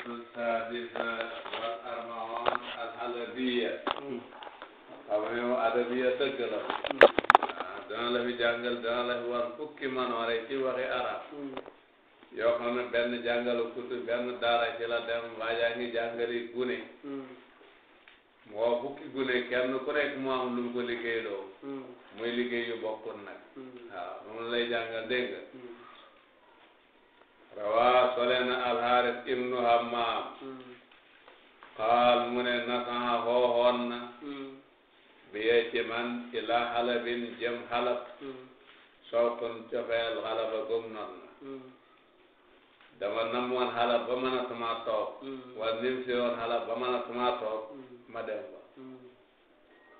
السادسة والأربعون الحلبية xam adabiya dëgg la dana la fi jàngal dana la fi war fukki manoore ci waxi arab yoo xam ne benn jàngalu kutu benn daara ci la dem waa jaa ngi jàngali gune moo fukki gune kenn ku nekk mu am lu mu ko liggéeyloo muy liggéey yu bokkul nag waaw moom lay jàngal dégg nga rawaa solena alxaaris ibnu hammaam qaal mu ne nasaa xooxoon na biye ci man ila xalabin jëm xalab sooqun cofeel xalaba gum noon na dama namoon xalab ba mën a tumaa toog wala nim si woon xalab ba mën a tumaa toog ma dem ba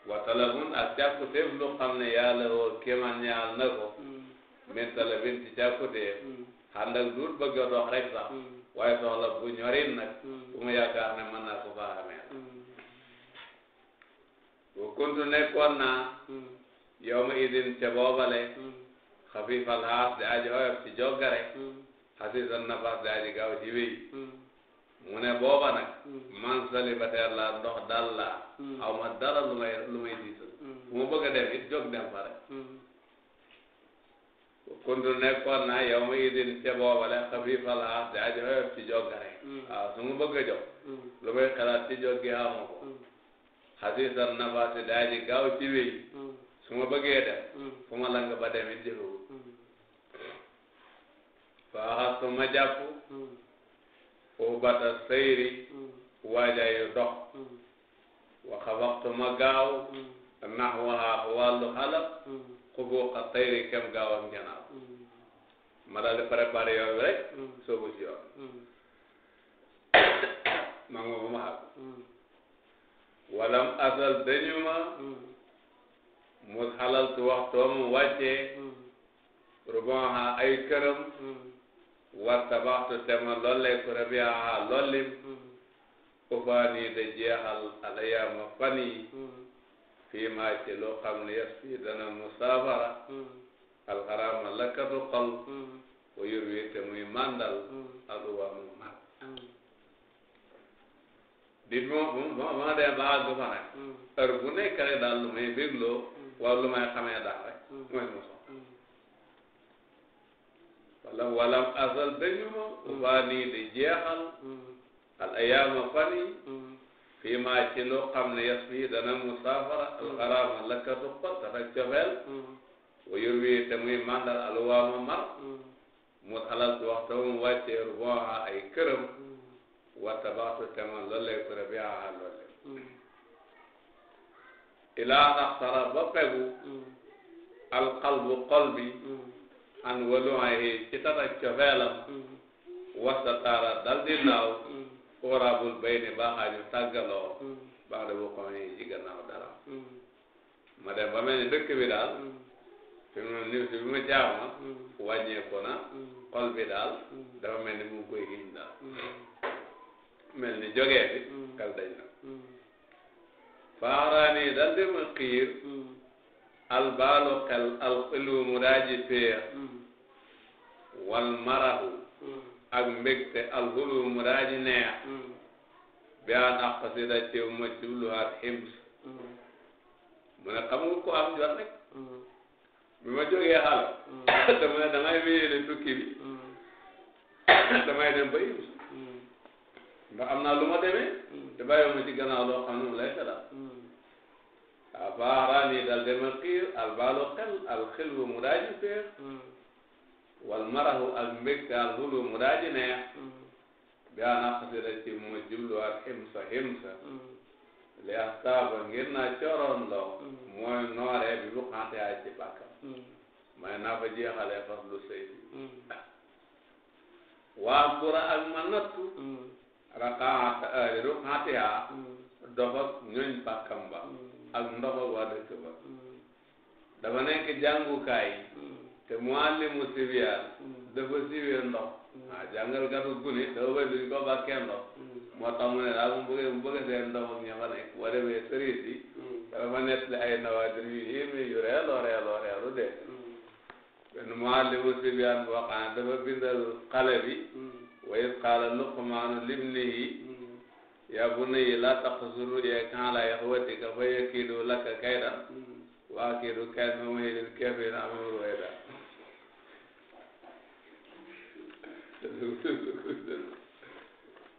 watalahun ak càkkutéef lu xam ne yàlla woo kéemaan ñaal na ko min talabin ci càkkutéef ànd ak duut bëgg a dox rek sax hmm. waaye soxla bu ñorin nag hmm. bu mu ne mën na ko faa amee hmm. bu kuntu nekkoon naa yow ma idin ca boobale xafifal xaas di aji oyof ci jogga rek xasisan nafas di aji gaaw ci wéy mu ne man célibataire laa ndox dal laa aw ma dara lu may lu may diisal dem it jóg dem fa kuntu nekkoon naa yow ma idin ca boobale xafiif al aas di aji woyof ci jogga rek waaw su ma bëgg a jóg lu may xalaat ci joggi xawma ko xasiisan nafaati di aji gaaw ci wéy su ma bëggee dem fu ma lang ba demit jëfewu faaxas su ma jàpp ubata sayri waaja yu dox wa xabaxtu ma gaaw naxwaha wàllu xalab xubu xa tayri kem gaaw ak njanaaw mm. ma daal di préparé yoon bi rek mm. soobu ci walam asal dañu ma mm. mus xalaltu waxtoom wàccee rubon ha ay këram war tabaxtu tema lolleeku rabia ha lollim ufaani da jeexal alayama fan yi fii maa ci loo xam ne yas fii dana musaafara mm. alxaraama lakkatu xol mm. wa yur wi te muy màndal mm. aluwa mu mag di bi ma ma ma dee ba àgg fa nag heure bu nekk rek daal lu may bégloo wala daal rek mooy mosoon wala asal dañu ma waa nii di al ayaama fan yi fii maa ci lu xam ne yas fii dana musaafara alxaraama lëkkatu xol tatak cofeel mm-hmm. wayur wi te muy mandal aluwaama mar mm-hmm. mu xalaat waxta mu wàccee ruboha ay këram mm-hmm. wa tabaxtu tema loolay ko rabiaha loole ilaa axtara ba pegu alqalbu xol bi an waluwaay ci tatak cofeelam wasta taara dal di naaw xuraabul bay ni baaxaaju tàggaloo hmm. baax de bu xamee yi ci dara hmm. ma dem ba mel ni dëkk bi daal hmm. fi mu ni fi mu na xol ni mu ngi koy giñ daal mel ni jógee bi mu daaji féex wal marahu ak mbégte alxulum raaji neex mm. bi an ak xasida teew ma jubluwaat xims mu ne xam nga ko am jot rek mm. bi ma jógee xala mm. dama ne damay wéyale tukki bi damay dem ba xims ndax am naa lu ma demee te bàyyi ma ci gannaaw loo xam ne mu lay sedal abaarani dal dema xiir albaalu xel alxilbu mu raaji feer wala marahu ak mbégte al hulu mu daa ji neex mm. bi an aqsida ci mu jublu ak himsa himsa mm. li astaaba ngir naa coroon loo mm. mooy nooree bi bu xante ay ci bàkkam may naa fa jeexale fas lu sëy waa kura ak ma nattu raqaata ru eh, xantiha dox ak ñooñ bàkkam ba ak ndox ak waa dëkk ba dafa nekk jàngukaay te muallimu sibiyan hmm. dafa siwee ndox hmm. ah jàngal gàttu gune dafa bëri ko bàkkee ndox hmm. moo mu ne daal mu bëggee mu bëggee seen ndox ak ña fa nekk boo demee sëriñ yi dafa nettali ay nawaadir yu yéeme yu reeloo reeloo reelu de benn muallimu sibiyan boo xam ne dafa bindal xale bi wa iz qaala luqmaanu libnihi yaa bunayya laa taqsur ru'yaka alaa ixwatika fa yakiidu laka kaydan wa akiidu kaydan fa ma yuridu kaafirun amruhu rashdaa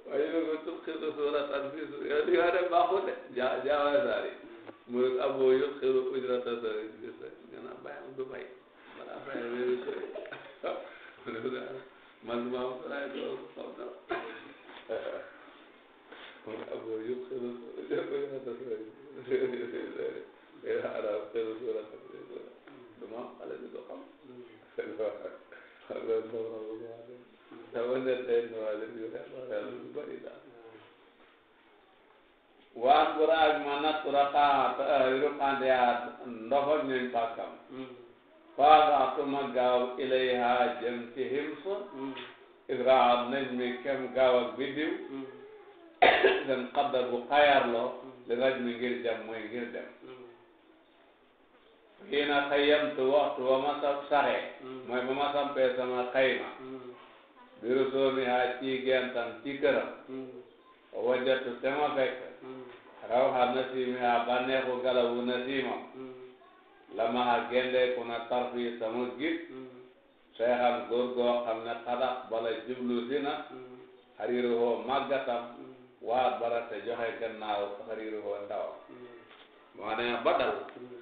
waaye yow nga tuqiru suuratan fi su yow li nga def baaxul de jaa jaawale saari mu ne aboo yuqiru ujrata saari fi sa nga naan bàyyam du fay balaa fay wéeru sori man maa mu saraay doo xam na mu ne aboo yuqiru ujrata saari fi sa dama seetlee nuwaale yu xel yu bëri daal waan bu raaj ma natt raqaat ruqandeyaat ndoxal ñoom pàkkam hmm. faasaatuma gaaw ilayha jëm ci himsa hmm. israat nañ mi kem gaaw ak biddiw hmm. seen xadda bu xayaarloo li raj mi ngir jam mooy ngir dem xii na xayyamtu waxtu ba ma sax saxee mooy ba ma sampee sama xayma biru doomi haa ci gentam ci këram wajatu hmm. tema fekk hmm. raw ha nasimi haa bànneexu galabu nasimam hmm. lama ha gendeeku na tarfi sama gis seexam góor goo xam ne xadax bala jublu si na xariru hoo màggatam waat bala te joxe gannaaw xariru hoo ndawam moo ne ba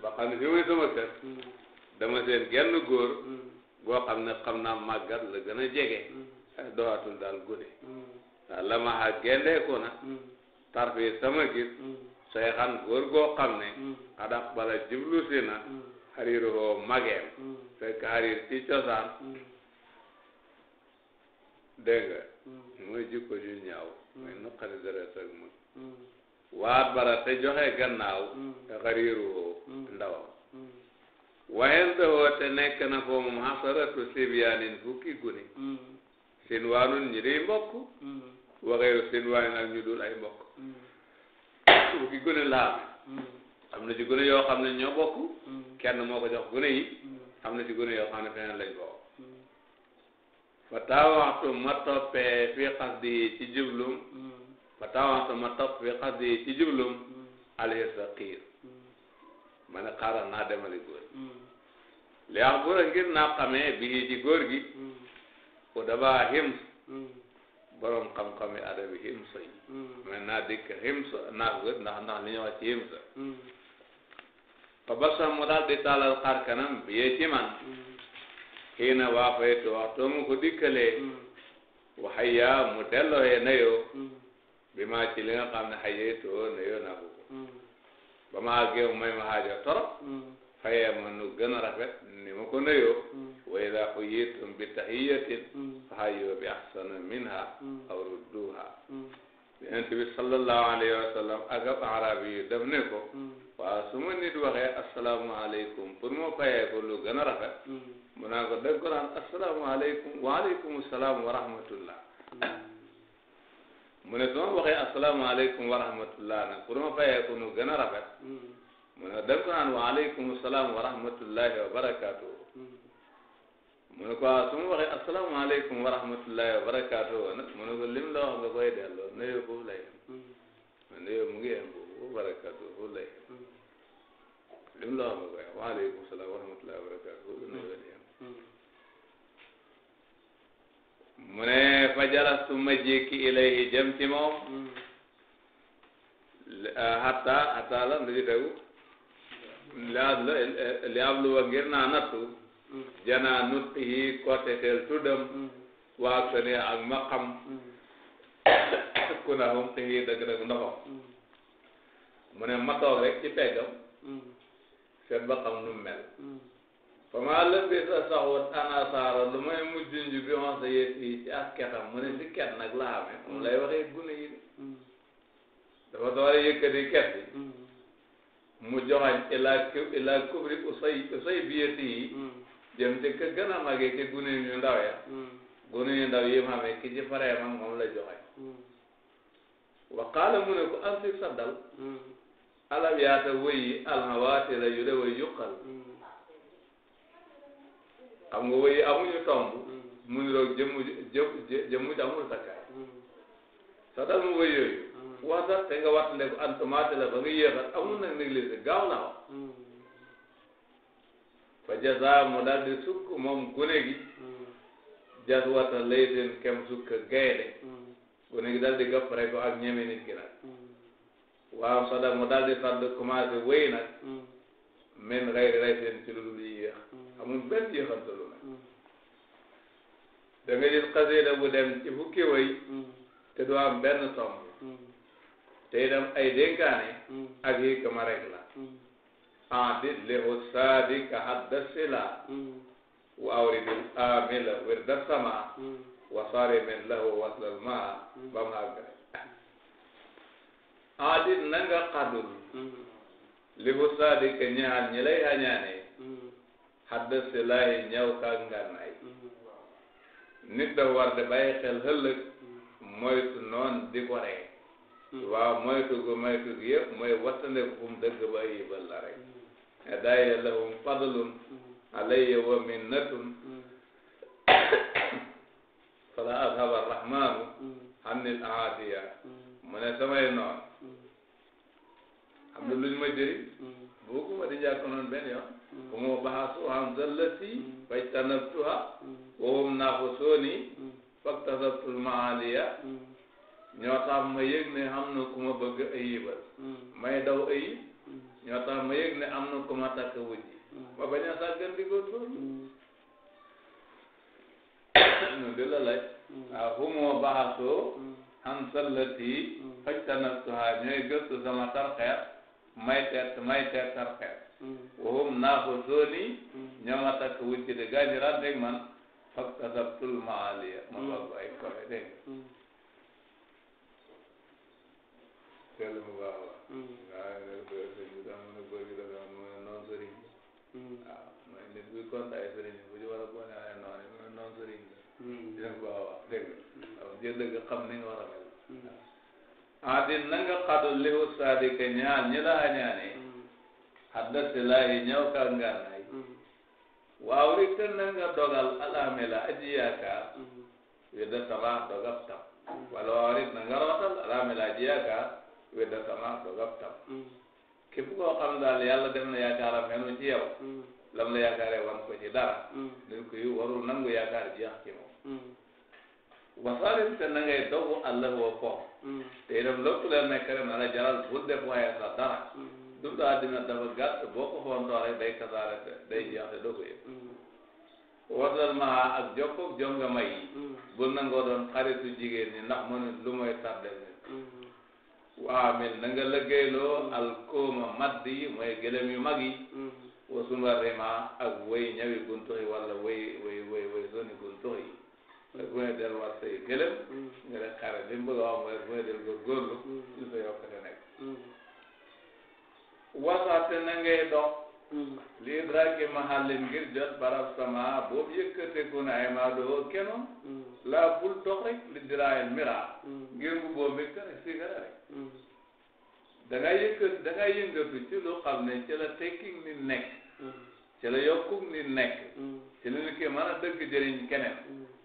ba xam ne fi muy sama kër dama seen genn góor goo xam ne xam naa màggat la gën a jege Eh, doxatul daal gune waaw hmm. ah, la ma xa gendeeku na hmm. tarfi sama gis hmm. say xan góor goo xam ne xadax bala jiblu si na xariir hoo mageem fekk xariir ci cosaan dégg nga mooy jikko ju ñaaw mooy nuqari deret ak mag waat bara te joxe gannaaw te xariir hoo ndawam waxen dahoo te nekk na foo moom xasaratu sibyaanin fukki gune sinwaanun ñi day mbokk mm-hmm. waxeeru sinwaanin ak ñu dul ay mbokk bu mm-hmm. ki gune laame mm-hmm. am na ci gune yoo xam ne ñoo bokk kenn moo ko jox gune yi am na ci gune yoo xam ne feneen lañ bokk fa taawaxtu ma toppee fi xasdi ci jublum fa taawaxtu ma topp fi xasdi ci jublum udaba hims hmm. borom xam-xami adabi himsa yi maintenant hmm. dikk himsa naaf ga ndax ndax li ñuy wax ci himsa hmm. fa di taalal xar kanam bi yee ci man xii na waa fay tu waxtoo mu ko dikkalee waxaya mu bi maa ci li nga xam ne xayee too nayoo naa ko ba maa géew may ma xaajo torop ma nu gën rafet ni ma ko nayoo wa ida xuyitum bi tahiyatin fa hayyu bi ahsana minha aw rudduha yonent bi sallallahu alayhi wa sallam ak ab arabi yu def ne ko waaw su ma nit waxee asalaamaaleykum pour ma fayee ko lu gën a rafet mu naa ko dégg ko naan asalaamaaleykum waaleykum salaam wa rahmatullah mu ne su ma waxee asalaamaaleykum wa rahmatullah nag pour ma fayee ko lu gën a rafet mu ne dégg ko naan waaleykum salaam wa rahmatullahi wa barakatuh mu ne ko waaw su ma waxee asalaamaaleykum wa rahmatullahi wa barakaatuhu mu ne ko lim la wax nga koy delloo nuyoo foofu lay am ma nuyoo mu ngi yem foofu barakaatuhu foofu lay am la wax nga koy am waaleykum salaam wa rahmatullahi wa barakaatuhu nuyoo lay am mu ne fajalastu ma jékki ilayhi jëm ci moom hatta hatta la ndi tegu li ablu wa ngir naa nattu janaa nutqihi korteteel tuddam waa sone ak maqam kuna hum qihi dëgg-dëgg ndoxam mu ne ma toog rek ci mel fa maa lëbbee sa saxut anasaara lu may mujj sa yëf yi ci ak si ket nag la amee moom lay waxee gune yi dafa doore yëkkati ket yi mu joxañ ilaa ilaa kubri usay usay biyati jëm ci ka gën a màggee ci gune yu ndaw ya gune yu ndaw yi ma amee ki ci faree ma moom la joxe wa qaala mu ne ko ansik sa dal alam yaata wëyi alhawaati la yu de way yuqal xam nga wëyi amuñu tomb mu ni roog jëmmu jëmmu amul sakkaay sa dal mu wëy yooyu wax sax te nga waxtale ko antumaate la ba nga yéexal amul nag négligé gaaw naa wax fa jaza mu daal di sukk moom gune mm. jas wata lay seen kem sukk gaynde mm. gune daal di gàpp rek ak ñeme nit gi nag mm. waaw sada mu daal di sadd commencé wéy nag min xayri ray seen ci lu dul yéex amul benn yéexantalu nag da nga gis xasida bu dem ci fukki wéy te du am benn te itam ay dénkaane ak yi kama rek adil li usaadika hadda sila wa awridil amila wirda sama wa sarimin lahu waslal maa ba mu àgg adil na nga xadul li usaadika ñaan ñi lay añaane hadda sila yi kaa ngànnaay nit da war di bàyyi xel ëllëg moytu noon di ko ree waaw moytu gu moytu gi yëpp mooy wattande ko fu mu ba la rek hadaaya lahum fadlun alayya wa minnatun fala azhaba arrahmanu annil aadiya mu ne samay noon am na luñ ma jëriñ boo ma di jàkkoonoon benn yoon bu ma baxasu an zallati fajtanabtuha wa hum naafasuuni faktasabtul maaliya ñoo tax ma yëg ne xam na ku ma bëgg may daw ayib ñoo tax ma yëg ne am na ku ma takk wujj mm. ma bañ a sàggan di góorgóorlu nu di la laaj mm. waaw humoo baxasoo xam sallati mm. fajtanaftuha ñooy gëstu sama may teet may teet tarxeer wahum naa ko sooni ñoo ma takk wujj de gaañi ràndeeg man faktasabtul maaliya ma bàgg ay kowe dégg sell bu baax a baax. ah mooy nit buy kontaan ay sëriñ bu ci war a boole ay noonu mu ne noonu sëriñ la. dina ko wax dégg nga. waaw mm. ah, jël dëgg xam ni nga war a mel. Mm. ah di na nga xadu liwu saadi ka ñaan ñi la ñaane. Mm. haddasi laa yi ñëw ka ngànnaay. waaw li te na nga dogal alamila aji yaakaar. wi da tabax dogab tam. wala waaw li na nga rootal alamila aji yaakaar. wedda sama doog ab tam mm. képp koo xam daal yàlla def na yaakaaram menu ci yow mm. lam la yaakaaree wan ko ci dara mm. nit kuy warul nangu yaakaar jeex ci moom wasaalim te na ngay dogu allah woo ko te itam lépp la nekk rek na la jaral bul def waaye sa dara dundu àddina dafa gàtt boo ko fontoore day kasaare day jeex te doo ko yëg wasal maa ak jokkoog jonga may yi bul nangoo doon xaritu jigéen ñi ndax mënut lu mooy waamil na nga lëggéeyloo alkooma madd yi mooy gëlëm yu mag yi mm-hmm. wasumba rima ak wéy ñawi guntux yi walla wéy wéy wéy wéy soni guntux yi mooy bu may del war say gëlëm mm-hmm. nga def xare li mu bëgg a wax mooy bu may del góorgóorlu mm-hmm. ci sa yokkute nekk wasaate na ngay dox Hmm. li idraaki mahallin ngir jot barab sama boobu yëkkateeku na ay maa doon kenoon hmm. laa bul toog li diraayal miraa hmm. ngir bu boobee kare sigara rek da nga yëkkat da nga yëngatu ci lu xam ne ci la ni nekk ci la ni nekk ci la nit ki mën a dëgg jëriñ keneen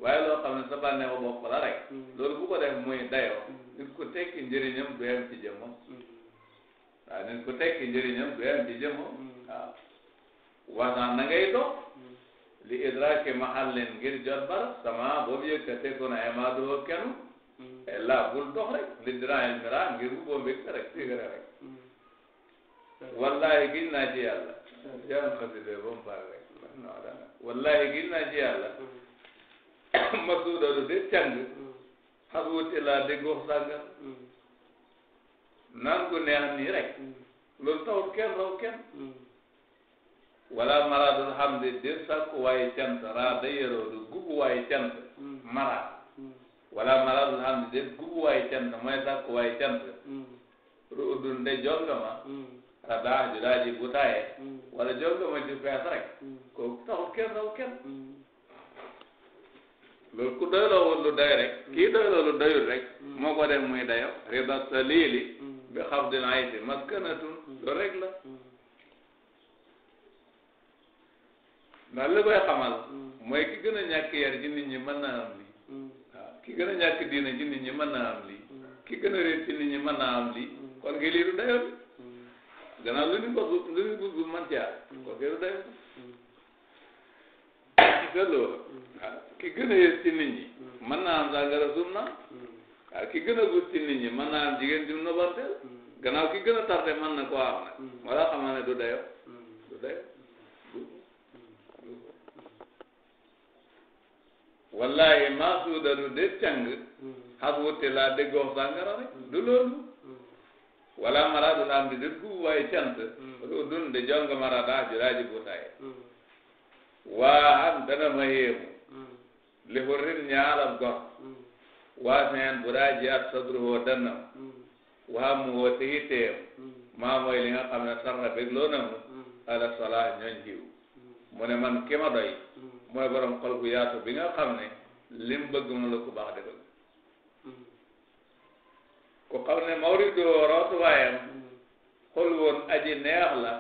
waaye loo xam sa bànneexu bopp la rek loolu bu ko def muy dayoo nit ku tekki njëriñam du yem ci jëmmam waaw nañ ko tekki njëriñam du yem ci jëmmam mm. waaw wasaan na ngay dox mm. li idraaki mahallin ngir jot barab sama boobu yëkkate ko na imaadoo kenn mm. eh, la bul dox rek li diraayil mira ngir bu boobu mbégte rek sigara rek wallahi giñ naa ci yàlla yaan xaside ba mu de càng xasuut naan ko neex nii rek loolu taxul kenn raw kenn hmm. wala maradul xam de def sàkku waaye cant raa da yeroo du gubu hmm. hmm. wala maradul xam de def gubu waaye cant mooy sàkku waaye cant nde jongama radaa ju daa ji butaaye wala jongama ju fees rek kooku taxul kenn raw kenn loolu ku doyloo wul lu doy rek kii doyloo lu doyul rek moo ko dem muy bi xam dina ay fi maskanatun loolu rek la ndax li koy xamal mooy ki gën a ñàkk yar ci nit ñi mën naa am lii waaw ki gën a ñàkk diina ci nit ñi mën naa am lii ki gën a réer ci nit ñi mën naa am lii kon ngi lii du dayoo bi gannaaw lu ñu bos lu ñu bus bu man ci am kon ngi du dayoo bi te ah ki gën a gudd ci nit ñi mën naa am jigéen jum nobanteel mm. gannaaw ki gën a tardé mën na koo am nag mm. wala xamal ne du dayo mm. du dayo wallahi maa de càng xas wutte laa déggoo sàngara rek wala mara du laam di dët gu waaye cant lu dun de mara daa juraaji butaye waa an dana ma yéemu li hurrin ñaalam gor waaseen bu daa jiyaat sadruhu dannam waamu woo te yitteem maa mooy li nga xam ne sarra bég loo na mu ala sola ñooñ jiw man ki ma doy mooy borom xol bu yaatu bi nga xam ne lim bëgg mu la ku baax di bëgg ku xam ne mawrido rootuwaayam xol aji neex la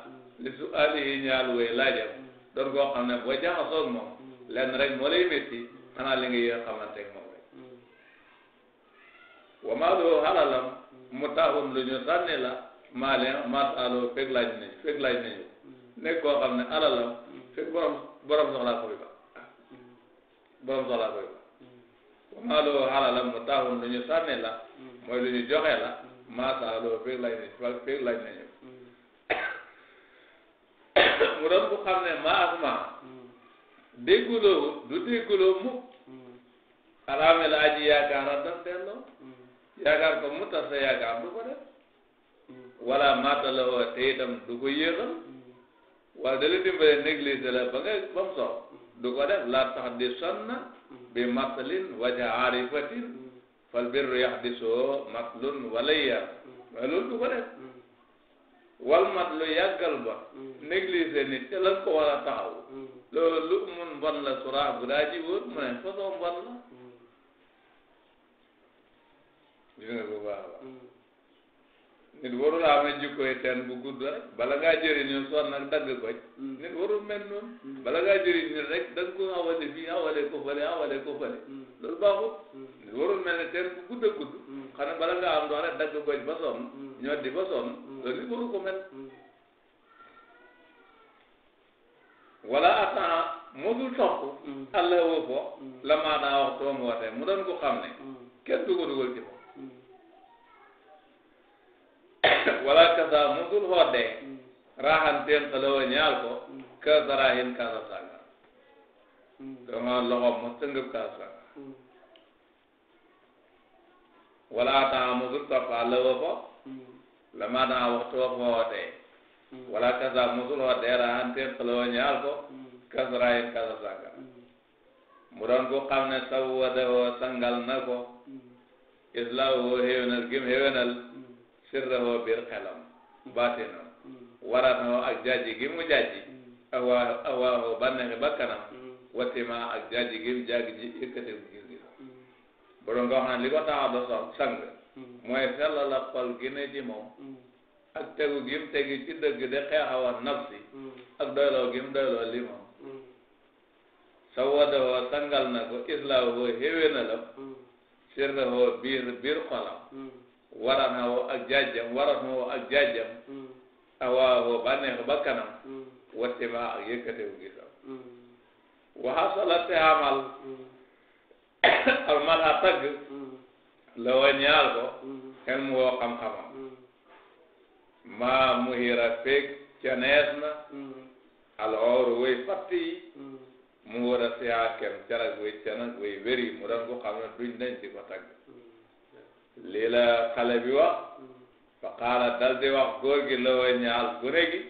li alihi ñaal way laajam doon koo xam ne boo jaxasoog moom lenn rek moo lay métti xanaa li nga yéex xamante ak moom wa maalu halalam mutahun lu ñu sànni la maale masalu fekk laaj nañ fekk laaj nañu nekk koo xam ne alalam fekk borom borom soxlaa koy ba borom soxlaa koy ba wa maalu halalam mutahun lu ñu sànni la mooy lu ñu joxe la masalu fekk laaj nañ fekk laaj nañu mu doon ku xam ne maa ak maa dégguloo du dégguloo mukk alaame la aji yaakaara daf delloo yaakaar ko mu tas sa yaakaar du ko def wala maata la woo te itam du ko yéexal wala da la dimbale négligé la ba nga ba mu sox du ko def laa tax di sonna bi matalin waja arifatin fal birru yax di soo matlun wala yar mais loolu du ko def wal matlu yàggal ba négligé nit te lan ko war a taxaw loolu lu mun mbon la suraa bu daa ji wóor mu ne façon mbon la gis nga bu baax a mm. nit warul amee jikkoy teen bu gudd rek bala ngaa jëriñu sonn ak dagg ko mm. nit warul mel noonu mm. bala ngaa jëriñ nit rek da nga ko awale fii awale ko fële awale ko fële loolu baaxul nit warul mel ne teen bu gudd a gudd xam ne bala ngaa am doole dagg goj ba sonn ñoo di ba sonn loolu nit waru ko mel wala attend mosul topp allah woo ko la maa daa wax toom woote ko xam ne kenn du ko dugal ci wala kaza musul hoddee raaxanteen xalawa ñaal ko ka darahin kaasa sànga dama loxo mu sëngëb kaasa sànga wala ataa musul topp àllawa fo lama daa waxtu wa fo hoddee wala kaza musul hoddee raaxanteen xalawa ñaal ko ka darahin kaasa sànga mu doon ko xam ne sabu wada woo sangal na ko islaahu woo xéwénal gim sirrahu biir xelam baatinam mm. waranoo ak jaaji gi mu jaaji awaahu mm. awaahu bànneexi bakkanam mm. watima ak jaaji gi mu jaagi ji yëkkati gis gis bu doon nga wax ne li ko tax a do sax sang mooy sellal la xol gi ne ci moom ak tegu gi mu tegi ci dëgg de xeexawa nafsi ak doyloo gi mu doyloo li moom sawadahoo sangal na ko islaahu xéwé na la sirrahu biir biir xolam warana woo ak jaajam warana woo ak jaajam mm. awaahu bànneexu bakkanam mm. wattimaa ak yëkkatewu gisam mm. waxasala te amal almal a tagg la wa ñaal ko xel mu woo xam-xamam maa muhira feeg canees na alooru way fatt mu war a siyaa kem way canag way wéri mu doon ko xam ne duñ ci ko lii la xale bi wax fa qaala dal di gi la wa ñaal gune gi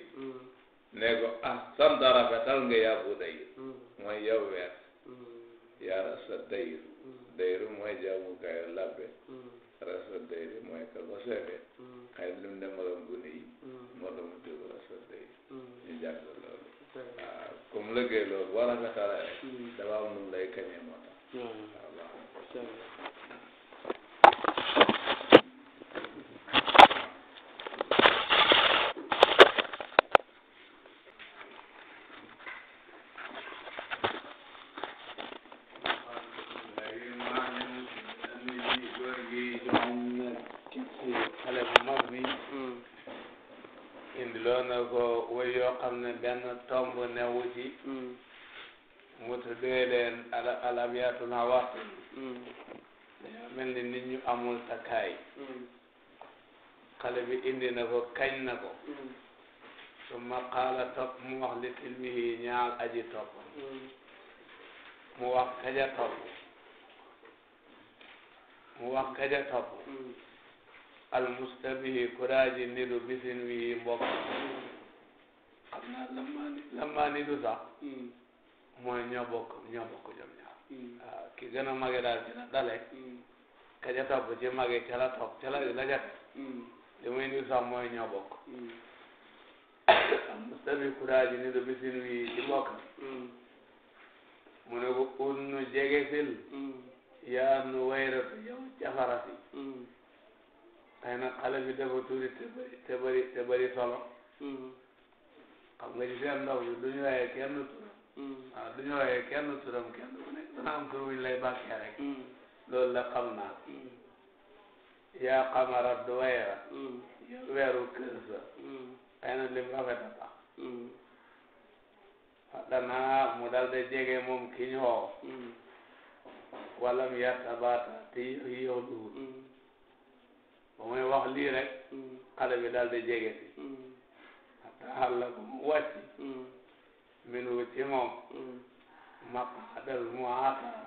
ah santa rafetal nga yaa bu dayir mooy yow weer yaa rasa dayir dayru mooy jaamukaayu labbe rasa dayri mooy ka ko seete xëy na lu mu demoon gune mu tudd rasa dayir ñu jàng loolu waaw ah, comme lëggee loolu boo rafetalee rek mm. dafa am nu mu lay xawaatu na waatu mm. dañoo mel ni nit ñu amul takkaay mm. xale bi indi na ko kañ na ko mm. summa qaala topp mu wax li tilmihi ñaal aji topp mu wax kaja topp mu wax kaja topp al mustabihi kuraaji nidu bisin wihi mbokk xam naa lamaani lamaani du sax mooy ñoo bokk ñoo bokk jom ñaar ah ki gën a mage daal dina dale ka ca topp ci mage ca la topp ca la la ca li muy ni sax mooy ñoo bokk ni do bisin wi ci mbokk mu ne ko nu jege sil yaa nu wayratu yow jafara si xëy na xale bi dafa tuuti te bari te bari te bari solo xam nga ci seen ndaw yi duñu waaye kenn tuuti waaw hmm. ah, du ñu wooyee kenn turam kenn ku nekk dana am tur wuñ lay bàkkee rek hmm. loolu la xam naa hmm. yaa xamara du wayra yow weeru kër sa xëy na lim rafet a tax danaa mu dal de jege moom ki ñu woo walam yartabaata te yow duwul ba muy wax lii rek xale bi dal de jege si taxal la ko mu wàcc minu ci moom maqaadal muaatara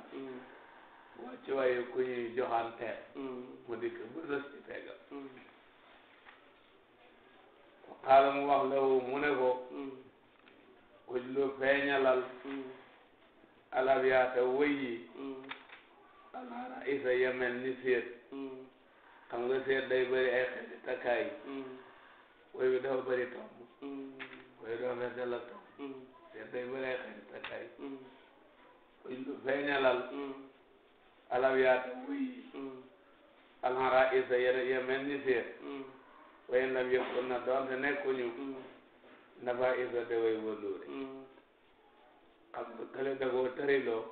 wàccu mm. waayu ku ñuy joxante mm. mu dikk ba des ci teggam wa qaala mu wax lawu mu ne ko mm. ujlu feeñalal alab yaata wëyyi alaara isa yemel ni seet xam nga seet day bëri ay xeeti takkaay wëy bi dafa bëri tomb wëy dafa fees la tomb sedday bu lay xëy te kay feeñalal alawiyaat muy alxara isa ya mel ni seet wayen lam yëppoon na doonte nekkuñu nafa isa de way wëlluure xam nga kële da koo tëriloo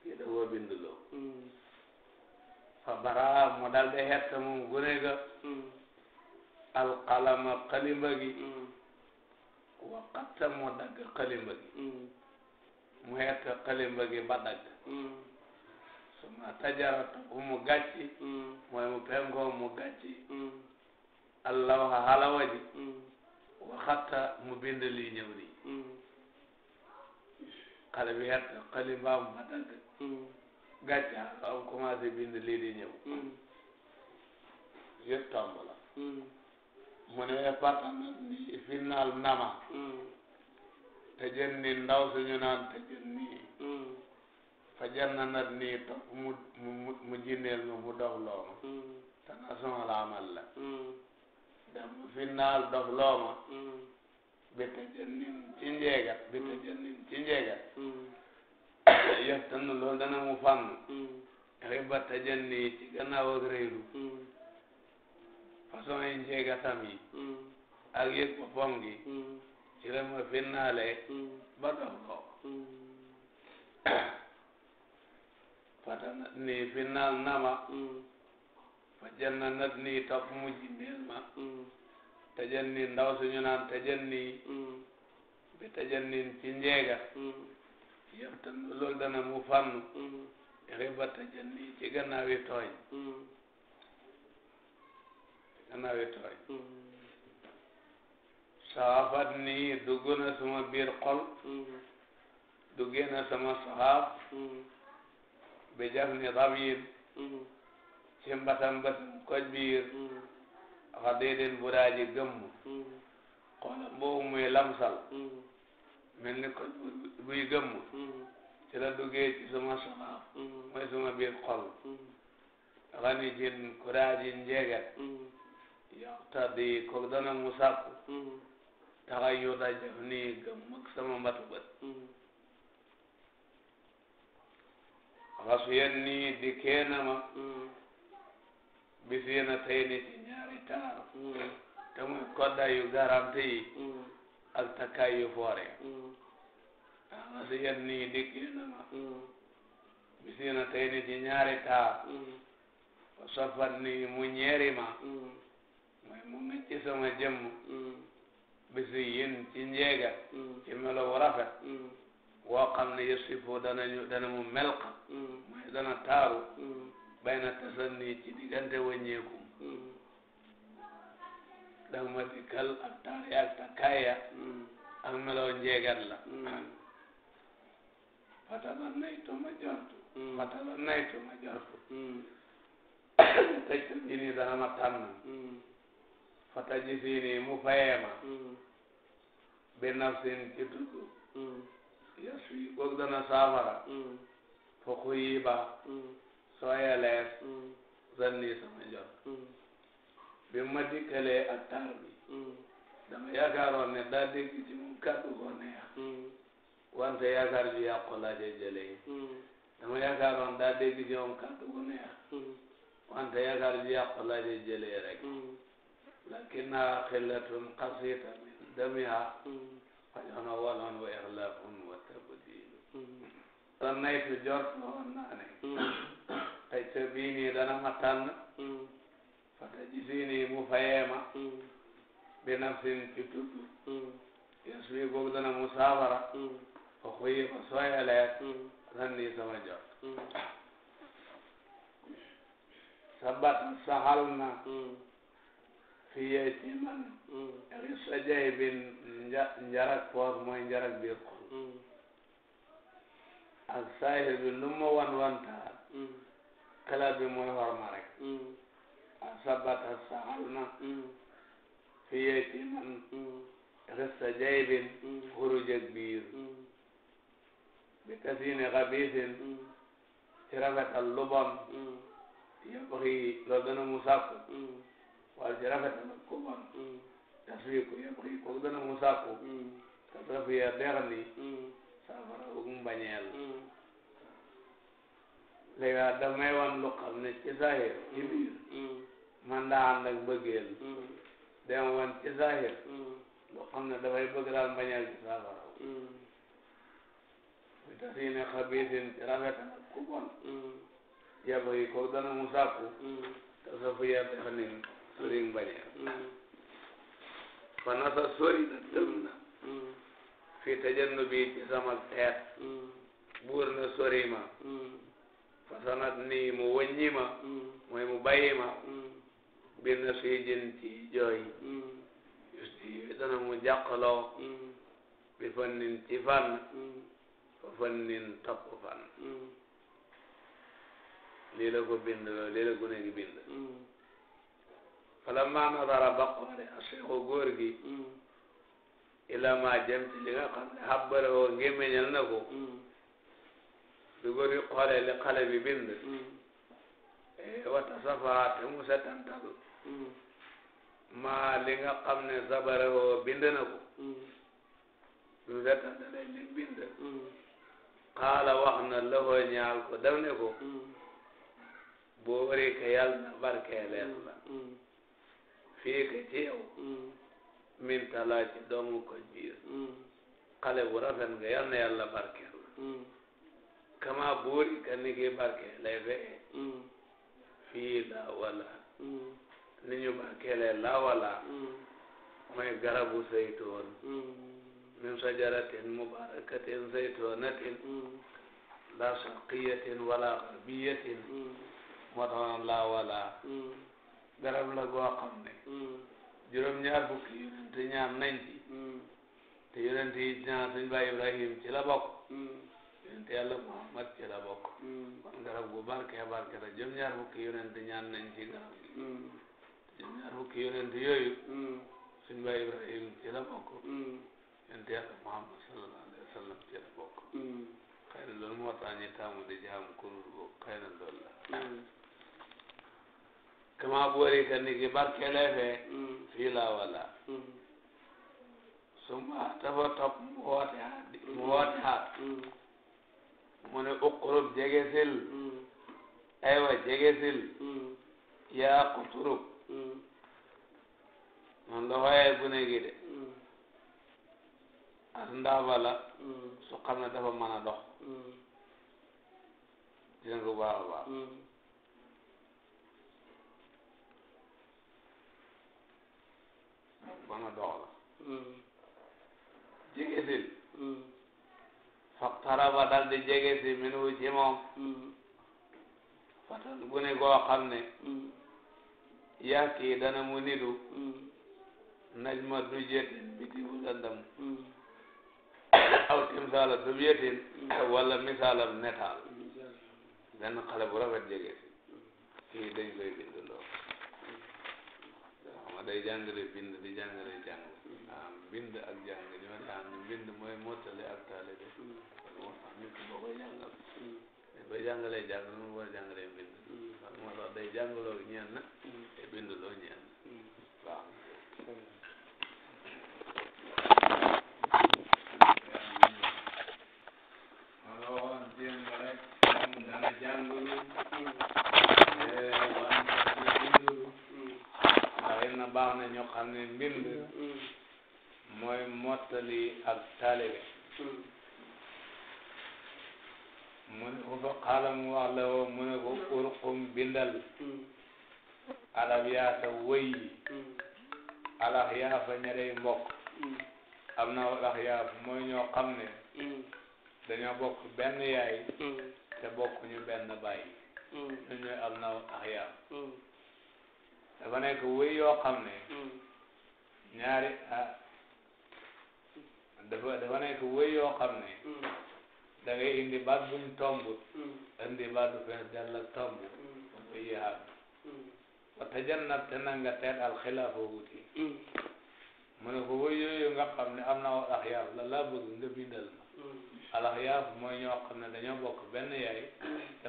kii da koo binduloo fa bara mu dal de xett moom gune ga mm. alqalama xalima gi waqat ta moo dagg xalimba gi mm. mu xett xalimba gi ba dagg mm. su ma tajara topp mu gàcci mm. mooy mu pengoo mu gàcci allawa halawa ji waxatta mu bind lii ñëw nii xale bi xett xalimbaam ba dagg gàcci halawa am commencé bind lii di ñëw yëpp tomb mu ne partenaire bi final nama. te jën ni ndaw suñu naan te jën nii. fa jar na nag nii topp mu mu mu jinneel ma mu dof looma. te na sama la amal la. dem final dof looma. bi te jën ni ci njeegat bi te jën ni ci njeegat. yëf tanu loolu dana mu fànn. riba te jën nii ci gannaaw ak réeru. façon yi njeegatam yi mm. ak yëg boppam gi mm. ci la ma finnaale mm. ba doon ko fatana ni finnaal nama fa janna nat nii topp mujj ndeel ma tajan ni ndaw suñu naan tajan nii bi tajan niin ci njeega yëpp tan loolu dana mu fànnu riba tajan nii ci gannaaw yi tooñ nawi tooñ saafat nii dugg na sama biir xol duggee na sama saxaaf bi jaf ni rab yin ci mbasam mbasam koj biir xa déedéen bu daa ji gëmm xoolam boobu muy lamsal mel ni koj buy gëmm ci la duggee ci sama saxaaf jin ku daa yaqtadi kooku dana mu sàkku hmm. taxa yuuta jëf nii gëm ak sama mbatu bët hmm. rasu yen nii di keena ma hmm. bis yéen a ni ci ñaari taar te muy kodda yu garanti yi ak takkaay yu foore rasu yen nii di keena ma bis yéen a ni ci ñaari taar sofan nii mu ñeeri ma mooy mu ngi ci sama jëmm mm. bisi yéen ci njeegal mm. ci melo wu rafet mm. woo xam ne yëpp si foofu danañu dana mu melk mooy dana taaru bay na tasanni ci diggante wàññeeku danga ma dikkal ak taar ya ak takkaay ya ak melaw njeegat la fatala naytu ma jortu fatala naytu ma jortu tëj tam ji nii dana ma tànn fata ji siini mu fayee ma bi nafsin ci dugg yaswi boog dana saafara mm. fo xuyiba mm. sooyelees mm. zanni sama njot bi ma dikkalee ak taar bi dama yaakaaroon ne daa dégg ci mu kàddu ko neex wante yaakaar ju yàqu laa je jëlee dama yaakaaroon daa dégg ci moom kàddu ko neex wante yaakaar ju yàqu laa je jëlee rek lakinnahaa xillatun qasiitun min damihaa faj'un walun wa ihlaafun wa tabdiilun sannaytu jort woon naa ne tajtabiinii dana ma tànn fa tajisiinii mu fayee ma bi nafsin ci tudd yaswi goog dana mu saabara fa xuyi ba sooyalee nan nii sama jort sabat saxal na fii yetiman xissa mm. jay bin njarak poos mooy njarak biir xol mm. ak saahir bi lu mu wan wantaar xalaat mm. bi mooy xorma rek ak sabata saxal na fii yetiman xissa jay bin xurujëg biir bi kasine xabisin ci rafetal lubam yëpp xii loolu dana mu sàkku waaw ci rafet na nag comme man. Mm, yaa suy ko yéen kooku kooku dana mu sàkku. te dafa yaa deexali. Mm. saafara bu mu bañeel. Mm. léegi nag daf may xam ne ci saaxir ci biir. man daa ànd ak bëggeel. dama wan ci saaxir. lu xam ne dafay bëgg daal bañeel ci saafara. bi tasine xabiisin ci rafet na ku bon. yaa bëgg kooku dana mu sàkku. te dafa yaa deexali. sori mbañeel fa nasa sori na tëm na fi tajannu bi ci sama teet buur na sori ma fa sanat nii mu wëññi ma mooy mu bàyyi ma bi na suy jën ci jooy justi dana mu jàqaloo bi fannin ci fànn fa fannin topp fànn lii la ko bind loo lii la ko nekk bind wala maa nadara ba xoole asixu góor gi mm. ila maa jëm ci li nga xam ne xabbale woo ngémmeñal na ko bi mm. góor gi xoolee li xale bi bind mm. eh, wata safaa te mu setantal maa li nga xam ne sabare woo bind na ko bi mu setantalee li bind xaala wax na lëxoo ñaal ko def ne ko boori ka yàlla na barkeeleel la fii mm. ka ci min talaa doomu ko biir mm. xale bu rafet nga yal na yàlla barkeel mm. kama buuri ka ni ki barkeel lay fii laa wala ni ñu barkeelee laa wala mooy garabu saytoon min sajaratin mubarakatin saytoonatin la sharqiyatin wala garbiyatin moo tax laa wala garab la goo xam ne hmm. juróom-ñaar fukki yonent ñaar nañ ci hmm. te yonent yi ñaar suñ baay Ibrahim ci la bokk hmm. yonent yàlla Muhammad ci la bokk kon garab gu barke barke la juróom-ñaar fukki yonent ñaar nañ ci garab gi te juróom-ñaar fukki yonent yooyu suñ baay Ibrahim ci la bokk yonent yàlla Muhammad sallallahu alayhi wa sallam ci la bokk xëy na loolu moo tax ñu taamu di jaam kurur boobu xëy na loolu la kama boori ka ni ki barkele fe mm. fii laa wala mm. suma dafa topp mu woote haat mu mm. woote haat mu ne uqrub jegesil aywa jegesil yaa quturub man la waaye gune gi de as ndaaba la su xam ne dafa mën a dox dina ko baax a baax mën a dox la jege si faqtaraba dal di jege si minu ci moom fatan gune goo xam ne hmm. yaa kii dana mu nidu hmm. najma dujetin bidiwu landam hmm. aw timsaala dujetin wala misaalam netaal benn xale bu rafet jege si kii dañ koy bi ndax day jàngale bind di jàngale jàng am bind ak jàng ñoo ne am bind mooy mottali ak taalibe moo tax nit boo koy jàngal boo jàngalee jàng nu war jàngalee bind moo tax day jàngaloo ñenn te bindloo ñenn waaw wala woon jéem rek dana jàngalu hmm. eh, baaxin na baax na ñoo xam ne mbind mooy mottali ak taalibe mu ne ko fa xaalam wax la woo mu ne bindal alaf yaa sa wëy alaf yaa fa ñaray mbokk am mooy ñoo xam ne dañoo bokk benn yaay te bokkuñu benn baay mm. ñun ñooy am na alaf yaa dafa nekk wéy yoo xam ne ñaari ah dafa dafa nekk wéy yoo xam ne da ngay indi baat buñ tombut indi baat bu fees dell ak tomb wéyi haat wa tajannab te na nga teet al xilaafa wuti mu ne ko yooyu nga xam ne am na wal axyaaf la laa bëgg nga bindal ma al axyaaf mooy ñoo xam ne dañoo bokk benn yaay te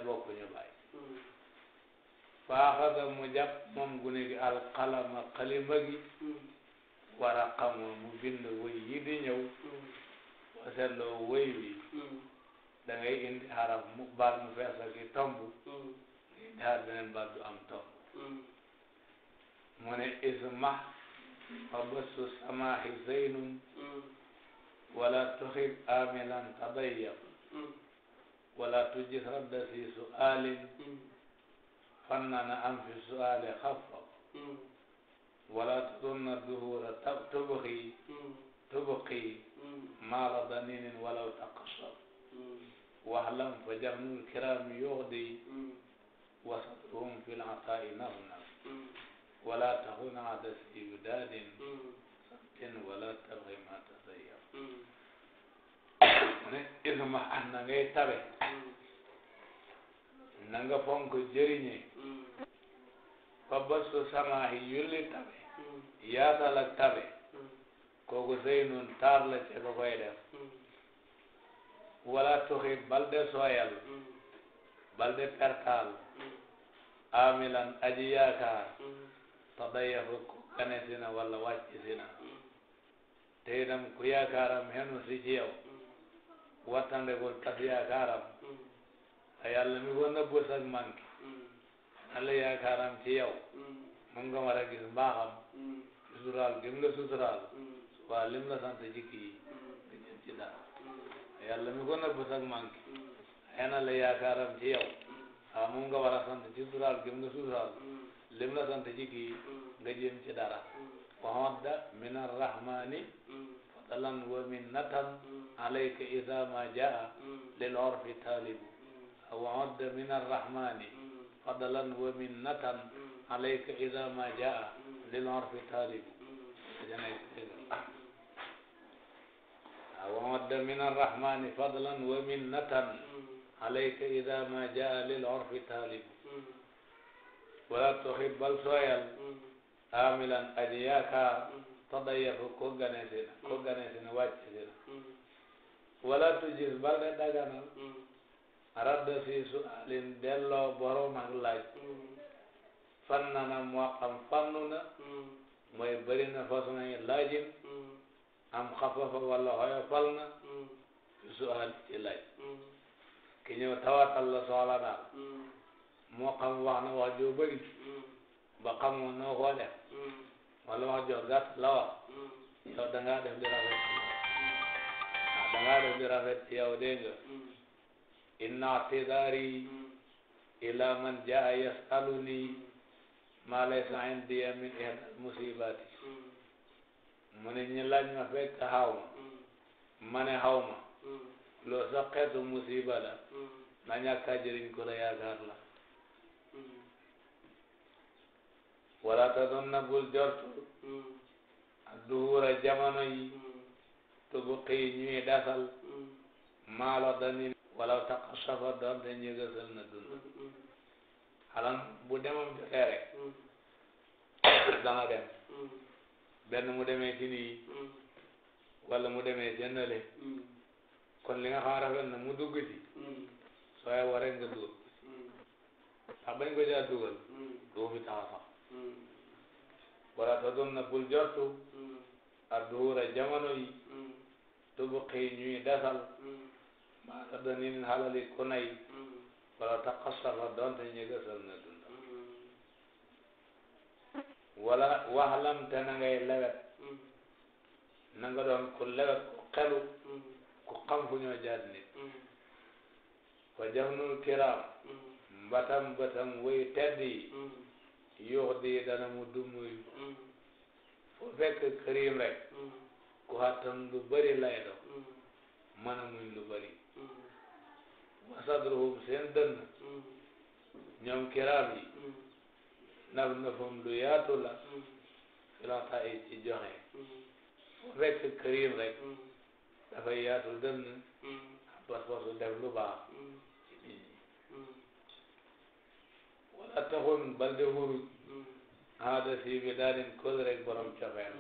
faaxada mu jàpp moom gune gi alxalama xalima gi wara xamoon mu bind wëy yi di ñëw wasetloo wëy bi da indi xaraf mu baat mu fees ak i tomb indi xar beneen du am tomb mu ne ismah fa bëssu samaahi zeynum wala tuxib amilan tadayyab wala tujis radda si sualin تتفنن عن في السؤال خفا ولا تظن الدهور تبغي تبقي مال ضنين ولو تقصر واعلم فجهل الكرام يغدي وسترهم في العطاء نغنى ولا تهن عاد استبداد wala tabxi ma tasayyar mu ne isma an na ngay tabe na nga fonk jëriñee fabasu mm. samaahi yulli tabe mm. yaatal ak tabe mm. kooku sëy nun taar la ca ka koy def wala tuxi balde sooyal balde pertaal amilan aji yaakaar tadayafu ku gane sina walla wàcc sina te itam ku yaakaaram henu si ci yow wattandegul tas yaakaaram te yàlla mi ko nëbb sag manqué nan mm. la yaakaaram ci yow mm. war a gis mbaaxam mm. suturaal gëm nga suturaal waa lim la sant jikki yi nga jëm ci dara yàlla mi ko nëbb sag manqué ay na la yaakaaram ci yow waaw moom nga war a sant ci suturaal gëm nga ci dara waxodda min arrahmani fadalan wa min natan lil orfi وعد من الرحمن فضلا ومنة عليك إذا ما جاء للعرف طالب وعد من الرحمن فضلا ومنة عليك إذا ما جاء للعرف طالب ولا تحب السؤال عاملا أجياك تضيف كوغانيسين كوغانيسين واتشين ولا تجيز بل دغنا arada fi sualin delloo borom ak laaj mm. fanna na moo xam fannu na mm. mooy bëri na façon yi laajin mm. am xafafa wala xoyofal na fi sual ci laaj ki ñëw tawatal la soxla daal moo xam wax na wax joo bëri ba xamoo noo koo def wala wax joo gàtt la wax yow dangaa def li rafet ah dangaa def li rafet ci yow dégg nga inna atidari ila man jaa yasaluni ma laysa indiya min ihdal musibati mu ne ñi laaj ma fekk xaw ma ma ne xaw ma loo sa xeetu musiba la na ñàkk a jëriñ ko la yaakaar la wala ta doon na bul jortu duhura jamono yi tubuqi ñuy dasal maalo dañu wala taqashafa doon te ñëgasal na dund xalam bu demam jotee dana dem benn mu demee ci wala mu demee jëndale kon li nga xam rafet na mu dugg ci soo yeboo rek nga dugal ndax bañ ko jaa wala doon na bul jortu ak duura jamono yi tubuqi maa sadda ni min halali ku nay mm-hmm. wala taqassara doonte ñëgasal na dundam mm-hmm. wala waxlam te na lewet mm-hmm. na nga doon ku lewet ku xelu ku xam fu ñoo jaat nit wa jaxnul kiraam mbatam mbatam way tedd yi yuux di dana mu dumuyu fu fekk kërim rek ku xattan lu bëri lay doon mën a muñ sadruhum seen dënn mm-hmm. ñoom kiraam yi naf mm-hmm. nafum lu yaatu la filanta mm-hmm. yi ci joxe kërim rek dafay yaatu dënn ak pas-pasu wala taxun bal de huruj haada si bi daa din kol rek borom cofeel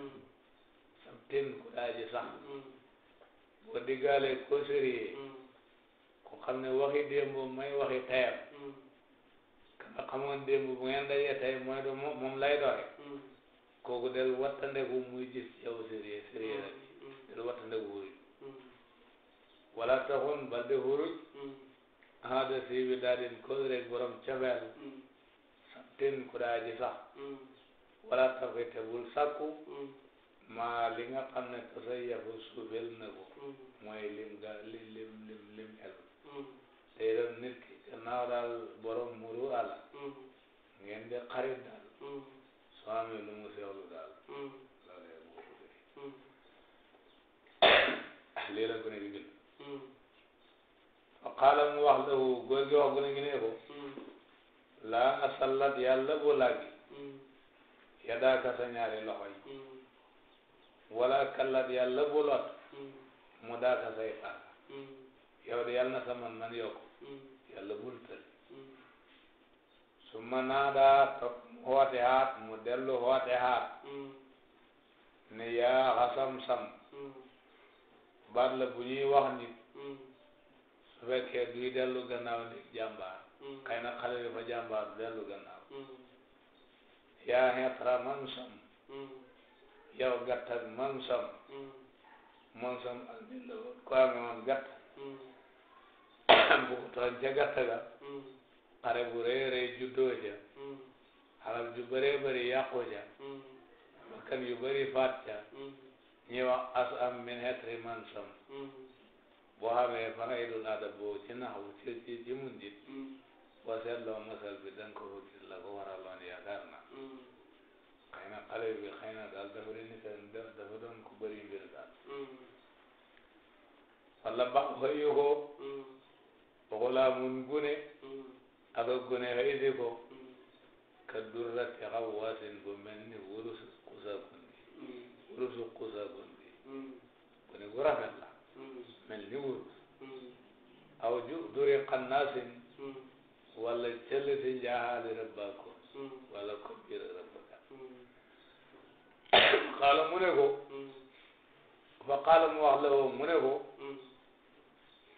sam tin ku daa ji sax boo diggaale ko sérieux ku xam ne waxi démb mooy waxi tayam mm. ka nga xamoon démb bu ngeen dajee tey mooy do moom lay doxe mm. kooku del wattandeku muy gis yow sérieux sérieux rek mm. del wattandeku wuruj wala taxun bal di huruj ahada si bi daa din kóol rek borom sattin ku daa ji sax wala taxi te bul sàkku maa li nga xam ne tasa yafu na ko mooy lim ga lim lim lim lim te itam nit ki gannaaw daal borom muru ala ngeen di daal soo amee lu mu seexlu daal loolee bu ko defee lii la wax lahu góor gi wax gone gi ne ko laa asallat yàlla boo laagi yadaaka sa loxo yi wala kallat yàlla boo lot mu daaka say paaka yow de na sa man man yokku yàlla bul tël su ma naa daa topp xoote haat mu dellu xoote ne yaa xasam-sam baat la bu ñuy wax nit su fekkee duy dellu gannaaw nit jàmbaar xëy na xale bi fa jàmbaar du yaa xetra man sam yow gàtt man sam man sam ko amee woon bu ko tooñ ca gàtt ga xare bu rëy rëy juddoo ja mm. alal ju bëree bëri yàqu ja bakkan yu bëri faat ja ñi mm. wax as am min hetri man sam mm. boo xamee fa ngay dul aada boo ci naxwu ci ci ci mun jit masal bi ko gis la ko waraloon yaakaar na xëy na xale bi xëy na daal dafa doon ku bëri mbir daal walla mbax xëyu ko xulaamun mm. gune mm. aga gune xëydi ko mm. ka durrati xawaasin bu mel ni wurus kusagundi wurusu kusagundi gune gu rafet la mel ni wurus aw ju duri xannaasin walla cëllati njaaxaali rabbaako walla ko biir rabbaka xaala mu ne ko fa mu wax la woo mu ko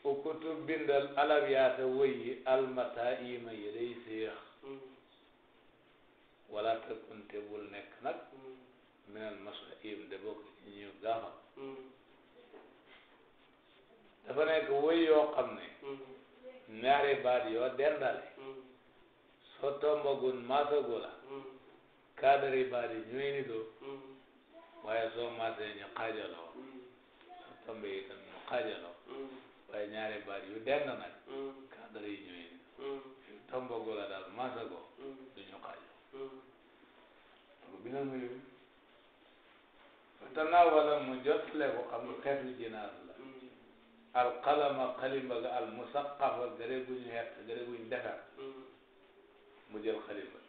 ukutub bindal alam yaata wëyi almata ima yi day séex mm-hmm. wala takunte bul nekk nag mm-hmm. minal masa im de bokk ci ñu gaafal mm-hmm. dafa nekk wëy yoo xam ne ñaari baat yoo dendale soo tombagun maasagu la kaadari baat yi ñooy ni doo waaye soo maasee ñu xaajaloo soo tombee itam ñu waaye ñaari baat yu denn nag cadre yi ñooy fi tombago la daal masago duñu xaajoo loolu bi na muyu tanaa wala mu jotle ko xam nga xeetu jinaas la alqalama xalimba ga al musaqafa gëre guñu xeet gëre guñ defar mu jël xalimba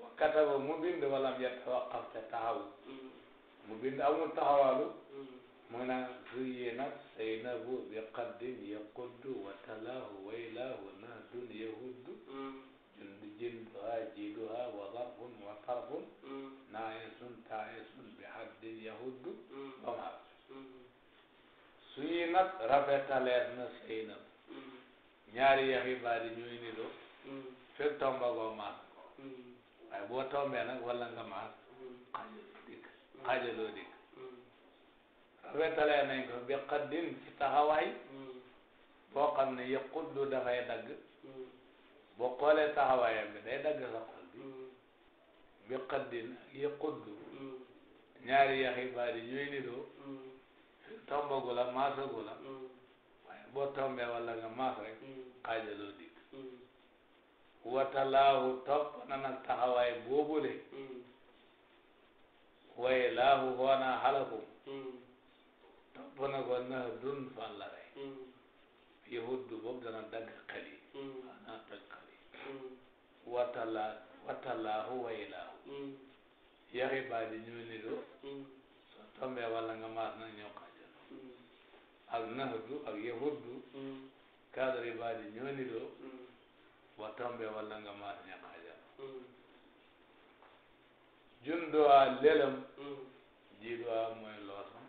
wa kataba mu bind walam yatawaqaf te taxaw mu bind amul taxawaalu له بقد يقد وتلاه ويلاه نهد يهد جند جندها جيدها وظرف وطرف ناعس تاعس بحد يهد بمعرف suy nag rafetalees na sëy na mm. ñaari yaxi baari ñooy niroo mm. fekk tomba goo maas ko mm. waaye boo tombee nag walla nga maas xajaloo dikk xajaloo wetalee nañ ko bi xaddin ci taxawaay mm. boo xam ne yëquddu dafay dagg mm. boo xoolee taxawaayam bi day dagg sa xol bi mm. bi xaddin yëquddu ñaari yaxi baari ñooy niroo tombagu la maasagu la waaye boo tombee walla nga maas rek xaajaloo watalaahu topp na nag taxawaay boobule waye laahu xoonaa xalakum Hmm. Hmm. Hmm. topp na ko naa dun fan la rek yahuddu boobu dana dagg xel yi dana toj xel yi watala watalaahu waylaahu yaxi baa di ñoo niroo soo tombee walla nga maas nag ñoo xaajalo al nahdu ak yahuddu kadri baa di ñoo niroo boo nga maas ñoo xaajalo jundoo a lelam jiidoo a mooy loosam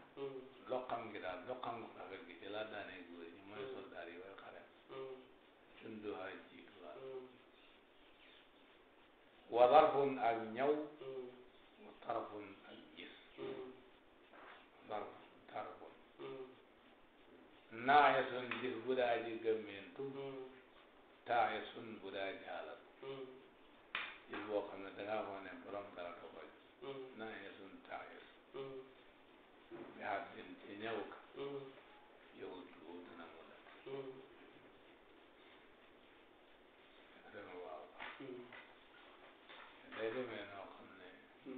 loqam gi daal loqam gu rafet gi ci laa daanee góor ñi mooy mm. soldaar yi way xare sunduha jiit la wa darfun ak ñaw mm. wa tarfun ak gis mm. darf tarfun naaxisun gis bu daa ji gëmmeentu taaxisun bu daa ji xaalat gis boo xam ne dangaa xam ne borom dara ko ko naaxisun taaxis bi haddin néew ka yow doo dana mu la dana waaw day demee noo xam ne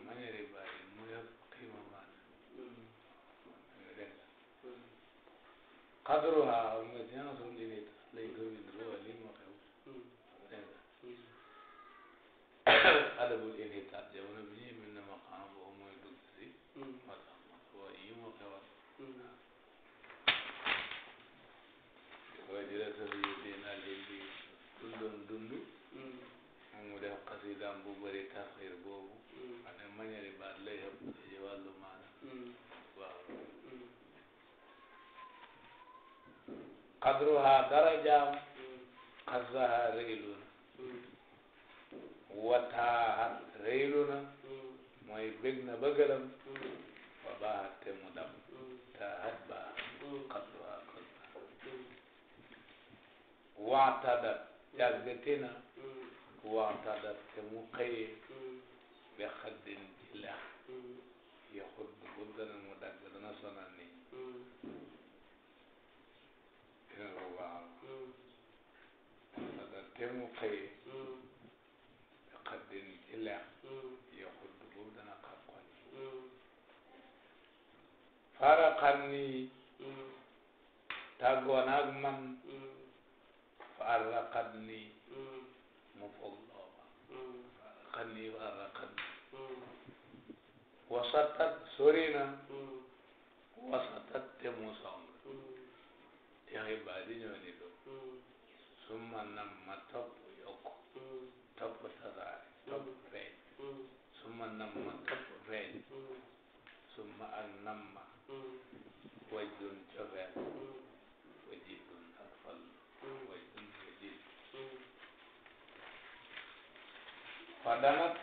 manière bari mu yëpp xiima maan dégg nga xadru ha xam nga science um nit lañ ko bind li ma xew dégg xasidaam bu bëri tafsir boobu xam mm. ne mañari baat lay xëpp ci wàllu maana mm. waaw mm. qadruha darajaam xasaha reyluna wataaha reyluna mooy bég na ba gëlëm wa baaxat te mu dam taahat baax qadruha qadruha waxtadat yàgg tina waxtadat te mu xëye bi xaddin ci lex yaxut bu ko dana mu dagg dana sonal nit dina ko baax waxtadat bi xaddin ci lex yaxut bu ko dana xar xol faraxan nii tàggoon ak man mu foog looma xanii ba ala wasatat sori hmm. wasatat te mu song yaxi hmm. baa di ñoo ni doo hmm. topp yokk topp tasaare topp feeñ su ma topp feeñ su ma ak cofeel wajidun ak fadanat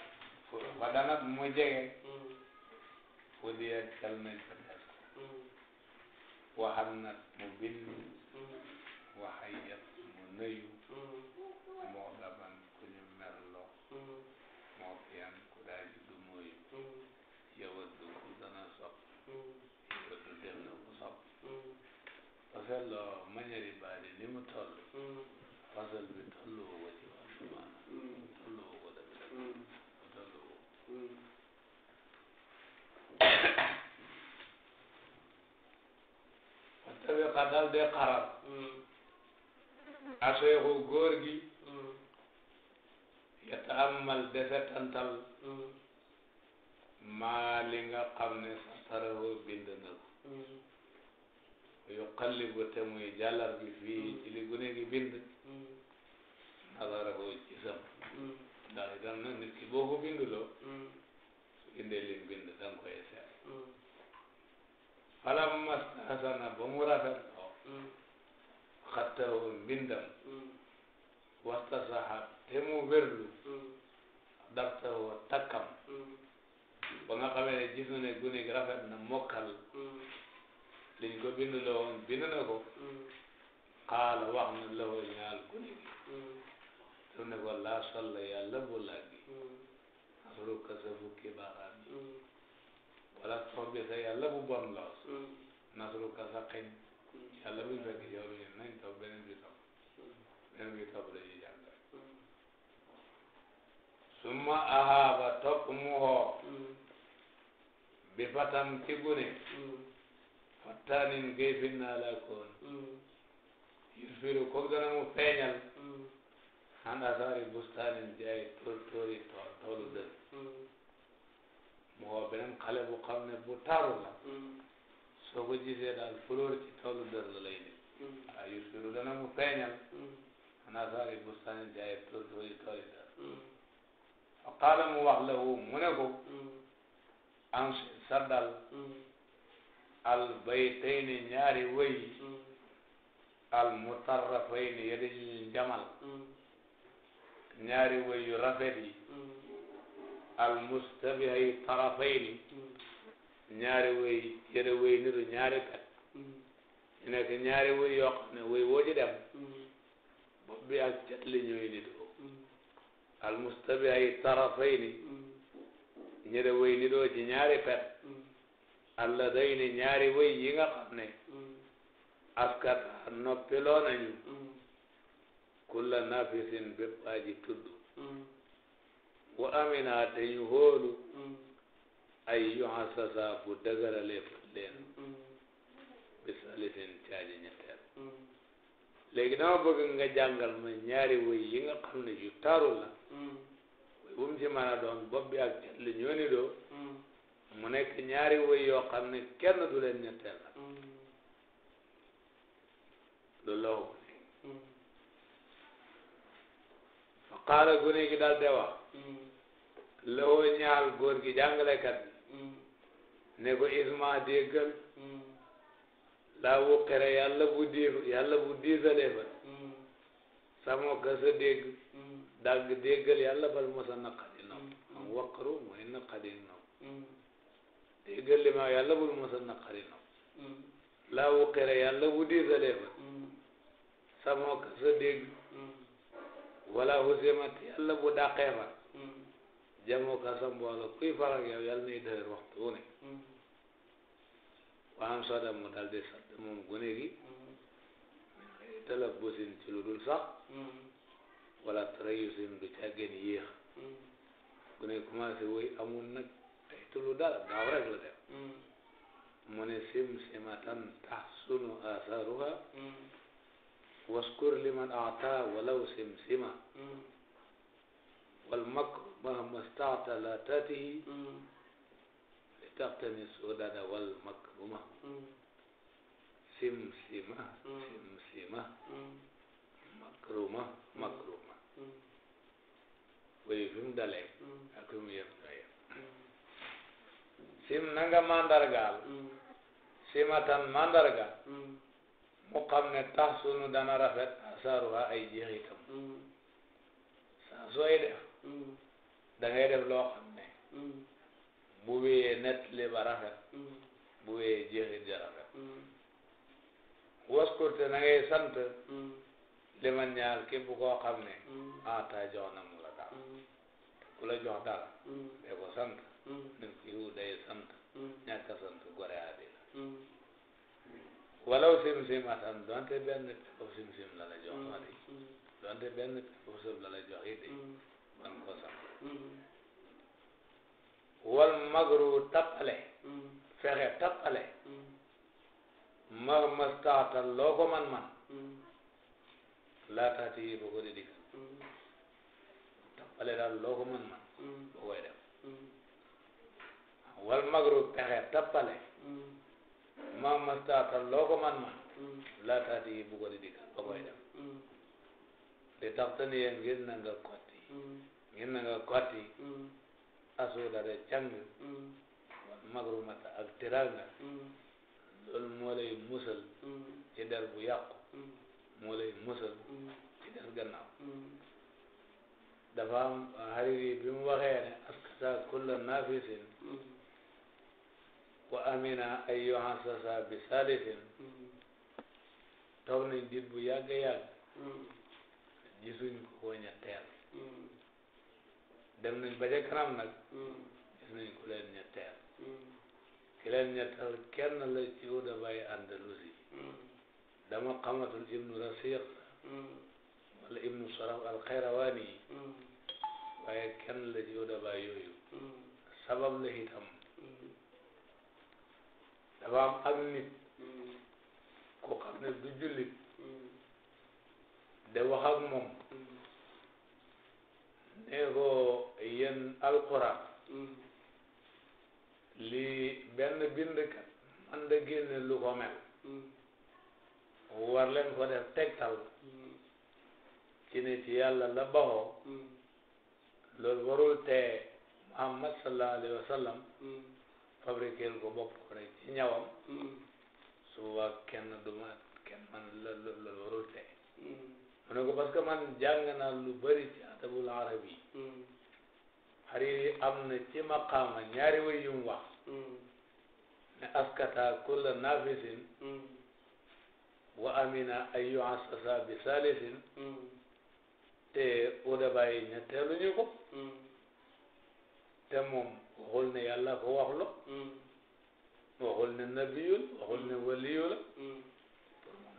fadanat mu jege fudiyat cal nañ ko def waxannat mu bind waxayat mu nëyu moo laban ku ñu merloo moo fiyan ku daaji du mooyu yawaddu ku dana sopp yawaddu dem na ku sopp parce loo mañari baali ni mu toll fasal bi tollu wa ci wàllu maanaam sabi xa dal de xaral mm. aseexu góor gi mm. yata amal defetantal mm. maa li nga xam ne satarahu bind na ko yu qallibu te muy jàllar bi fii ci li gune gi bind nasarahu gisam ndax itam nag nit ki boo ko binduloo su indee lim bind danga koy falam mastahsana ba mu rafet loo xattahu mbindam wastasaha te mu wérlu dabtahu takkam ba nga xamee ne gis na ne gune rafet na mokkal liñ ko bind loo woon bind wax na loo ñaal gune gi su ne ko laa salla yàlla bu wala foog bi sa yàlla bu bon loos sa xeñ yàlla bu fekk yow mi nañ topp beneen bi topp hmm. beneen bi topp dañuy jàng hmm. summa mu hoo hmm. bi fatam ci gune fattaanin gay finnaa laa koon yusfiru koog dana mu feeñal xanaa saari bustaanin jaay tóor tóori tool toolu dëkk mu woo beneen xale bu xam ne bu taaru la hmm. soo ko gisee daal fleur ci toolu dër la lay def waaye hmm. yu mu feeñal xanaa hmm. bu sànni jaay tóortóor yi tooli dër mu wax la wu mu ne ko ansi saddal al baytayni ñaari wëy al mutarrafayni yadi ñu njamal ñaari wëy yu rafet yi almustabihi tarafayni ñaari way yëre way niru ñaari kat ñu nekk ñaari way yoo xam ne way woo dem bopp ak cat li ñooy nitoo almustabihi tarafayni ñëre way nitoo ci ñaari pet alladayni ñaari way yi nga xam ne askat noppiloo nañu kulla nafisin bépp aji tudd wa naa te ñu hóolu ay yuhassasa bu dëgëraleef leen bis alifin caaji ñetteel léegi dama bëgg nga jàngal ma ñaari woy yi nga xam ne yu taru la woy bu mu ci mën a doon bopp bi ak lu ñooni doo mu nekk ñaari woy yoo xam ne kenn du leen ñetteel la loolu la a gune gi daal de wax mm. ñaal góor gi jàngalekat bi mm. ne ko isma déggal laa mm. wuqere yàlla bu diir yàlla bu diisalee ba samoo ka sa dégg dagg déggal yàlla bal mos a naqadi nopp am waqaru li ma yàlla bul mos a naqadi nopp laa wuqere bu diisalee ba samoo ka sa dégg wala husimat yàlla bu dàqee fa hmm. jamu ka sa mbooloo kuy faral yow yàlla nay dëgër waxtu wu ne hmm. waam soda mu dal di sadd moom gune gi hmm. tala bosin ci lu dul sax wala tara yusin du càggeen yéex gune gi commencé woy amul nag ay tulu dara daaw rek la def mu ne sim simatan tax sunu asaruha waskur liman ata walaw simsima wal makru mahma staata la tatihi li taxtani sudada wal makruma simsima simsima makruma makruma way fi mu dalee ak fi mu yem noyem sim nanga mandargaal simatan mandargaal mu kam ne tax sunu dana rafet asaaruha ay jeexitam saa sooy def da ngay def loo xam ne bu net li rafet bu wéyee jeexit ja rafet waskurte na ngay sant li man ñaar képp koo xam ne ata ah, jox na mu la daal ku la jox dara dee ko sant mm. nit day sant mm. ñàkk a gore adi la walaw simsim atam donte benn pepp simsim la la jox wax dëgg mm, mm. donte benn pepp sëb la la jox it mm. man ko sax wal magru tappale fexe tappale mag mastaata loo ko man man laa taati yi ba ko di dikkal tappale daal loo ko man man ba koy def wal magru pexe tappale ma mastaatal loo ko man man laa taati di digal ba koy def li tax tani yéen na nga kotti ngir na nga kotti asuuda de càng wan magrumata ak tiranga loolu musal ci der bu yàqu moo lay musal ci der gannaaw dafa am hariri bi mu waxee ne askata kulla nafisin wa amina ay yohan sasa bi saalifin toog nañ dit bu yàgg yàgg gisuñ ko ko ñetteel dem nañ ba ca kanam nag gis nañ ku leen ñetteel ki leen ñetteel kenn la ci udabaay andalusi dama xamatul ibnu rasiq wala ibnu saraf alxayrawaani kenn la ci udabaay yooyu sabab la itam dafa am ak nit ne du jullit de wax moom ne ko yéen alquran lii benn bindkat man da génne lu ko war leen ko def tegtal ci ne ci yàlla la baxoo loolu warul Muhammad sallallahu alayhi wa fabriquer ko bopp rek ci ñawam suba kenn du kenn man loolu loolu warul tey mu ne ko parce que hmm. man jàng naa lu bëri ci adabul arabi Hariri am na ci maqaama ñaari way yu mu wax hmm. ne askata kulla nafisin hmm. wa amina ay yuassasa bi salisin te udabayi ñetteeluñu ko te moom waxul ne yàlla ko wax lo hmm. waxul ne nabiyul waxul ne hmm. waliyu la hmm.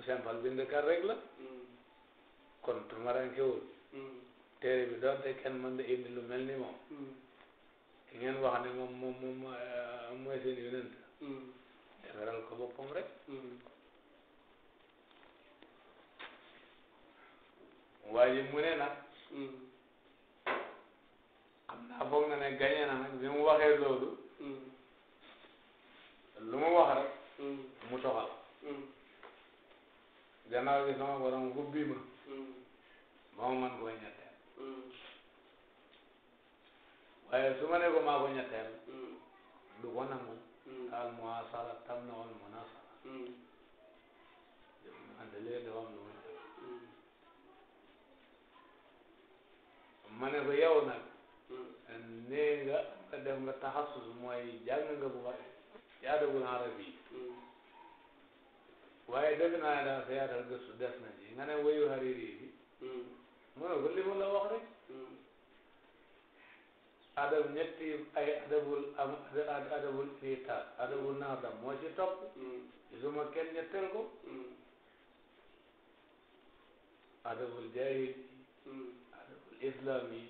sempal bindkat rek la kon tumarankewul téere bi doonte kenn mën na indi lu mel ni moom ki ngeen wax ne moom moom moom euh, mooy seen yonent defaral ko boppam rek waaye mu ne nag xam naa foog na ne gañe na nag bi mu waxee loolu lu mu wax rek mu toxal gannaaw bi sama borom hubbi ma moom man koo ñetteel waaye su ma ne ko maa ko ñetteel du ko nangu al muasara tam na wal munasara andalee dafa am lu mu ñetteel ma ne ko yow nag nee nga te def nga taxasus mooy jàng nga bu baax ci adabul arabi waaye def naa daal sa yaatal gëstu des na ci nga ne wayu hariri bi mu mm. ne ko li ma la wax rek mm. adab ñetti ay adabul am adabul itaat adabul naadam moo ci topp mm. gisuma kenn ñetteel ko adabul jaahil adabul islami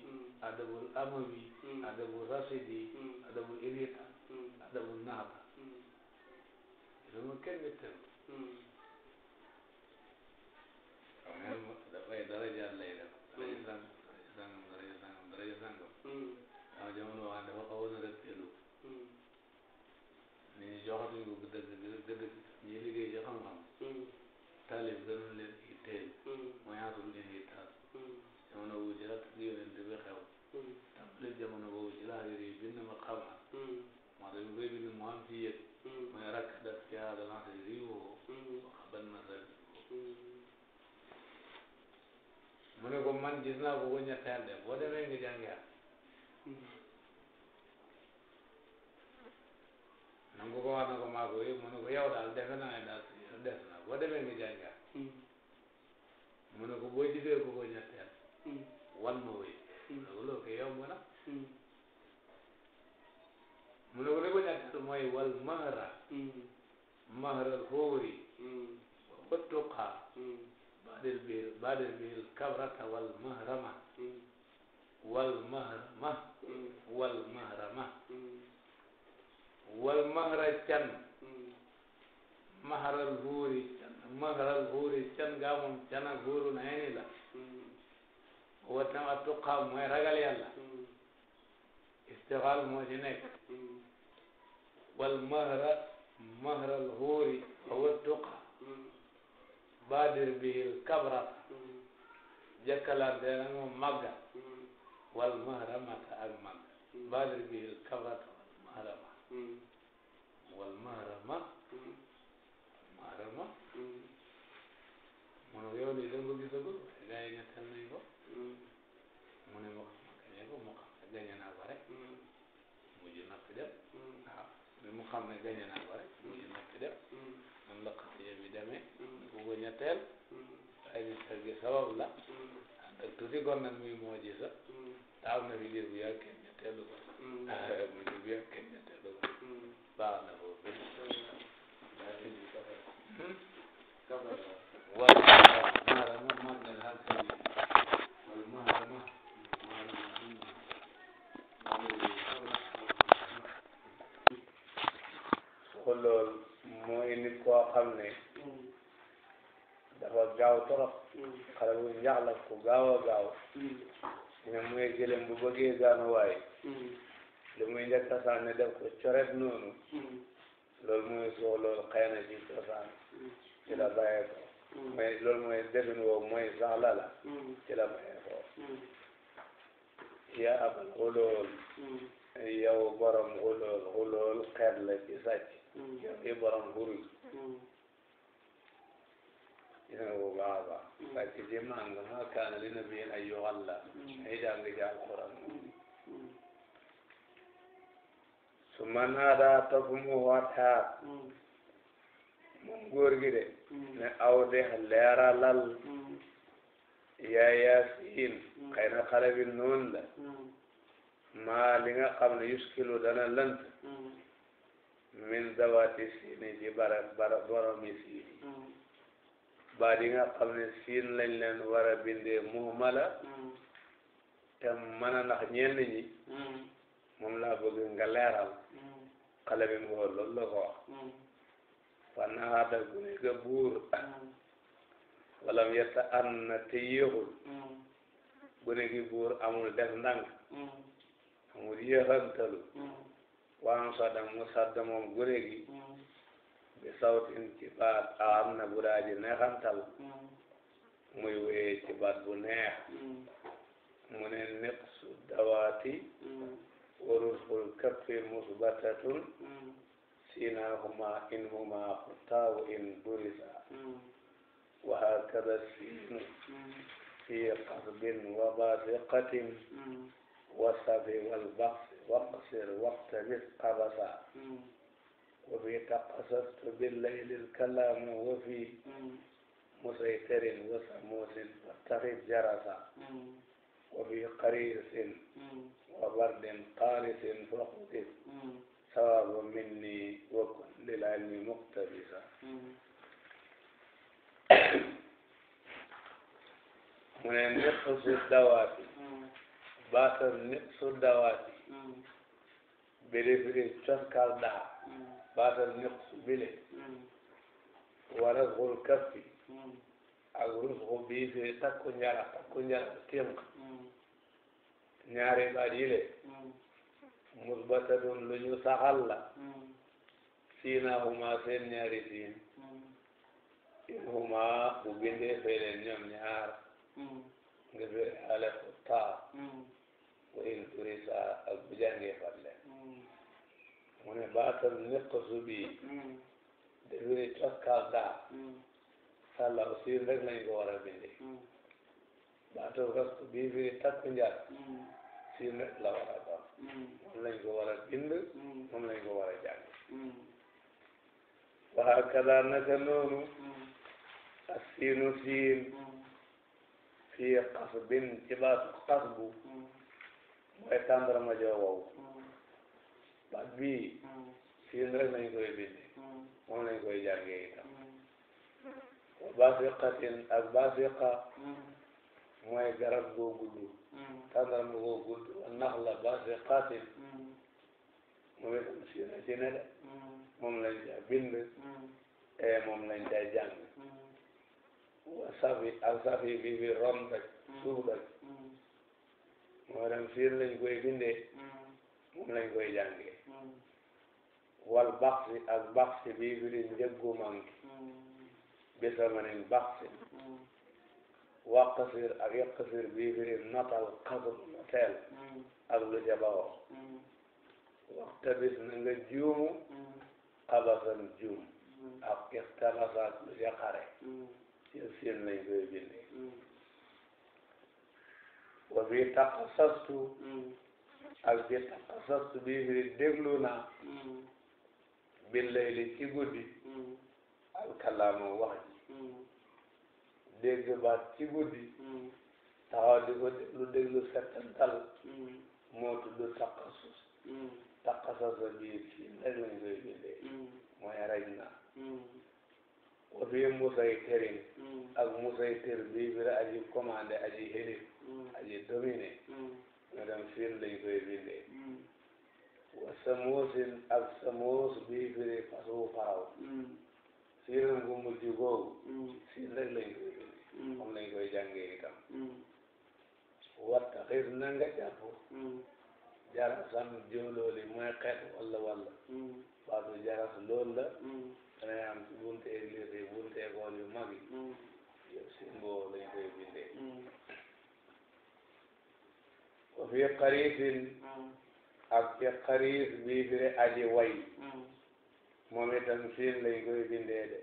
adabul amawi hmm. adabul rasidi hmm. adabul irita hmm. adabul naaba lu mu kenn man gis naa bu ko ñetteel de boo demee nga jàngat nan ko ko wax na ko maa ko yëpp mu ne ko yow daal defe naa ne daal des na boo demee nga jàngat mu ne ko boo gisee bu ko ñetteel wan ma wéy mu ne ko loolu kay yomb na mu ne ko li ko ñetteel mooy wal mahra mahral xóori wa tuqaa بادر بيل بادر بيل كبرة والمهرمة والمهرمة والمهرمة والمهر can mm. mahral huuri can mahral huuri can gaa moom can ak huuru nayni la mm. wa tam atuqa mooy ragal yàlla mm. istiqaal moo ci nekk wal mahra mahral huuri wa tuqa baadir bihil kabrat mm-hmm. jëkkalante nag moom màgga mm-hmm. wal mahramata ak màgg mm-hmm. baadir bihil kabrat wal mahrama wal mahrama mahrama mu ne yow nii da nga ko gisagul waaye gars yi nettal nañ ko ne ma xam ma gañe ne gañe naa ko rek mujj noppi dem waaw mu xam ne gañe naa bu ñetteel mm-hmm. ay kër gi sabab la ànd ak tuuti gonnal mi moo ji sax mm-hmm. taaw na fi diir bu yàgg kenn ñetteelu ko mu mm-hmm. ji bu yàgg kenn ñetteelu ko baax na foofu والمهرمة مد الهرم والمهرمة lool mooy nit koo xam ne dafa gaaw torop mm. xale bu ñax la ku gaaw a gaaw mm. ne muy gëlëm bu bëggee gaanu waay mm. lu muy njëkk a sànni def ko coret noonu loolu mooy soo loolu xëy na ji cosaan ci la bàyyee ko mais loolu mooy defin woo mooy saxla la ci la bàyyee ko yaa ab xulool yow borom xulool xulool xeet la ci sàcc yow i borom xuruj dina ko baax a baax parce que jëmmaa nga maa kaana li nabiyin ay yoxal la ay jàng ci alquran su man haadaa topp mu waat haat moom góor gi de ne aw de leeralal yaa yaasin xëy na xale bi noonu la maa li nga xam ne yuskilu dana lënt min dawaati baat yi xam ne siin lañ leen war a bindee muhmala mm. te mën a nax ñenn ñi mm. moom laa bëgg nga leeral mm. xale bi mu woo loolu la ko wax fanaada gune ga buur walam yetta an na te yéexul gune gi buur amul def ndànk amul yéexantalu waan sadda mu sadda moom gune gi bi sawtin ci baat aam na bu daa ji neexantal mm. muy wéyee ci baat bu neex mm. mu ne niqsu dawaati mm. warusul kappi musbatatun sinahuma in huma xutaaw in burisa wa hakada sinu fi qarbin wa basiqatin wasabi walbaxsi waqsir waqtabis qabasa وفي تقصصت بالليل الكلام وفي مسيطر وسموس وطرب جرسا وفي قريص وبرد قارس فخذ ثواب مني وكن للعلم مقتبسا mu ne niqu si dawaati baatam niqu dawaati biri biri coskal daha baatal niq bile wa rasxul kaffi ak rusxu bii fi takku njara takku njara tënk ñaari baat yile musbatatun lu ñu saxal la siinahuma seen ñaari siin in huma bu bindee fee leen ñoom ñaar nga fi alef taa wa in turisa ak bu jàngee fat mu ne ni niqasu bii dafa ne coskaal daal sàllaw siin rek lañ war a bindee mm. baatam rasku bii fi ne takku mm. siin rek la war a doon mm. moom lañ ko war a bind moom lañ ko war a jàng waa kada naka noonu ak siinu siin fii xas bin ci baatu xas bu mooy tàndarma joo wow baat bii siin la lañ koy bindee moom lañ koy jàngee itam basiqatin ak basiqa mooy garab goo gudd tàndarma goo gudd nax la basiqatin moom itam siin a ci ne de moom lañ caa bind e moom lañ caa jàng safi ak safi bi bi rom rek suuf rek moo dem lañ koy bindee moom koy jàngee wal baxsi ak baxsi bi biri njëggu manki bi samanin baxsi wa qasir ak ya qasir bi biri notal xasu teel ak lu ca bawoo waxta bis na nga juumu xabasan juum ak ixtalasa ak lu ca xare ci siin lañ koy bindee ak ci xasas bi firi déglu naa mm. bi layli ci guddi mm. alkalaamu wax ji mm. dégg baat ci guddi taxaw di ko déglu déglu settantal moo tudd taqasus taqasasa bii fii lañuy koy bindee mooy raj naa wa fi musay terin ak musay ter bii firi aji commandé aji hélim aji dominé nga dem siin lañ koy bindee wa samuusin ak samuus bii firi façon faraw siinam mm. gu mujj googu siin mm. rek lañ koy bindee moom lañ koy jàngee itam mm. watta xis na nga jàpp jarasan jóolooli mooy xeet walla walla baatu jaras loolu la dana am ci bunte église yi bunte école yu mag yi yëpp siin boobu lañ koy bindee fi xarisin ak ci xaris bii firi aji way moom itam siin lañ koy bindee de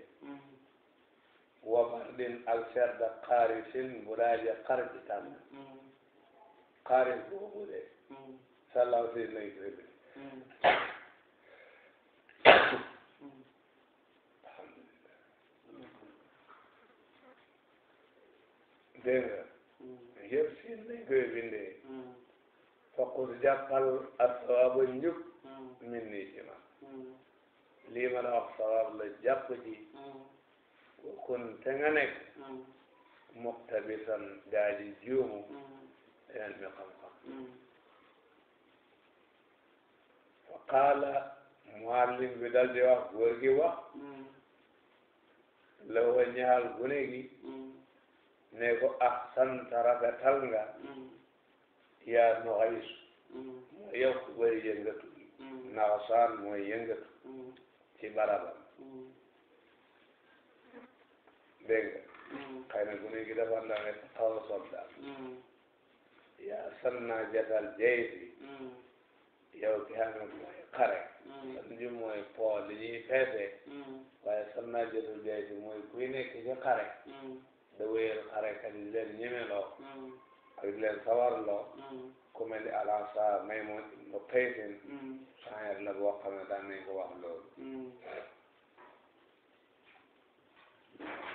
wa bardin ak sedd xarisin bu daaje xar ci tànn xaris boobu de salaw siin lañ koy bindee dégg nga hmm. yëpp siin lañ koy bindee faqul jàppal asawaabu njub min nii ci man lii ma la wax sawaab la jàpp ji kun te nga nekk muqtabisan gaa ji juumu mi xam-xam fa qaala muallim bi dal di wax góor gi wax la wa ñaal gune gi ne ko ahsanta rafetal nga yaa nu xayis mooy yokk bari yëngatu mooy yëngatu ci barabam dégg nga xëy na gune gi dafa ndawe xaw a sob daal yaa san naa jatal mooy xare san ji mooy poo li ñuy peese waaye san naa mooy kuy nekk ci xare da wéyal xare kan leen ñemeloo ak di leen sawarloo hmm. ku mel ni alansa may mu nu xëytin changer hmm. la boo xam ne daan nañ ko wax loolu hmm.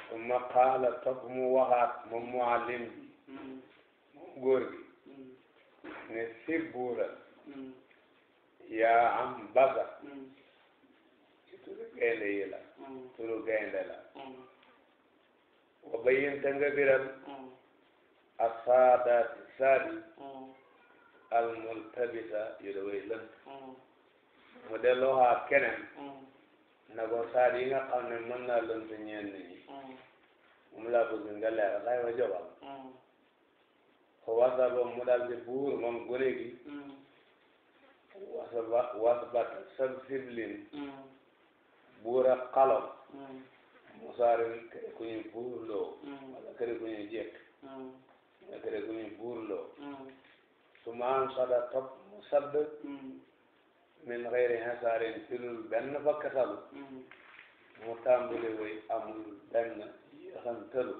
summa qaala topp mu waxaat moom muallim bi moom góor gi ne sibbuural yaa am baga turu gaynde yi la turu gaynde la wa bayin nga biral assaadaati saadi almultabisa yu da way lënt mu mm. delloo xaa keneen mm. na ko saadi nga xam ne mën naa lënt ñeen ñi mm. moom laa bëgg nga leer xay ma jobal ko wasa ba mu di buur moom gone gi wasa ba wasa ba sab siblin buur ak xalom musaarin kër ku ñu buurloo ku ñu jekk nekk de ku ñu buurloo hmm. sumaan sada topp mu sadd hmm. min xeyri xasaarin ci lul benn fakkatalu hmm. mu tàmbali way amul benn yaxantalu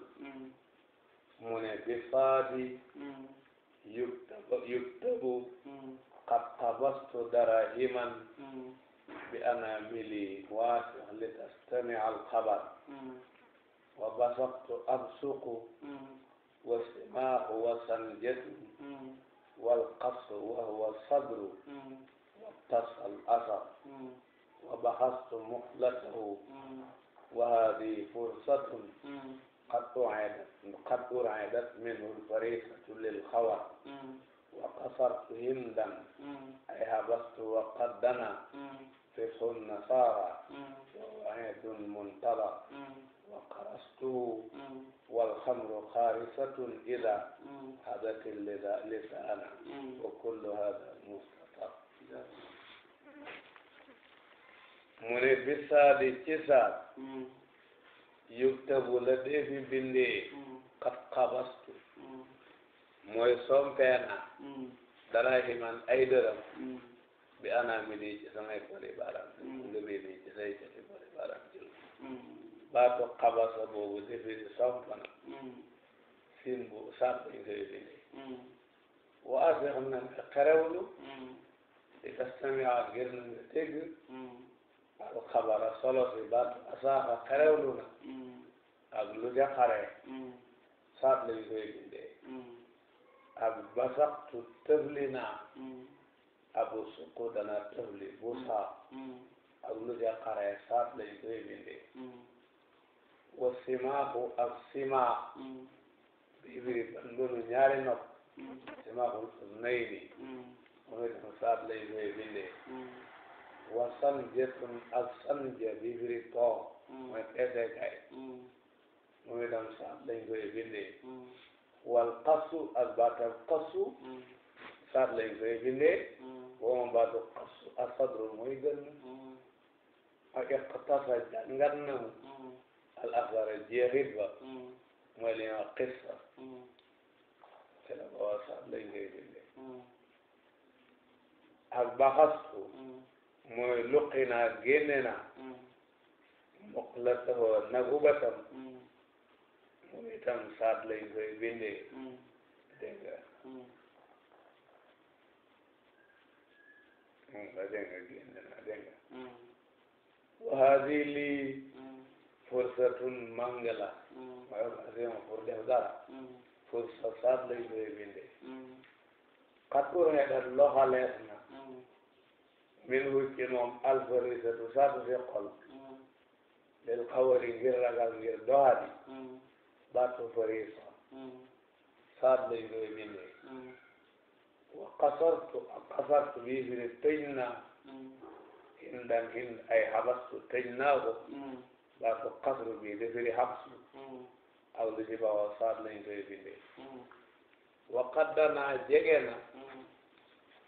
mu ne bi faadi yuktabu qad tabastu darahiman bi anamili waasix li tastami al xabar wa basaqtu absuqu والسماع والسنجد والقص وهو الصبر والتص الأثر وبحثت مهلته وهذه فرصة قد أعادت قد أعادت منه الفريسة للخوى وقصرت هندا أي هبست وقدنا فصح النصارى وعيد منتظر وقرأت والخمر خالصة إذا حدث اللسان وكل هذا مستطر mu ne bisaadi ci saat yuktabu la defi bindee kat xabastu mooy sompeena dara himan ay dërëm bi anaami nii ci samay foli baaraam nga bi nii ci say baatu xabasa boobu di firi samp na mm. mm. sin mm. bu sàpp ñu koy firi waase xam na nga xerewlu di tastamia ngir na nga dégg baatu xabara solo si baatu asaaxa xerewlu na ak lu ja xare sàpp lañ koy bindee ak basaqtu tëfli naa abu suqu dana tëfli bu saap ak lu ja xare sàpp lañ koy bindee wa simaaxu ak simaa ibiri loolu ñaari nopp simaaxu nay ni moom itam saat lay koy bindee wa sanjatun ak sanja ibiri too mooy teeteekaay moom itam saat lay koy bindee wal qasu ak baatam qasu saat lay koy bindee wooma baatu qasu ak sadru mooy gën ak iqtasa jàngat na mu al asara jeexit ba mm. mooy li ñoo xissa mm. te la ko sax lañ koy dindee mm. ak baxastu mooy luqi naa génne naa muqlatahu nagu batam moom itam saat lañ koy bindee dégg nga moom nga dégg nga génne naa dégg nga wa haadi lii fursatun màng la mooy hmm. occasion pour def dara hmm. fursa saat lañ koy bindee xat hmm. pour ne dat loxalees na min wu ci moom alfarisatu saatu si xol del xawari ngir ragal ngir doxati baatu farisa saat lañ koy bindee wa qasartu ak qasartu bii fi ne tëj ay xabastu tëj ko laa ko xasru bi dafiri xabs mm-hmm. aw lu ci saat lañ koy jege na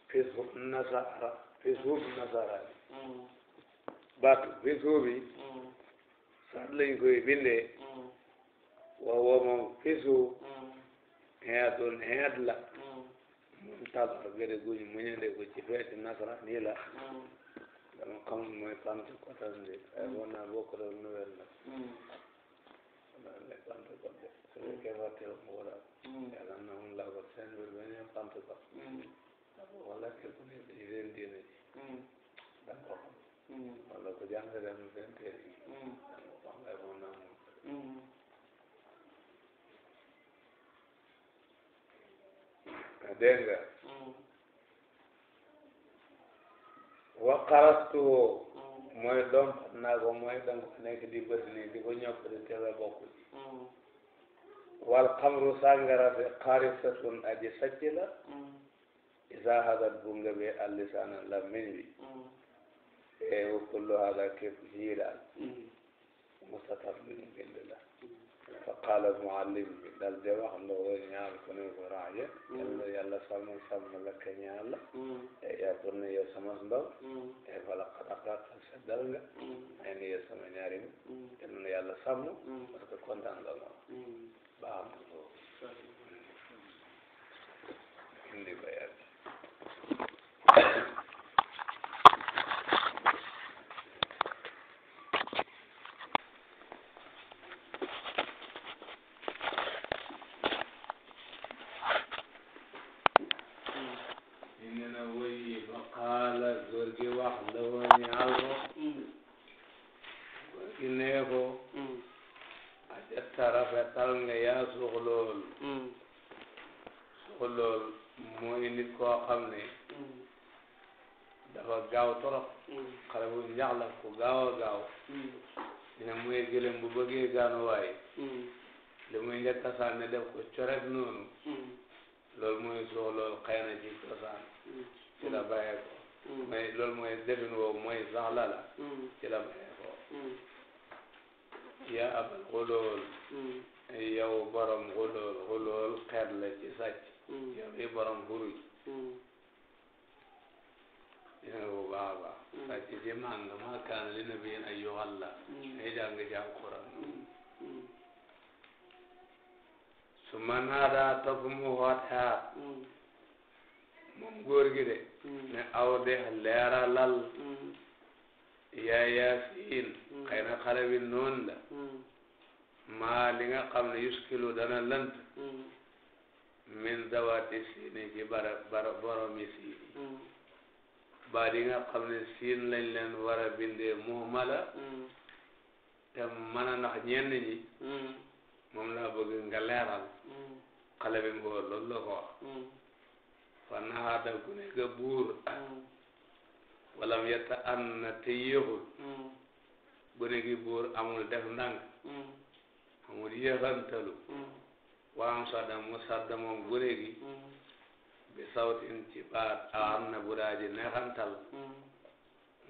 fisub nasara fisub nasara baatu fisub yi saat lañ koy bindee mm-hmm. wa wa moom fisub xeetun xeet la mm-hmm. mun tabar gëre guñ muñande ko ci feeti nasara nii la sama xam mooy pante kotas bi ay woon naa bokkul ak nouvelle la hmm. ne pante kot de su fekkee fàtte mu wala hmm. yàlla na mu la ko seen bir ba ñu pante kot hmm. wala képp ne ci seen diine ji da ko xam wala ko jàng dem seen téere yi da ko xam ay woon naa moom dégg nga waxarastu mooy doom naa ko mooy danga ko nekk di bët nii di ko ñëpp di teel a bokk ci mm. wal xamru sàngara si xarisatun aji sacc la mm. isa hadat bu bee allisaana la min wi e wa kullu hada képp yii daal mustatab lu fa qaala muallim bi dal de wax loolu ñaal ku ne ko raaje yàlla yàlla sàmm sàmm la ka ñaal la e yaa ko ne yow sama ndaw e fala xataxaat sa dal nga sama ñaari bi te nu yàlla sàmm parce que kontaan nga moom baax na iman la kaana li nabiyin ay yoxal la ngay jàng ci alquran su ma naadaa topp mu xoot xaar moom góor gi de ne aw de leeralal yaa yaasin xëy na xale bi la maa li nga xam ne yuskilu dana lënt min dawaati siini ci bara bara boromi siini baat yi nga xam ne siin lañ leen war a bindee muhmala mm. te mën a nax ñenn ñi mm. moom laa bëgg nga leeral mm. xale bi mu loolu la ko wax fa naxaa daf ku nekk buur walam yetta an na te yéexul gune gi buur amul def ndànk amul yéexantalu waam sadda mu sadda moom gune gi bi sawtin ci baat alam na bu daa ji neexantal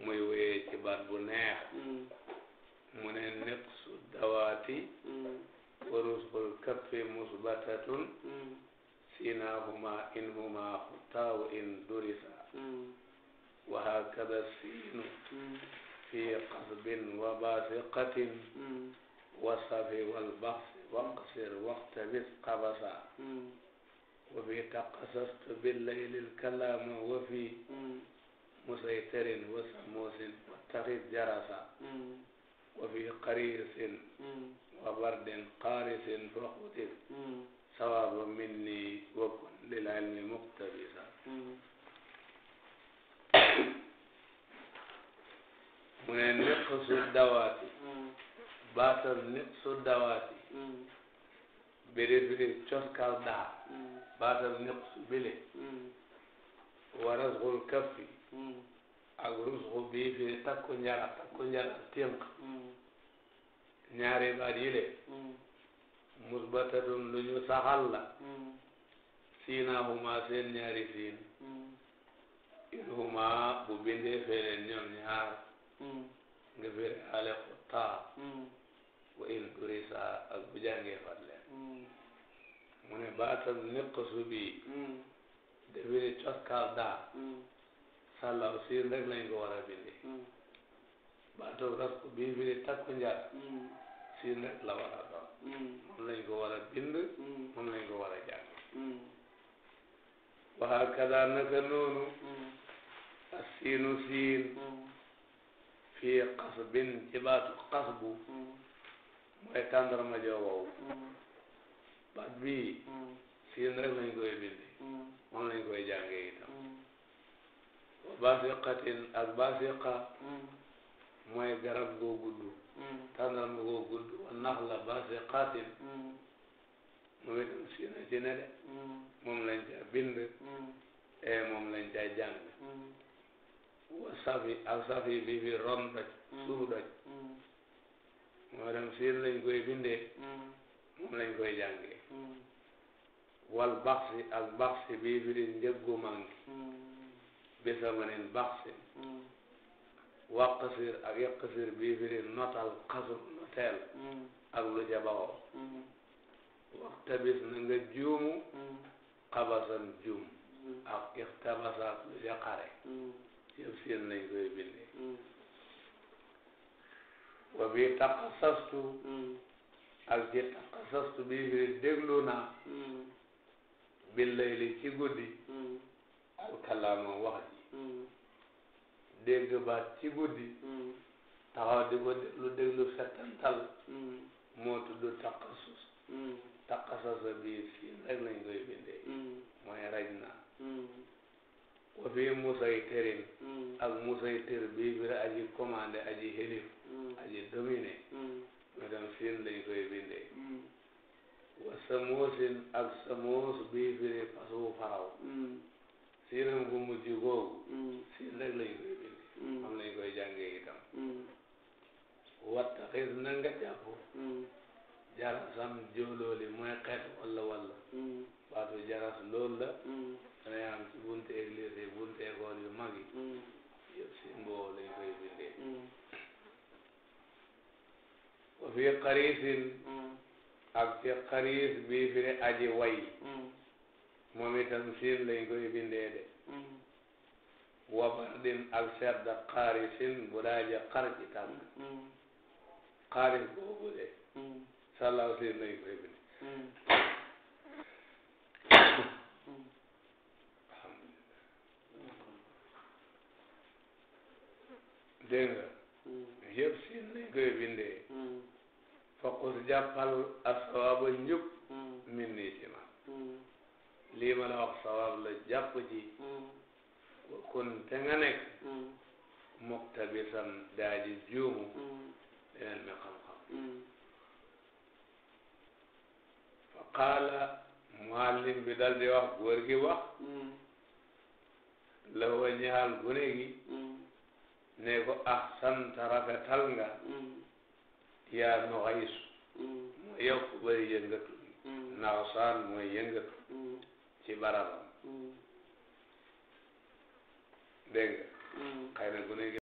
muy wéyee ci baat bu neex mu ne niqsu dawaati warusul kappi musbatatun sinahuma inhuma xuttaaw in durisa wa hakada siinu fi qasbin wa basiqatin wasafi walbaxsi waqsir waqtabis qabasa wa fi taqasastu billaylil kalaama wa fi musaytarin wa samusin wa taxit jarasa wa fi qarisin wa bardin qarisin fa xutir sawaba minni wa kun lil ilmi muqtabisa mu ne niqu suddawaati baatam niqu suddawaati biri biri coskal baatam niqs bile wa rasxul kaffi ak rusxu bii fii takku njara takku njara ténk ñaari baat yile musbatatun lu ñu saxal la siinahuma seen ñaari siin in huma bu bindee feneen ñoom ñaar nga firi ale ko taa wa in durisa ak bu jàngee fatle mu baatal niqsu bi defiri mm. coskaal daal mm. sàllaw siin rek lañ ko war a bindi mm. baatal rasku bi firi takku njar siin rek la war a doon moom lañ ko war a bind moom lañ ko war a jàng waxaa kadaa naka noonu asiinu siin fii xasbin ci baatu xasbu mooy tàndarma joo wow baat bii siin rek lañ koy bindi moom lañ koy jànge itam mm. basiqatin ak basiqa mm. mooy garab goo gudd mm. tàndarma goo gudd wa nax la basiqatin moom itam siin a ci ne de moom lañ caa bind e moom lañ caa jàng wa safi ak safi bi fi ron doj suuf doj moo dem siin lañ koy bindee moom lañ koy jàngee hmm. wal baxsi hmm. hmm. ak baxsi bii firi njëg gu mangi bisamanin baxsin waqasir ak yaqasir bii firi notal xasu noteel ak lu ca baxoo waxtabis na nga juumu xabasan juum ak ixtabasaat lu ca xare yëpp seen lañ koy bindee wa bi taqasastu a ci xasastu bi firi déglu naa hmm. bi layli ci guddi hmm. alkalaama wax ji hmm. dégg baat ci guddi taxaw di ko déglu déglu settantal moo tudd taqasus taqasasa bi fii rek lañ koy bindee mooy raj naa wa fii musay tërin ak musay tër bii firi aji commandé aji xelif aji dominé nga dem siin lañ koy bindee mm. wa samoosin ak samoos bii firi fasu faraw mm. siinam gu mujj googu siin mm. rek lañ koy bindee xam lañ koy jàngee itam watta xis na nga jàpp jarasam jóolooli mooy xeet walla walla baatu jaras loolu la dana am ci bunte église yi bunte école yu mag yi yëpp siin boobu lañ koy bindee fi xariisin mm. ak fi xariis bi fi ne aji way mm. moom itam siin lañ koy bindee de mm. wa bardin ak sedd xaarisin bu daaje xar ci tàng boobu de salaw siin lañ koy bindee dégg nga siin lañ koy bindee fokus jàppal ak sawaaba njub min nii ci mm. lii ma la wax sawaab la jàpp ji mm. kon te nga nekk mm. muktabisan daa ji mi xam-xam fa qaala muallim bi dal di wax góor gi wax la wa ñaal gune gi ne ko ahsanta rafetal nga yaa nu xayis mooy yow ku bëri yëngatu naxsaan mooy yëngatu ci barabam dégg nga xëy na ku nekk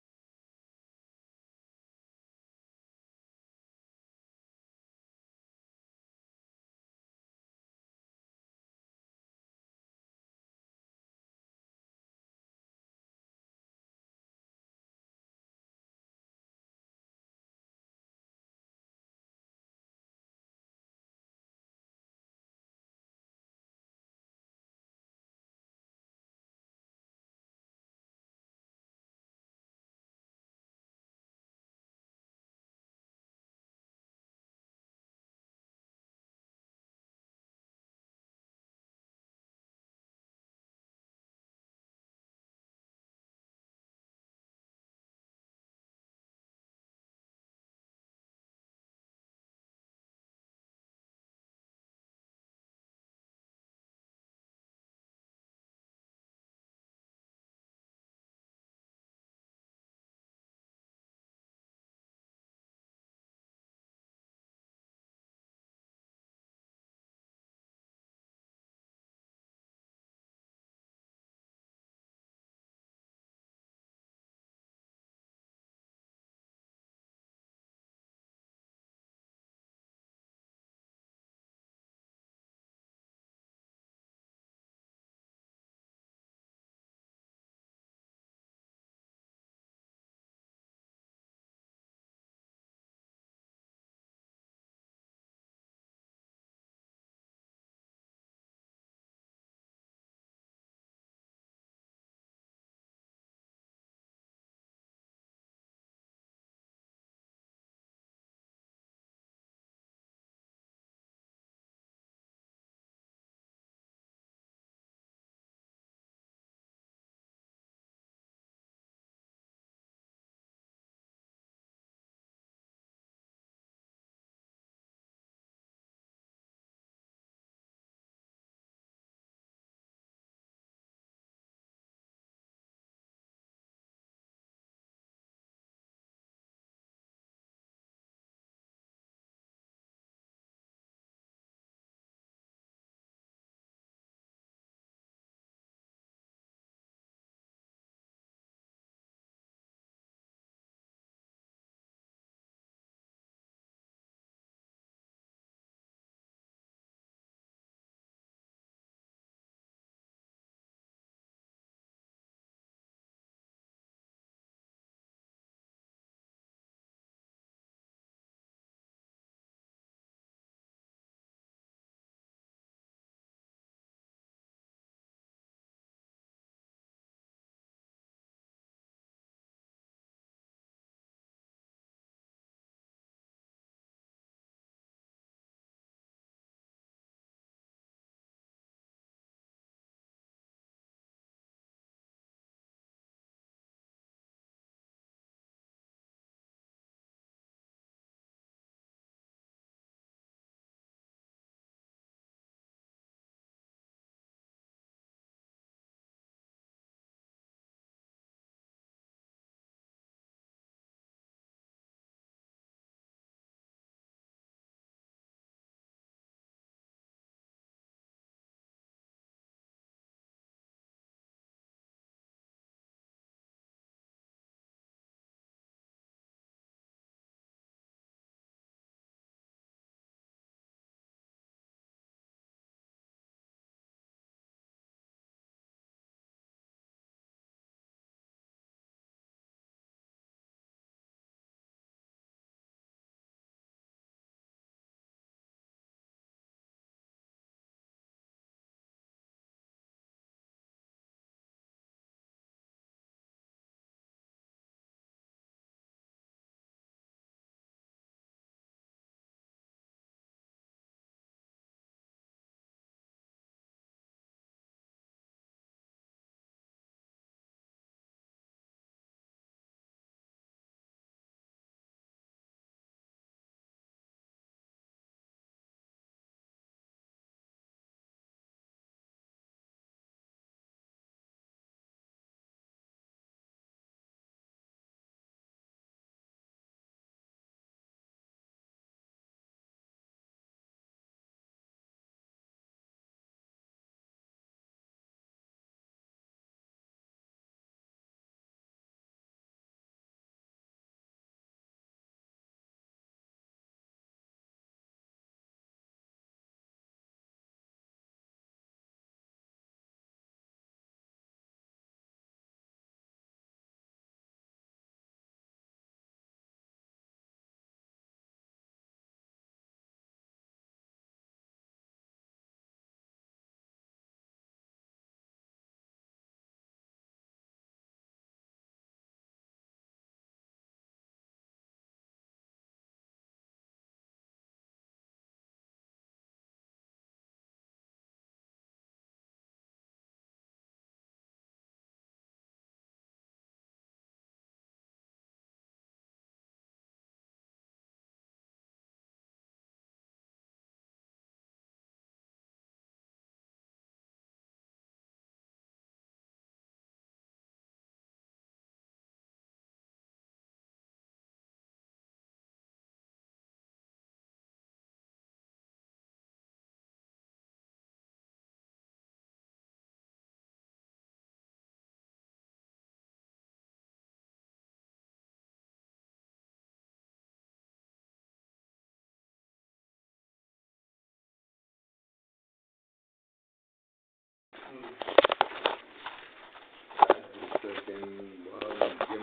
te seen jëmm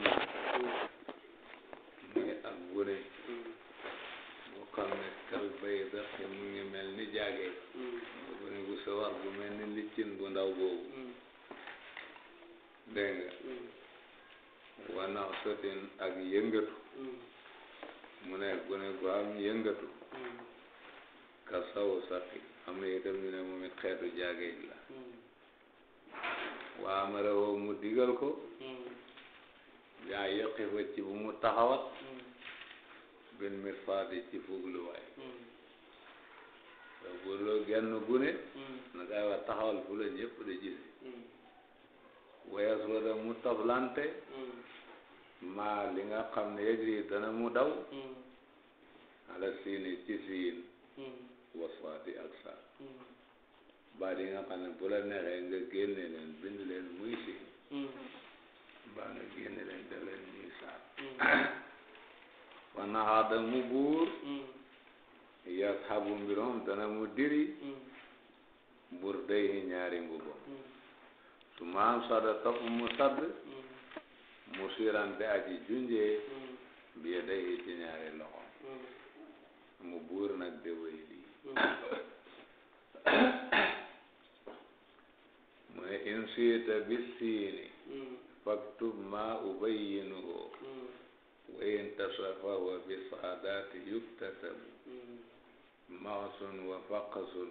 muy ab gune boo xam ne kal sax te mu ngi mel ni jaage mu gune gu sawar bu mel ni liccin bu ndaw boobu dégg nga wanax ak yëngatu mu ne gune gu am yëngatu ka saw sax am na itam ñu ne moom it xeetu jaage la waa amara woo mu digal ko hmm. yaa yaqifa ci bu mu taxawat hmm. bin mirfaadi ci fugluwaay hmm. te bu loo genn gune na ngay wax taxawal fu la ñëpp di gis wayas wada mu toflante maa li nga xam ne yëg dana mu daw ala siini ci siin wasfaati ak saa baa di nga xam ne bu la nga génne leen bind leen muy si baa nga génne leen da leen muy saar wana xaada mu buur yas xabu mbirom dana mu diri mm. bur day hi ñaari mbubam mm. su maam sada topp mu sadd mm. mu sirante aji junjee biye day hi ci ñaari loxo mu buur nag de wéy lii in siita bisiini mm. faktub ma ubayyinuhu mm. wa in tasafawa bi saadaati yuktasabu maasun mm. wa faqasun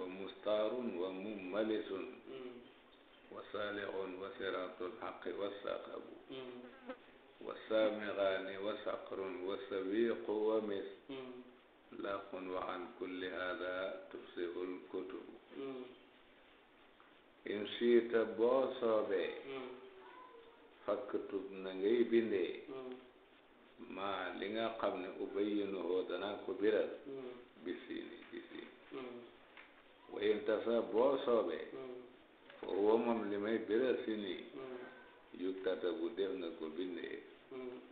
wa mustaarun wa mummalisun wa saalixun wa siraatul xaqi wa saqabu wa saamiraani wa saqrun wa sawiiqu wa mis laaqun wa an kulli haada tufsihul kutubu in siita boo soobee fakk tub na ngay bindee maa li nga xam ne ubayyinu hoo danaa ko biral bi siini ci siin wa in boo soobee fo huwa moom li may biral si nii yuktata bu def na ko bindee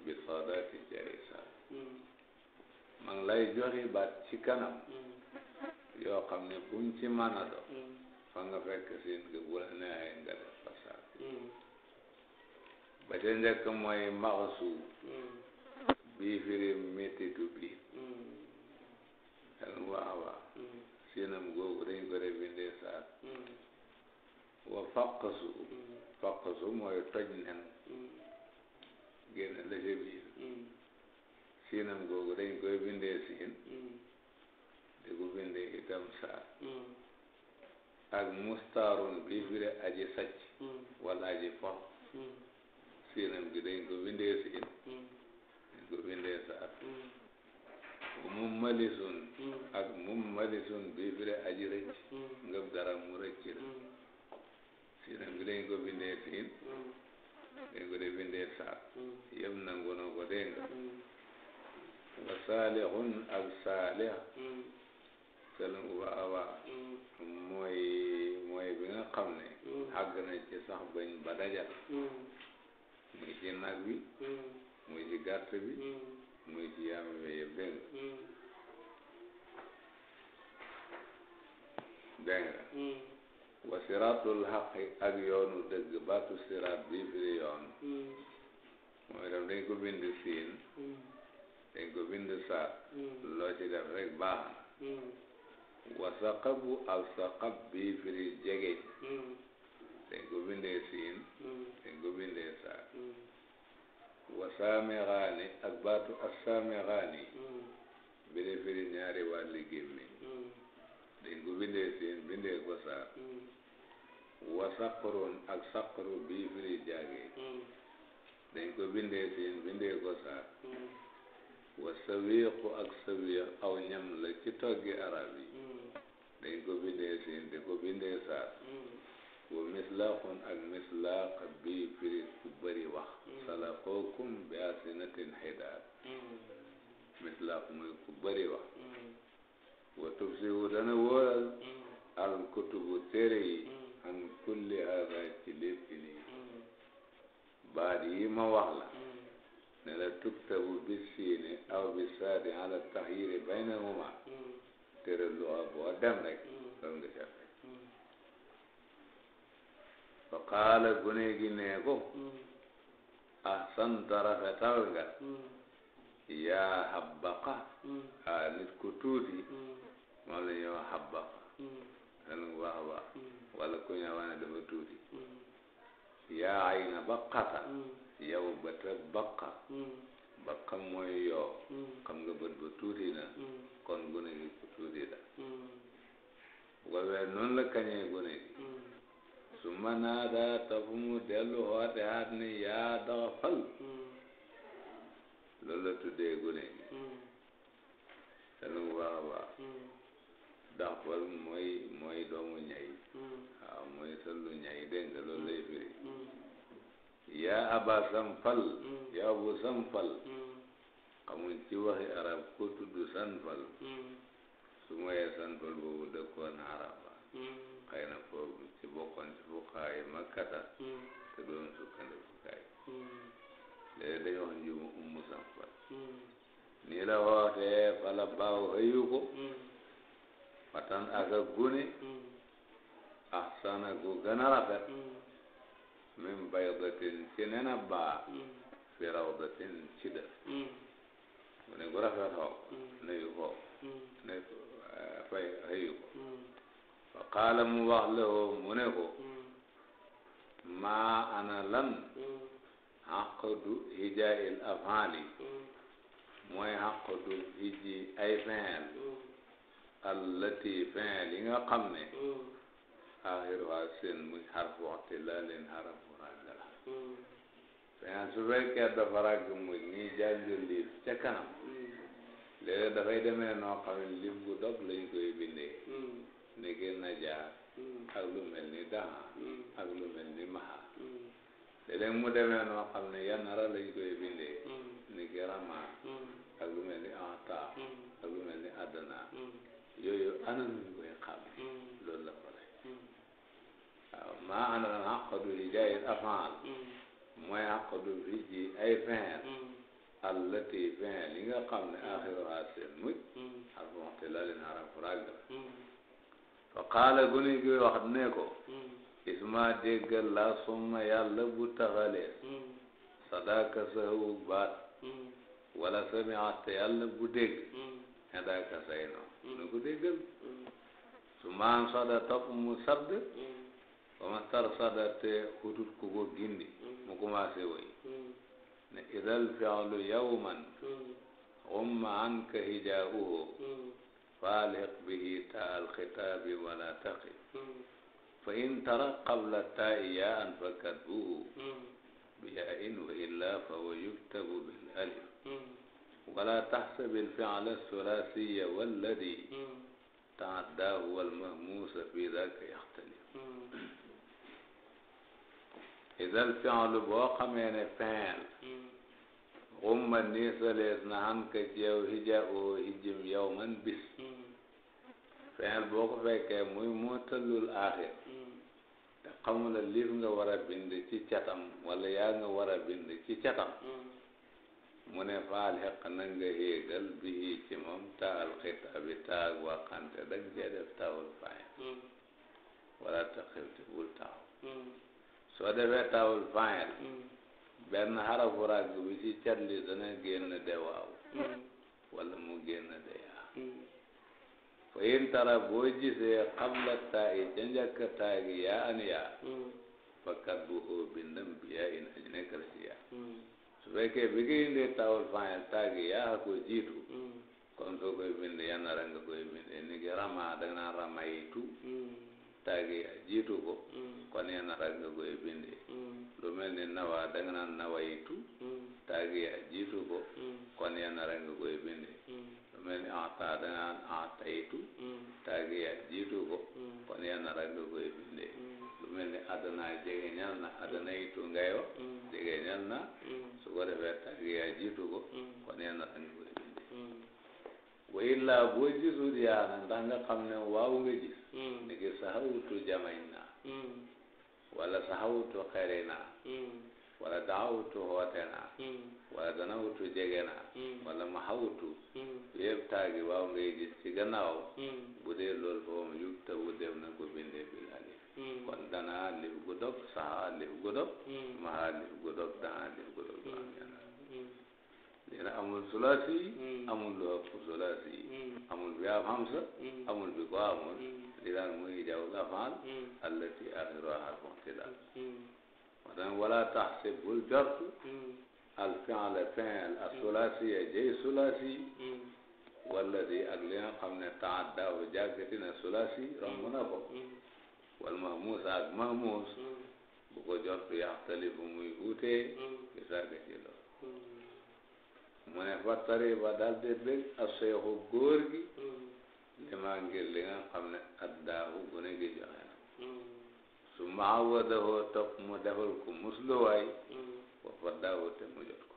bi saadaati jarisa man lay joxi baat ci kanam yoo xam ne buñ ci mën fa fekk siin gi bu la neexee nga def fasaad mm. ba ca njëkk mooy maxsu mm. bii firi méttitu biir xel mu mm. baax a baax siinam googu dañ ko def bindee saat wa faqasu faqasu mooy toj nen génn la ca biir siinam googu dañ koy bindee siin di ko bindee itam saat ak mustaarun bi firi aji sàcc hmm. wala aji for hmm. siinam gi dañ ko windee siin hmm. dañ ko windee saar mum malisun ak mum malisun bi firi aji rëcc ngëb dara mu rëcc la siinam gi dañ ko windee siin dañ ko de windee saar yëpp nangu na ko dégg nga wa ak saalih selungu ba abaa mooy mooy bi nga xam ne àgg na ci sax bañ ba dajal muy ci nag bi muy ci gàtt bi muy ci yàmb bi yëpp dégg nga dégg nga siraatul xaqi ak yoonu dëgg baatu siraat bi firi yoon mooy tam dañ ko bind siin dañ ko bind saat loo ci def rek baax na wasaqabu alsaqab bii firi jegeñ dañ mm. ko bindee siin dañ mm. ko bindee saa mm. wasaamexaani ak baatu assaamexaani bi de firi ñaari wàlli gémmiñ dañ ko bindee siin bindee ko saa wasaqrun ak saqru bii firi jaage dañ ko bindee siin bindee ko saa wasawiiqu ak sawiiq aw ñam la ci toggi arab yi dañ ko bindee siin di ko bindee saar mm-hmm. wa mislaqun ak mislaq bi firi ku bëri wax mm-hmm. salaqookum bi asinatin xidaad mm-hmm. mislaq muy ku bëri wax wa tubsiru dana wóoral al kutubu téere yi an kulli hada ci lépp lii baat yi ma wax la ne la tuktabu bi siine aw bi saadi ala taxyiri baynahuma téere luwa boo dem rek loolu mm. nga mm. ca fekk fa qaala gune gi nee ko mm. ahsanta rafetal yaa habbaqa a nit ku tuuti moom la ñuy habbaqa xen bu baax a baax wala ku ñu wax ne dafa tuuti yaa ayna baqata yow bëta ba xam mooy yoo hmm. xam nga bët ba tuuti na hmm. kon gune ku tuuti la wawee hmm. noonu la kañee gune gi su ma mu dellu xoote haat ne yaa daxa fal loolu la tuddee gune tanu baax a baax mooy mooy doomu ñay waaw mooy sëllu ñay dégg nga loolu lay firi yaa aba sanfal mm. yaa abu sanfal xamuñ mm. ci waxi arab ko tudd sanfal mm. su mayee sanfal boobu dëkkoon arab la na foofu ci bokkoon ci fuqaay makkata te doon sukkandi fuqaay léegi dañu wax nju mu ummu nii la wootee fala baaw xëyu ko fatan aka gune ahsana gu gën a rafet min baydatin ci nen a baa fi rawdatin ci dër mu ne gu rafet xaw nuyu ko ne fay xëyu ko fa qaala mu wax la ko mu ne ko maa ana lan xaqdu hijail afali mooy xaqdu hiji ay feel allati feel yi nga xam ne axiruha seen muy xarfu waxti laa leen xaraf mais su fekkee dafa ràgg mu ñuy jàng liif ca kanam léeg-léeg dafay demee noo xam ne liif gu dog lañ koy bindee ne gën na jaar ak lu ni daha ak lu ni maha léeg mu demee noo xam ne yanara lañ koy bindee ne ki rama ak lu mel ni anta ak lu mel ni adana yooyu ana nuñ koy xam maa àndal na àqadu rijaayin afaal mm. mooy àqadu riji ay fexeel mm. allati fexeel yi nga xam ne mm. axiruhaa seen mujj xarfu ixtilaalin xarfu ràgg la fa qaala gone gi wax ne ko isma déggal laa summa yàlla bu taxalee sadaka sahu baat wala samiata yàlla bu dégg xedaka say noonu nu ko déggal su maan sada topp mu sadd ba ma sar sadate hutut ku ko gindi mu commencé woy ne idal fi'lu yawman umma anka hijaabuhu faaliq bihi ta alxitaabi wala taqi fa in tara qabla taa'i yaa'an fa katbuhu bi yaa'in wa illaa fa huwa yuktabu bil alif wala taxsab alfi'la athulaasiya walladi ta'addaahu walmahmuusa fi daaka yaxtalif idal fi'lu boo xamee ne fi'l hmm. xumma niisalees na han ka jeew hija oo hijim yow man bis fi'l hmm. boo ko fekkee muy mutalul aaxir hmm. te xamula liif nga war a bind ci catam wala yaa nga war a bind ci catam mu ne faal xeq na nga héegal bi hii ci moom taal xitaabi taag waxante dag jee def taawul faay wala ta xifti bul taaw soo defee tawul faayel mm. benn xarafu ràgg bi ci cat li dana génn de waaw mm. wala mu génn de yaa mm. fa in tara boo gisee xabla taa yi ca njëkk taa gi yaa an yaa bu oo bindam bi yaa in aji nekk la ci bi nga indee tawul faayel taa gi yaa ko jiitu kon soo koy bind yan na nga koy bindee ni ki rama da nga naan ramayitu taagiya jiitu ko kon yéen arab nga koy bindee lu mel ni nawa danga naan nawaytu mm. taagiya jiitu ko kon yéen arab nga koy bindee lu mel ni ata danga naan ataytu mm. taagiya jiitu ko kon yéen arab nga koy bindee lu mel ni adana jege ñal na adana itu ngay wax mm. jege ñal na su ko defee taagiya jiitu ko kon yéen arab nga koy bindee la laa boo gisul na nag ndax nga xam ne waaw nga gis ni ki saxawutu jamañ naa wala saxawutu xeri naa wala daxawutu xoote naa wala danawutu jege naa wala maxawutu yëpp taagi waaw ngay gis ci gannaaw bu dee loolu foofu yub ta bu dem na ko bindee bil alif kon danaa lif gu dog saxaa lif gu dog maxaa lif gu dina amul sulaasi hmm. amul lu ëpp sulaasi hmm. amul bi am hamsa hmm. amul bi ko amul li daal muy jaww lafaal allati axiruha harfu ictilaal wadan wala taxsib bul jort al fiala fiil a sulaasi a jëy sulaasi walladi ak li nga xam ne taaddaw jàggati na sulaasi romb na ko wal mahmuus ak mahmuus bu ko jort yaxtalifu muy wuute bi sàgg ci loolu mu ne fa tariba daal di bég ak seexu góor gi li mm. maa ngir li nga xam ne addaahu gune gi joxe na mm. su mahawadahoo topp mu defal ko musluwaay mm. wa faddaahu te mu jot ko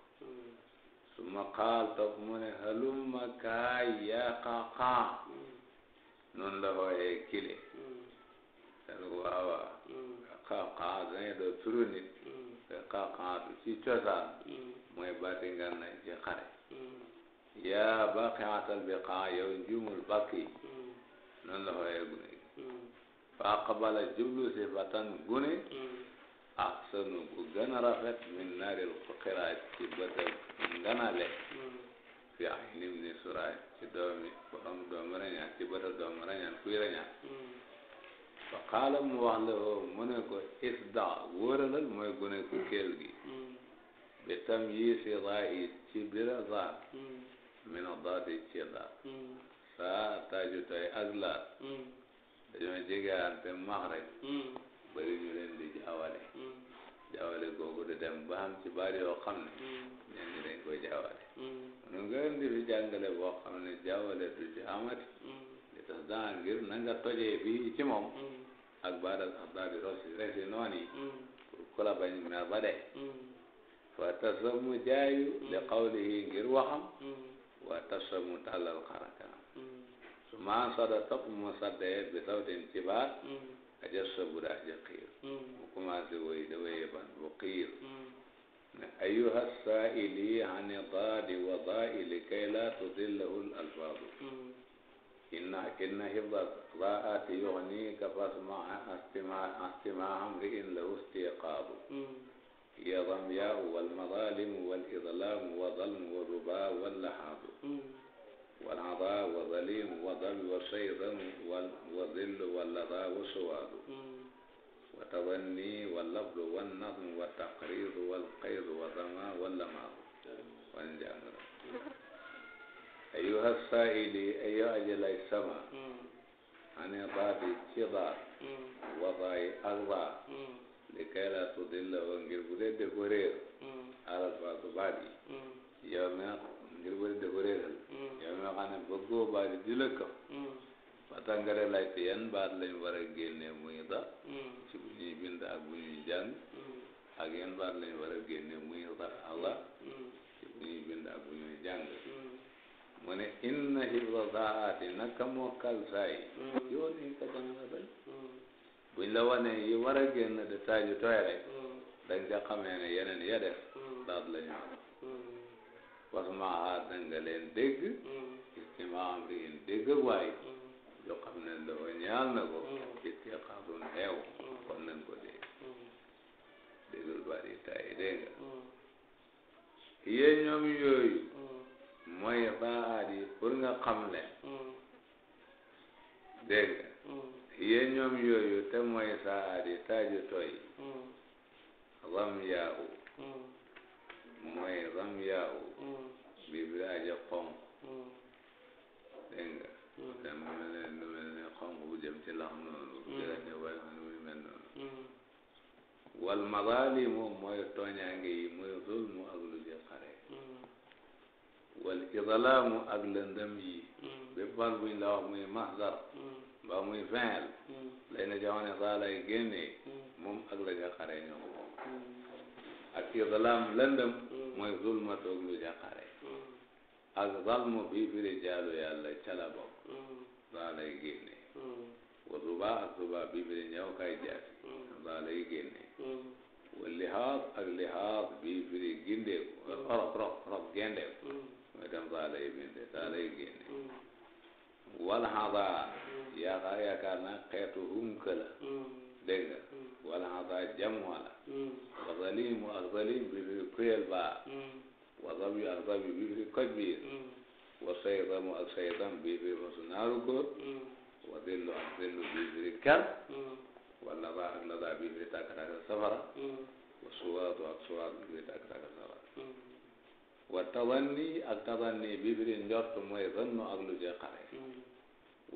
su ma xaal topp mu ne halumma kaay yaa xaaxaa noonu la xooyee kile dan waawa xaaxaa dangay doo turu nit te xaaxaa du ci cosaan mooy baati ngànnaay ci xare mm. yaa baaqiatal biqaa yow njuumul bàkk yi mm. noonu la xooyee gune gi mm. fa aqbala jublu si fatan gune ahsanu bu gën a rafet min naaril xiraaj ci bëtëb nganale fi aynim ni suraaj ci doomi borom doomi rañaan ci bëtëb doomi rañaan kuy rañaan fa qaala mu wax la ko mu ne ko isda wóoralal mooy gune ku kéel gi li tam yi si raay ci biir azaan min adaati ci daal saa taaju tay ak laat dañoo jegeante max rek bari ñu leen di jaawale jaawale googu dem ba ci baat yoo xam ñeen ñi dañ koy jaawale nu ngeen di fi jàngale boo xam ne jaawale du ci amati li tax ngir na nga tojee bi ci moom mm. ak baat ak adaati rosi resi noon yi pour mm. ku la bañ mer ba dee mm. wa tasamu jaayu li qawlihi ngir waxam wa tasamu tàllal xara kanam maa sada topp mu saddee bi sawtin ci baat aja sabuda aja xiir mu commencé woy da woye ban bu xiir ne ayuha saili ani daadi wa daili kay la tudillahu l alfaadu inna inna hibda daati yuxnika fasmaa astimaa amri in lahu istiqaadu hiya ramya wal mazalim wal idlam wa zalm wa ruba wal lahab wal ada wa zalim wa dal wa shaydan wa zill wa lada wa suwad wa tawanni wal labd wa nazm wa taqrid wal qayd wa zama wal lamad wan jangara ayuha saili ayu ajalay sama ane baadi ci baat wa daay ak baat li kay la tudilla wa ngir bu dee dëkku réer alal faatu yi yow mi ngir bu dee dëkku réeral yow mi xam ne bëggoo yi di la kam fata nga de laajte yan baat lañ war a génne muy da ci bu ñuy bind ak bu ñuy jàng ak yan baat lañ war a génne ala ci bu ñuy bind ak bu ñuy jàng mu ne inna hiba saati naka mokkal saa yi yow ni ka danga la buñ la wane yi war a génn di taaju tooy rek dañ ca xamee ne yeneen ya def daat la ñu wasuma xaar danga leen dégg istima am riin dégg ak waay xam ne loo ñaal na ko itti xaadun xeew kon nañ ko dégg déggul bari taay dégg nga yee ñoom yooyu mooy baaxaat yi pour nga xam leen dégg yéen yooyu te mooy saa di taaju toy ram mm. yaahu mm. mooy ram yaahu mm. bi bi aja xonq dégg nga te mu mel ne lu ne xonq bu jëm ci lax noonu jirane wala nu muy mel noonu wal mazaali moom mooy tooñaange yi mooy zulmu ak lu ci xare wal idlaamu ak yi bépp baal buñ la wax mbaa muy fenel mm. lay na jamono saa lay génnee mm. moom ak la jàqare ñoo ko bokk mm. ak islam lëndëm mooy zulmatoog lu jàqare ak zalmo bii firi jaalu yàlla ca la bokk saa lay génnee suba ak suba bii firi ñëw kay jaasi saa lay génnee wa ak lihaas bii firi gindeeku rox rox rox gendeeku mooy tam saa lay binde saa wala xadaa yaakaar yaakaar naa xeetu humka la mm. dégg nga mm. wala xadaa jamu la mm. wazalim ak zalim bi fi kuyel baa wazab yu ak zab yu bi fi koj biir wa saydamu ak saydam bi fi fasu naaru góor wa dillu ak dillu bi fi kar wa lada ak lada bi fi tàkk-tàkk safara wa suwaatu ak suwaat bi fi tàkk-tàkk safara wa tawanni ak tawanni bi biri njort mooy zannu ak lu ci xare mm.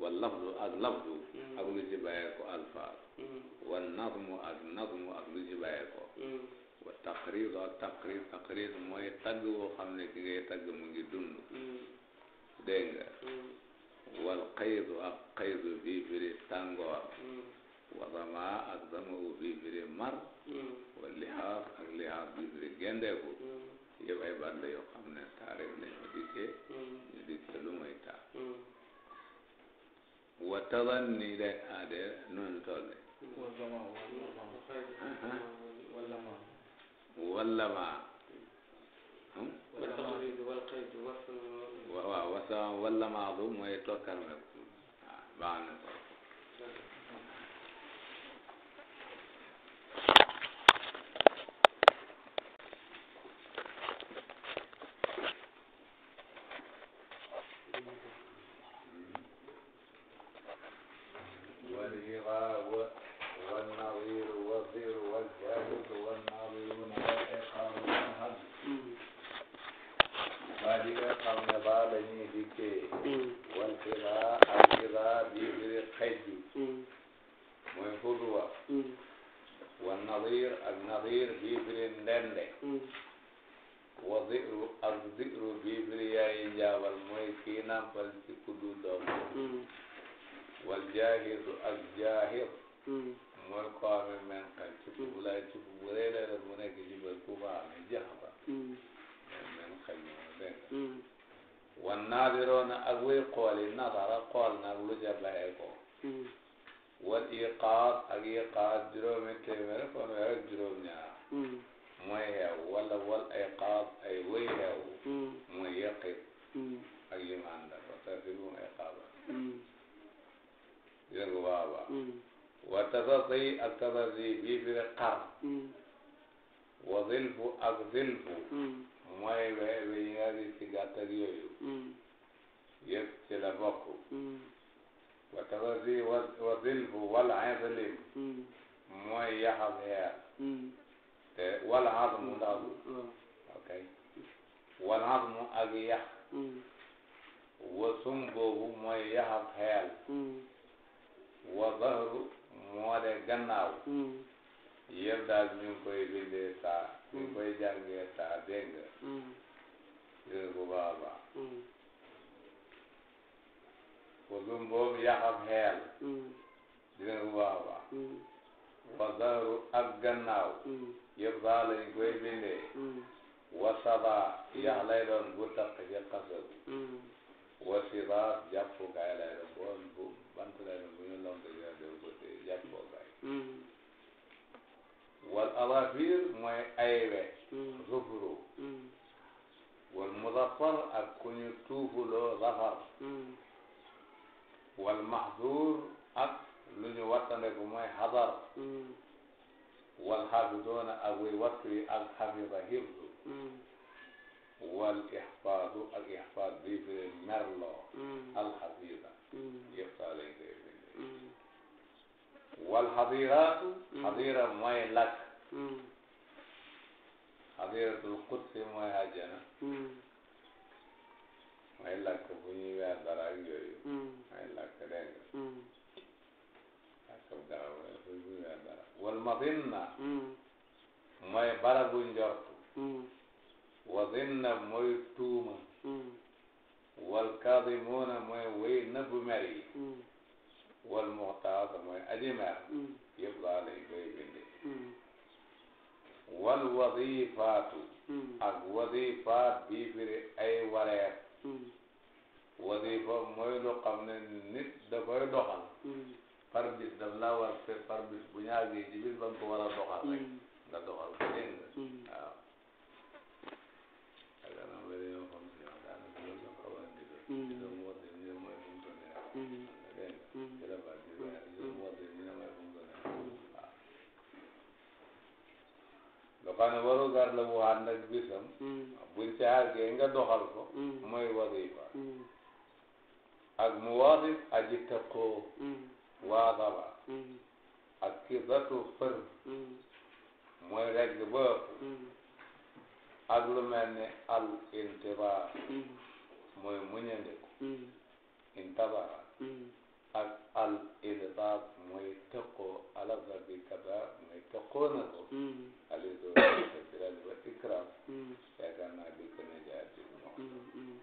wa lafdu ak lafdu mm. ak lu ci bàyyee ko alfaal mm. wa nazmu ak nazmu ak lu ci ak taqriir taqriir mooy tagg woo xam ne ki ngay tagg mu ngi dund dégg nga ak qaydu bi biri tàngoor wa zama ak zama bi biri mar wa lihaaf ak lihaaf bi biri gendeeku yëpp ay baat la yoo xam ne taa rek lañu dikkee hmm. ñu dikkee lu muy taa hmm. wa taban ni rek aade ah, noonu tolle wallama waaw wasama wallama bu mooy tokkar me ko waaw baax na ko ndongar la bu ànd ak bisam mm. buñ ci àggee nga doxal ko mm. mooy wasifa mm. ak mu wasif aji tëqoo waasaba ak kibatu fër mooy regg ba ak lu mel ni al intibaar mooy muñandiku intabara ak al ilbaab mooy tëqoo alaba bi kaba mooy tëqoo na ko alido ikram mm. yaakaar naa dikk na jaar ci moom mm, mm.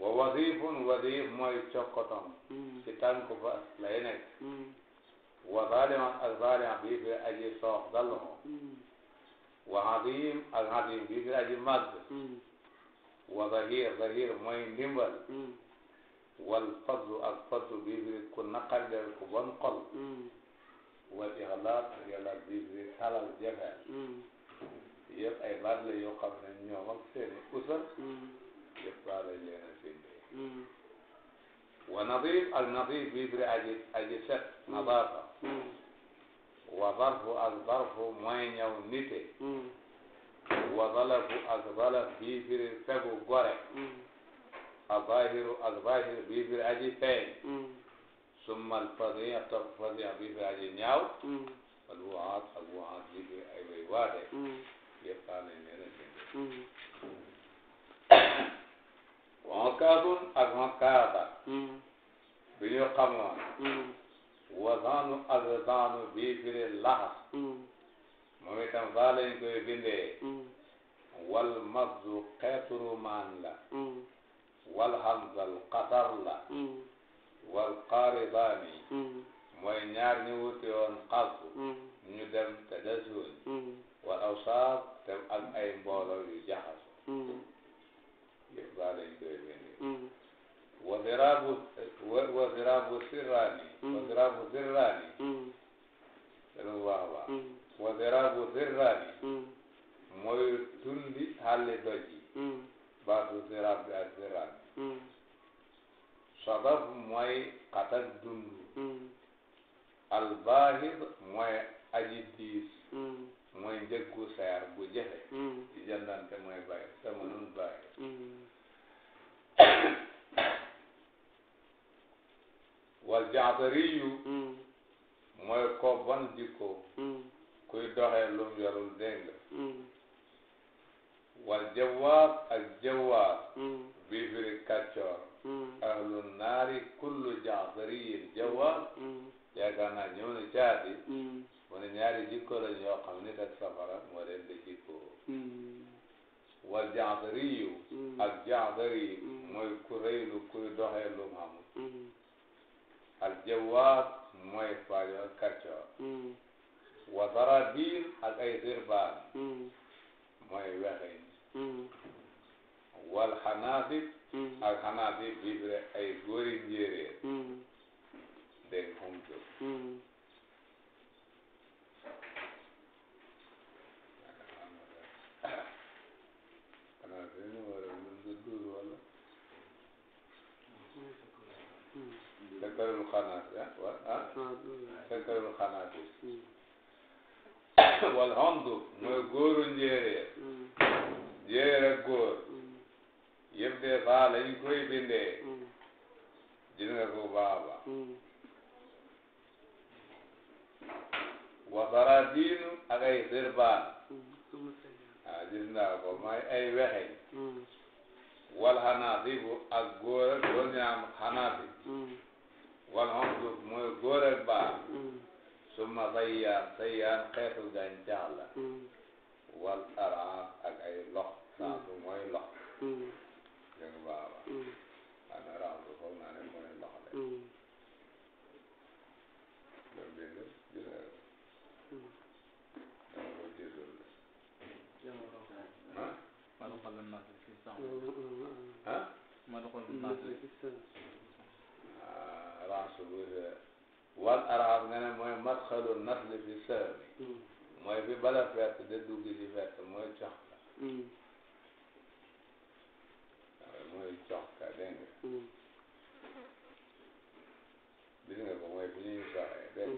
wa wasifun wasif mooy cokkotom ci tànku ba lay nekk wa zalima ak zalim bii fi aji soox dalmo wa azim ak azim bii fi aji màgg wa zahir zahir mooy ndimbal wal fadlu ak fadlu bii fi ku naqarder ku bon xol wal ixlaas ak yàlla biir bi talal jafeel yëpp ay baat la yoo xam ne ñoom ak seeni usal yëpp baat lañ leen a séddee wa nadif ak set nabaata wa barfu ak barfu mooy nite mm. wa balafu ak er gore mm. a bahiru ak bahir biir er bi aji summal fasiya topp fasiya bi fi aji ñaaw. wal waat ak waat li fi ay way waate. yëpp daal lañ leen a déglu. wankaatun ak wankaata. bi ñu xamoon. wasaanu ak wasaanu bii firi laxas. moom itam faa lañ koy bindee. wal mazzu xeeturu la. Mm. wal hamzal qatar la. Mm. wal qaaribaani mm-hmm. mooy ñaar ñu wuti woon xaltu mm-hmm. ñu dem te dasuñ mm-hmm. wal awsaaf te am ay mbooloo yu jaxaso yëpp baa lañ koy bindee wasiraabu wasiraabu sirraani wasiraabu sirraani dana baax mooy tundi xàlli doj yi baatu siraab bi sabab mooy xatak dund mm. albahid mooy aji diis mm. mooy njëggu sayar bu jafe ci mm. jëndante bay samanun bay wal jaatariyu mooy ko bon jikko kuy doxee lum yorul dégg wal jawaab ak jawaab Mm. ahlu naari kullu jaabariyin jawaab mm. yaakaar naa ñëw na caati mm. mu ne ñaari jikko lañ yoo xam nit ak safara moo leen di jikkoo wal jaabariyu mooy ku rëylu lu mu amul al jawaab mooy faajoor kaccoor wa sarabiil ak ay sirbaan mooy wexeñ wal Mm-hmm. ak xanaa di bibre ay góori njéeréer mm-hmm. dégg xum jóg Sakarul mm-hmm. Xanaas eh? ah Sakarul Xanaas wal Hondu mooy góoru njéeréer njéeréer ak góor yëpp de faa lañ koy bindee mm. gis nga ko baaba mm. wasara diinu ak ay sërbaan mm. ah gis naa ko may ay wexeñ wal xanaati bu ak góor ak góor ñaam xanaati wal xontu mooy góor ak baan summa sayyaan sayyaan xeetu gàncax la wal araaf ak ay lox saatu mooy lox jërë mm. nga baax a baax. waaw loolu foog naa ne moo leen loxo de. loolu léegi nag gis nga. Mm. dama doon dégg loolu de. Mm, ah. maa ngi xool naa si si sànq. ah. maa ngi xool naa si si sànq. ah raxas bu wal arab nga ne mooy madxalu nasli fi sër. mooy bi bala fett de dugg ci fett mooy cox la. muy coxka mm-hmm. mm-hmm. ah. mm. mm. mm. dégg nga gis nga ko mooy fi ñuy saxee dégg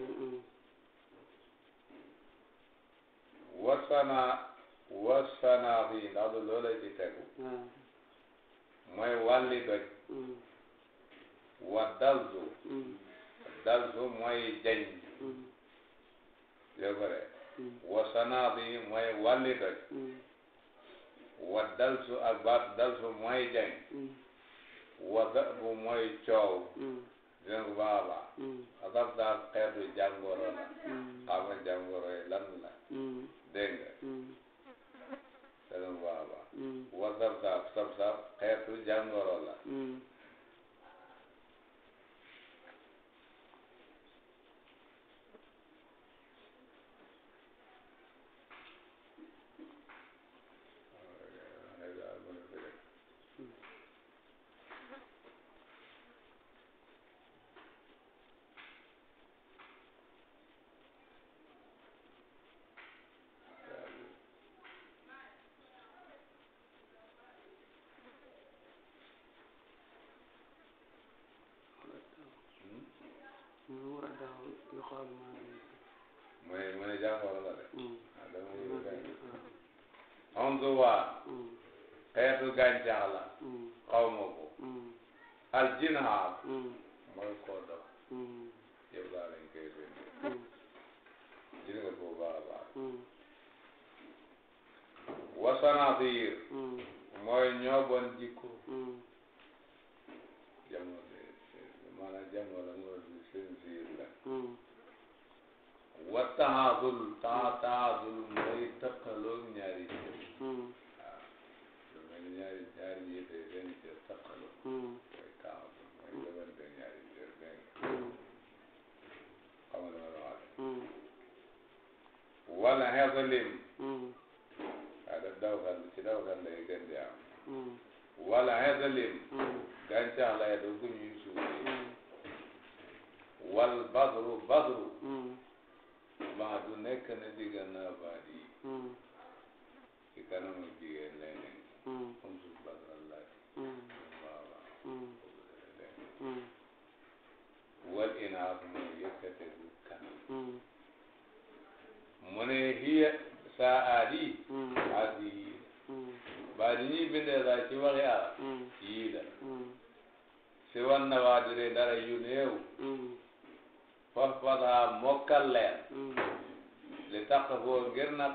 nga wasana wasana bi ndax du loola ci tegu mooy wàlli doj wa dalzu dalzu mooy jañ yo wa dalsu ak baat dalsu mooy jeng mm. wa da'bu mooy coow mm. dina ko baax mm. a baax asab daal xeetu jàngoro la xamal jàngoro yi lan la dégg nga dina ko jàngoro la nga ko lim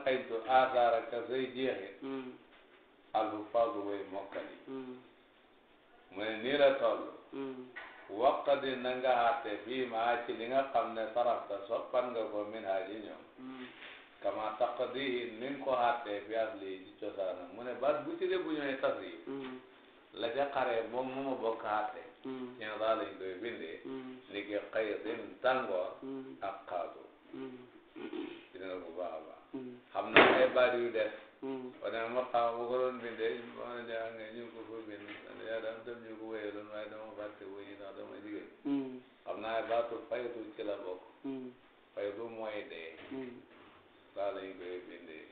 aytu asaara ka say jeexit alufaazu way mokkali mu ne nii la toll waqadi na nga xaate bii maa ci li nga xam ne sarafta soppan nga ko min haaji kama taqdihi ni nga ko xaatee fi asli ci cosaanam mu ne baat bu ci ne bu ñëwee tas yi la ca xaree moom mu ni ki xëy sin tàngoor ak xaatu dina la xam naa ay baat yu des. kon nag moo xam bu ko doon bindee ñu mën a ñaan nga ñu ko ko bind yaa daan dem ñu ko wéyaloon waaye dama fàtte wuy ñu ndax dama jigéen. Hmm. xam naa baatu faydu ci la bokk. Hmm. faydu mooy dee. saa hmm. lañ koy bindee.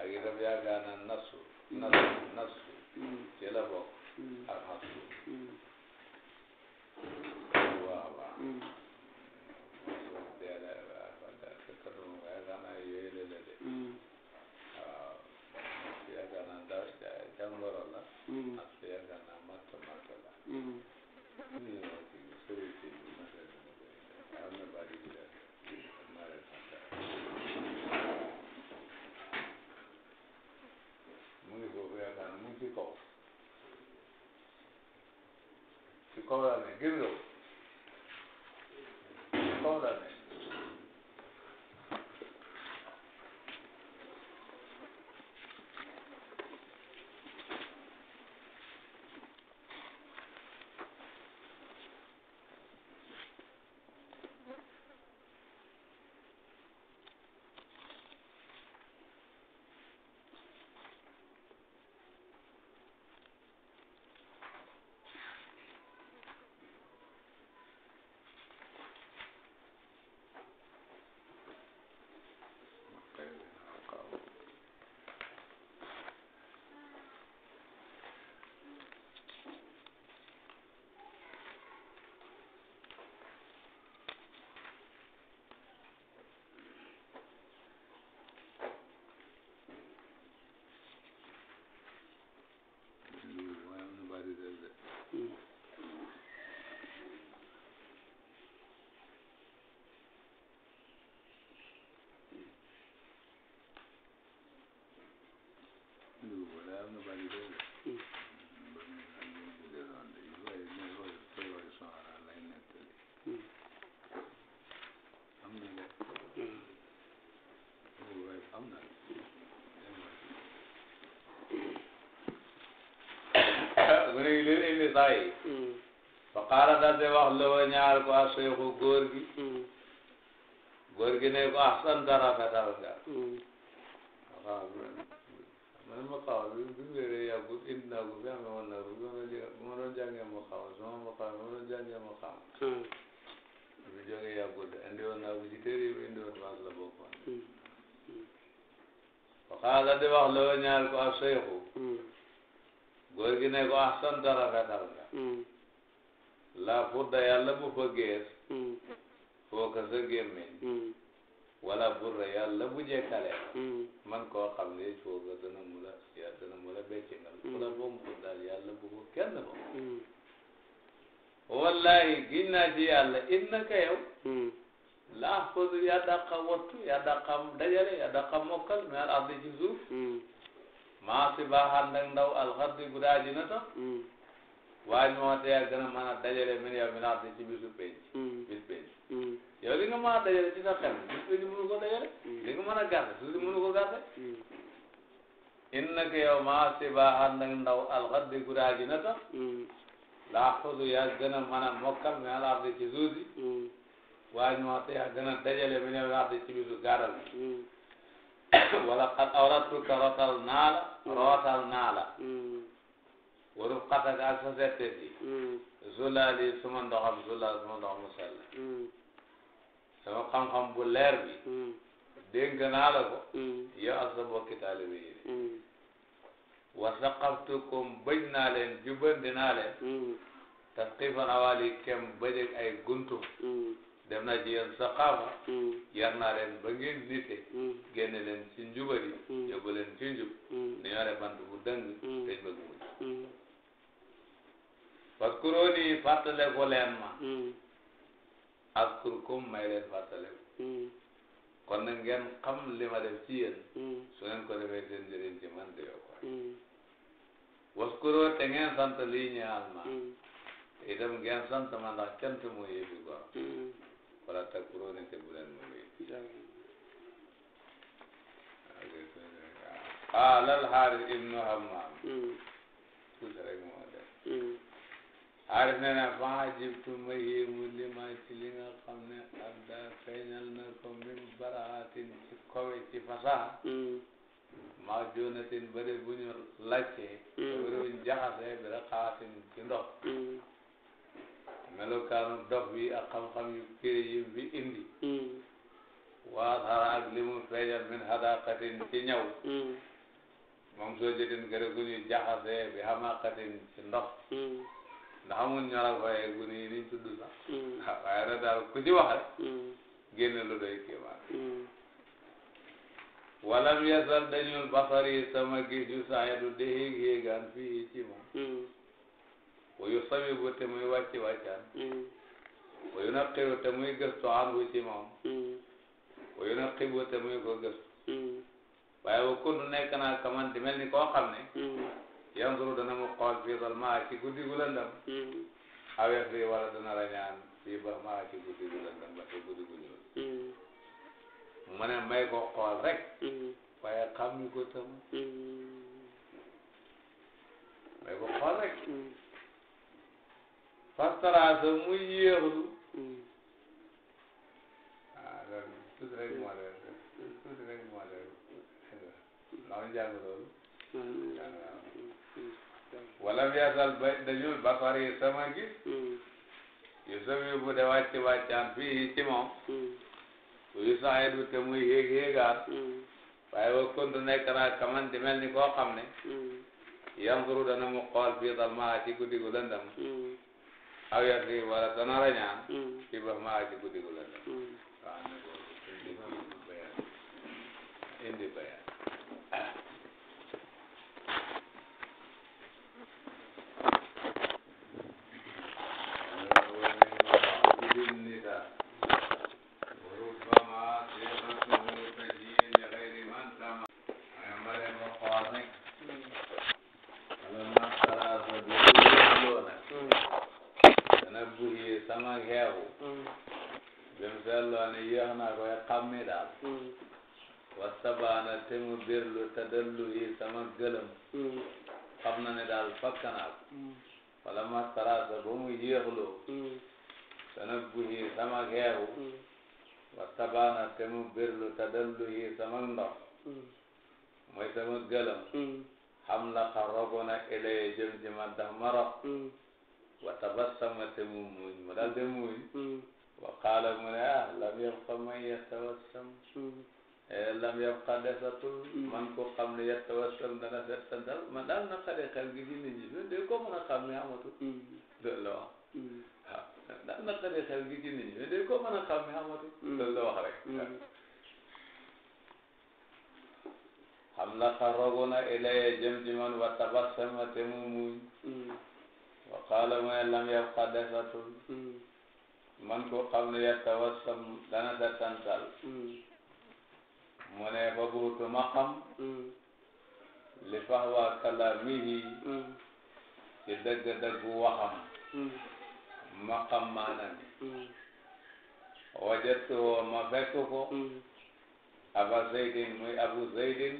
ak itam yaakaar naa nasu. nasu nasu. ci la bokk. ak xasu. ci kaw laa ne gis nga ko ci kaw laa ne Ooh, what happened? Nobody did it. mu ne leen indi saa yi. Mm. fa qaala daal di wax loo ñaar ko aseexu ah góor gi. Mm. góor gi ne ko ahsan dara rafetal nga. Mm. waaw man ma xaw bi bi mu yore yaa bu indi naa ko bi amee woon naa ko bi ma doon jàngee ma xaw sama ma xaw ma doon jàngee ma xaw. bi jógee yaa gudd indi woon naa ko ci téere bi indi woon naa la bokkoon. fa qaala daal di wax loo ñaar ko aseexu. Ah góor gi ne ko ahsan dara rafetal nga laa fudda yàlla bu fa gees foo ko sa gémmiñ wala burra yàlla bu jekkale man koo xam ne foo ko mu la ya dana mu la beccingal ku la bom fuddal yàlla bu ko kenn ko wallahi giñ naa ci yàlla innaka yow la ahfadu yaa daqa wattu yaa daqa dajale yaa daqa mokkal mais al ardi ci maa si baax ànd ak ndaw alxaddi bu daa ji na sax gën a mën a dajale min yow mi naa ci bisu penc mm. bis penc mm. yow li nga mën a dajale ci sa xel bis penc dajale li mm. nga mën a gàtte su si mënu ko gàtte innaka yow maa si baax ànd ak ndaw alxaddi bu daa ji na gën a mën a mokkal mi naa ci suuf si waa ñu ma tee gën a dajale min yow mi naa ci bisu gaaral wala xat awratuka rotal naa la rootal naa la hmm. waru xatak ak sa sette bi hmm. zulaali suma ndoxam zulaal suma ndox mu sell hmm. sama xam-xam bu leer bi dénk naa la ko yow ak sa bokki taalibe yi wasaqaftukum bëj naa leen jubandi naa leen tasqifan awali kem bëjëg ay guntu dem na ci yéen saqaama hmm. yar naa leen ba ngeen nite hmm. génne leen ci njubari hmm. yóbbu leen ci njub ni yore bant bu dëng tey bëgg mu parce ko leen ma askur kum may leen ko kon nag ngeen li ma def ci ko defee seen njëriñ ci man de yokku te ngeen sant lii ñaal ma itam ngeen sant ma ndax cant mooy wala takkuroon te bu leen mu ngi ah lal Haaris ibnu Hammaam tuuti rek moo def Haaris nee na fa ajibtu ma yéemu li ma ci li nga xam ne ab daa feeñal na ko min baraatin ci kowe ci fasaha maa joonatin bëri bu ñu laajte bëri bu ñu jaxasee bi rek xaasin ci ndox melokaanu dox bi ak xam-xam yu kii yi bi indi. Hmm. waa xaaral li mu feeñal min hadaqatin ci ñaw. Hmm. moom soo jëlee gërëm gu ñuy jaxasee bi hamaqatin ci ndox. Hmm. ndax amul ñor ak waaye gu nii niñ tudd sax. waaye nag daal ku ci wax rek. lu doy kéemaan. walam yasal dañul basari sama gis yu saa yi du dee yéegaan fii ci moom. wayu sawi bu te muy wàcci wàccaan wayu na xiru te muy gëstu an wu ci moom wayu na xibu te muy ko gëstu waaye wa kuntu nekk naa kaman di mel ni koo xam ne yanzuru dana mu xool fii zalmaa ci guddi gu lëndam awee fii wala dana rañaan fii ba maa ci guddi gu lëndam ba te guddi gu ñuul mu ne may ko xool rek waaye xam ñu ko tam may ko xool rek fastaraasa muy yéexlu mm. ah loolu tuuti rek moo leer tuuti rek moo leer maa ngi jàng loolu wala mu yasal ba dañul basar yi sama gis yu sami bu de wàcc wàccaan fii ci moom yu saxee du te muy yéeg yéegaat mm. waaye wa kontu nekk naa kaman di mel ni koo xam ne yam suru dana mu xool fii dal maa ci guddi gu lëndam aw yar lii wala dana la ñaan ci ba ma aji guddi gu la ne waaw ne ko indi bayaan indi bayaan ah sama xeebu bi mu mm. seetloo ne yéex naa koy xàmmi daal mm. wasabaana te mu birlu tadallu yi sama gëlëm mm. xam na ne daal fakk naa ko wala ma tarasa ba mu yéexloo sana guhi sama xeebu wasabaana te mu birlu tadallu yi sama ndox mooy sama gëlëm xam la xarogona ilay jëm ci ma dax ma rox wa tabassama te mu muuñ mu daal de muuñ wa qaala mu ne ah lam yabqa man yatawassam lam yabqa desatul man ko xam ne yatawassam dana set sa dal man na xale xel gi ci nit ñi loolu de ko mën a xam ne amatul loolu la wax waaw daal na xale xel gi ci nit de ko mën a xam ne amatul loolu la wax rek xam la xarogu na ilaya jëm ci man wa tabassama te mu muuñ wa qaala mu ne lam yabqa man ko xam ne yatawassam dana settantal mu ne babuutu ma xam li fahwa kalaamihi ci dëgg-dëggu waxam ma xam maanaam wajatu ma fekk ko aba zaydin muy abu zaydin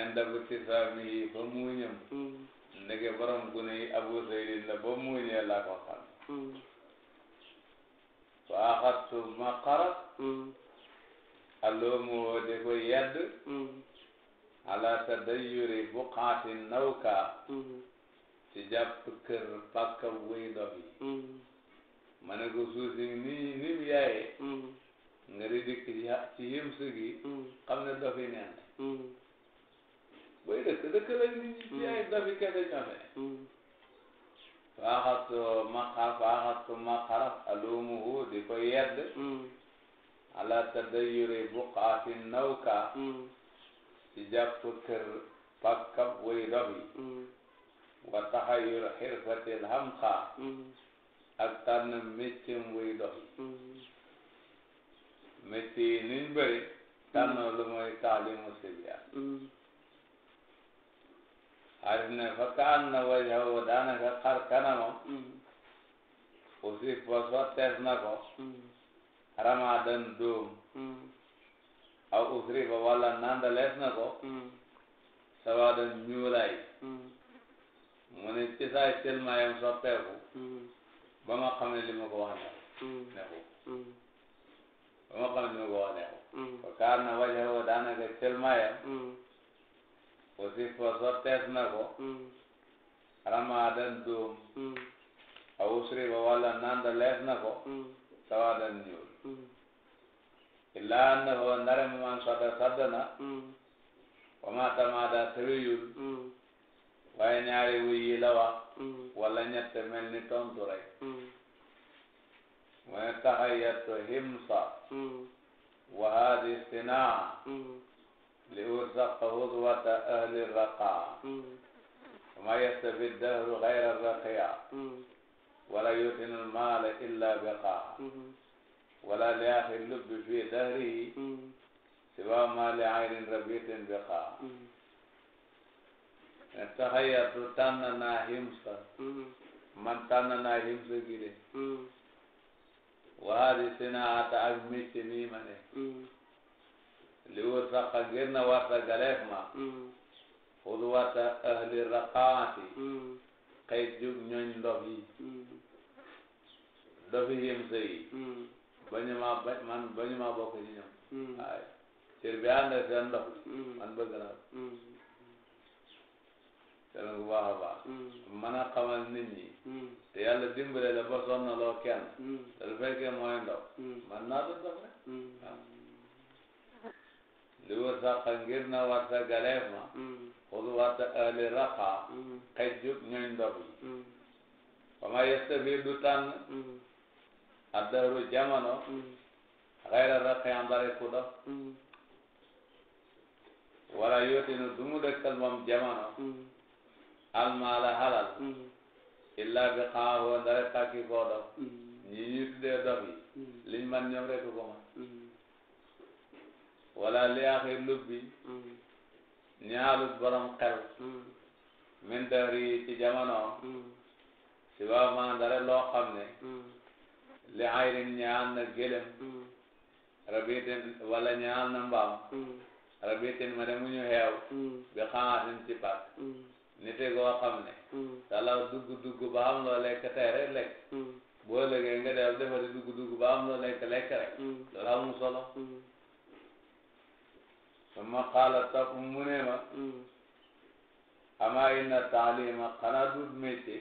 inda bu tisaamihi ba muuñam ndeke borom gune yi abu seydin la ba muuñee laa ko xam wa mm. axattu ma qarat mm. aloomu woo de ko yedd mm. ci jàpp kër pàkka wuy dof yi ma ni ni mu yaaye nga di ci himsi gi xam ne dofi neen booy dëkk dëkk la nit ñi ci ay dafi kese ñofe faaxatu ma faaxatu ma xaraf di ko yedd hmm. ala tadayuri buqaati nawka ci hmm. jàpp kër pakkab way dox yi hmm. wa taxayur xirfatil hamqa ak tànn méccam way dox yi métti yi niñ bëri tànn lu xarit ne fa kaan na wajahu daanaka xar kanamam aussi fo sottees na ko hmm. ramadan doom hmm. aw usri fa walla nandalees na ko hmm. sawadan ñuulay mu ne ci saay selmayam soppeeku ba ma xam ne li ma ko wax neexu ba ma xam ne li ma ko wax neexu fa kaan na wajahu daanaka selmayam aussi fo sottees na ko mm. ramaadan doom mm. aw usriba walla nanda lees na ko mm. sawaadan ñuul illaa annahu ndare mu man sadda sadda na wa ma tamaada tërëyul waaye ñaari wuy yi la wax walla ñett mel ni tontu himsa wa haadi istinaa li urzaqa hudwata ahli raqaa ma yastafi dahru gayra raqiya wala yutin almaala illa biqaa wala li axi lubbi fi dahrihi siwa ma li aynin rabitin biqaa ne taxayatu tànn naa himsa man tànn naa himsa gi de waadi sinaata ak métti mii ma ne li wut raqa ngir na warta galeef ma xudu warta ahli raqaati xëy jug ñooñ ndof yi dofi yem sa yi bañu ma ba man bañu ma bokk ci ñoom waaye cër bi ànd ak seen ndof man bëgg naa dana ko baax a baax mën a xamal nit ñi te yàlla dimbale la ba sonn loo kenn te lu fekkee mooy ndof man naa doon li war saqa ngir na warta galeef mm. mm. mm. ma xul raqa xej jub ñooñ ndox yi fa ma yestafi du tànn addaru jamono xayra raqi andare ku wala yootinu du mu dëkkal moom jamono almaala halal illa bi xaawoo ndare tàkki koo dox ñi ñuy tuddee dox man ñoom rek ko man wala li axir lubbi mm. ñaalut borom xel mm. min dahri si ba ma dara loo xam ne mm. li ayrin ñaan na gélem rabitin wala ñaan na mbaam rabitin ma ne mu ñu xeew bi xamaatin ci pat nite goo ne dalaw dugg-dugg ba am loo lekk tey rek lekk boo lëgee nga def ba am loo lekk lekk rek loolu solo summa qaala topp mu ne ma amaa inna taalima xanaa du métier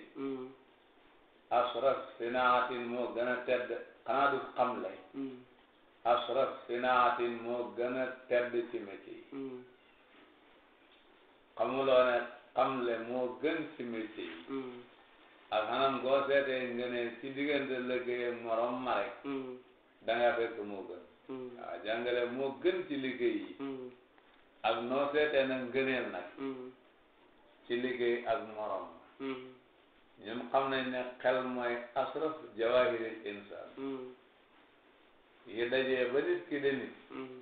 asraf sinaatin moo gën a tedd xanaa du xam lay asraf sinaatin moo gën a tedd ci métier yi xamuloo ne le moo gën ci métier yi ak xanam goo seetee nga ne ci diggante liggéey morom ma rek da nga fekk moo gën moo gën ci liggéey yi ak noo seetee nag ngëneel nag mm-hmm. ci liggéey ak morom mm-hmm. ñun xam nañ ne xel mooy asraf jawahiril insaan mm-hmm. yi dajee ba ki de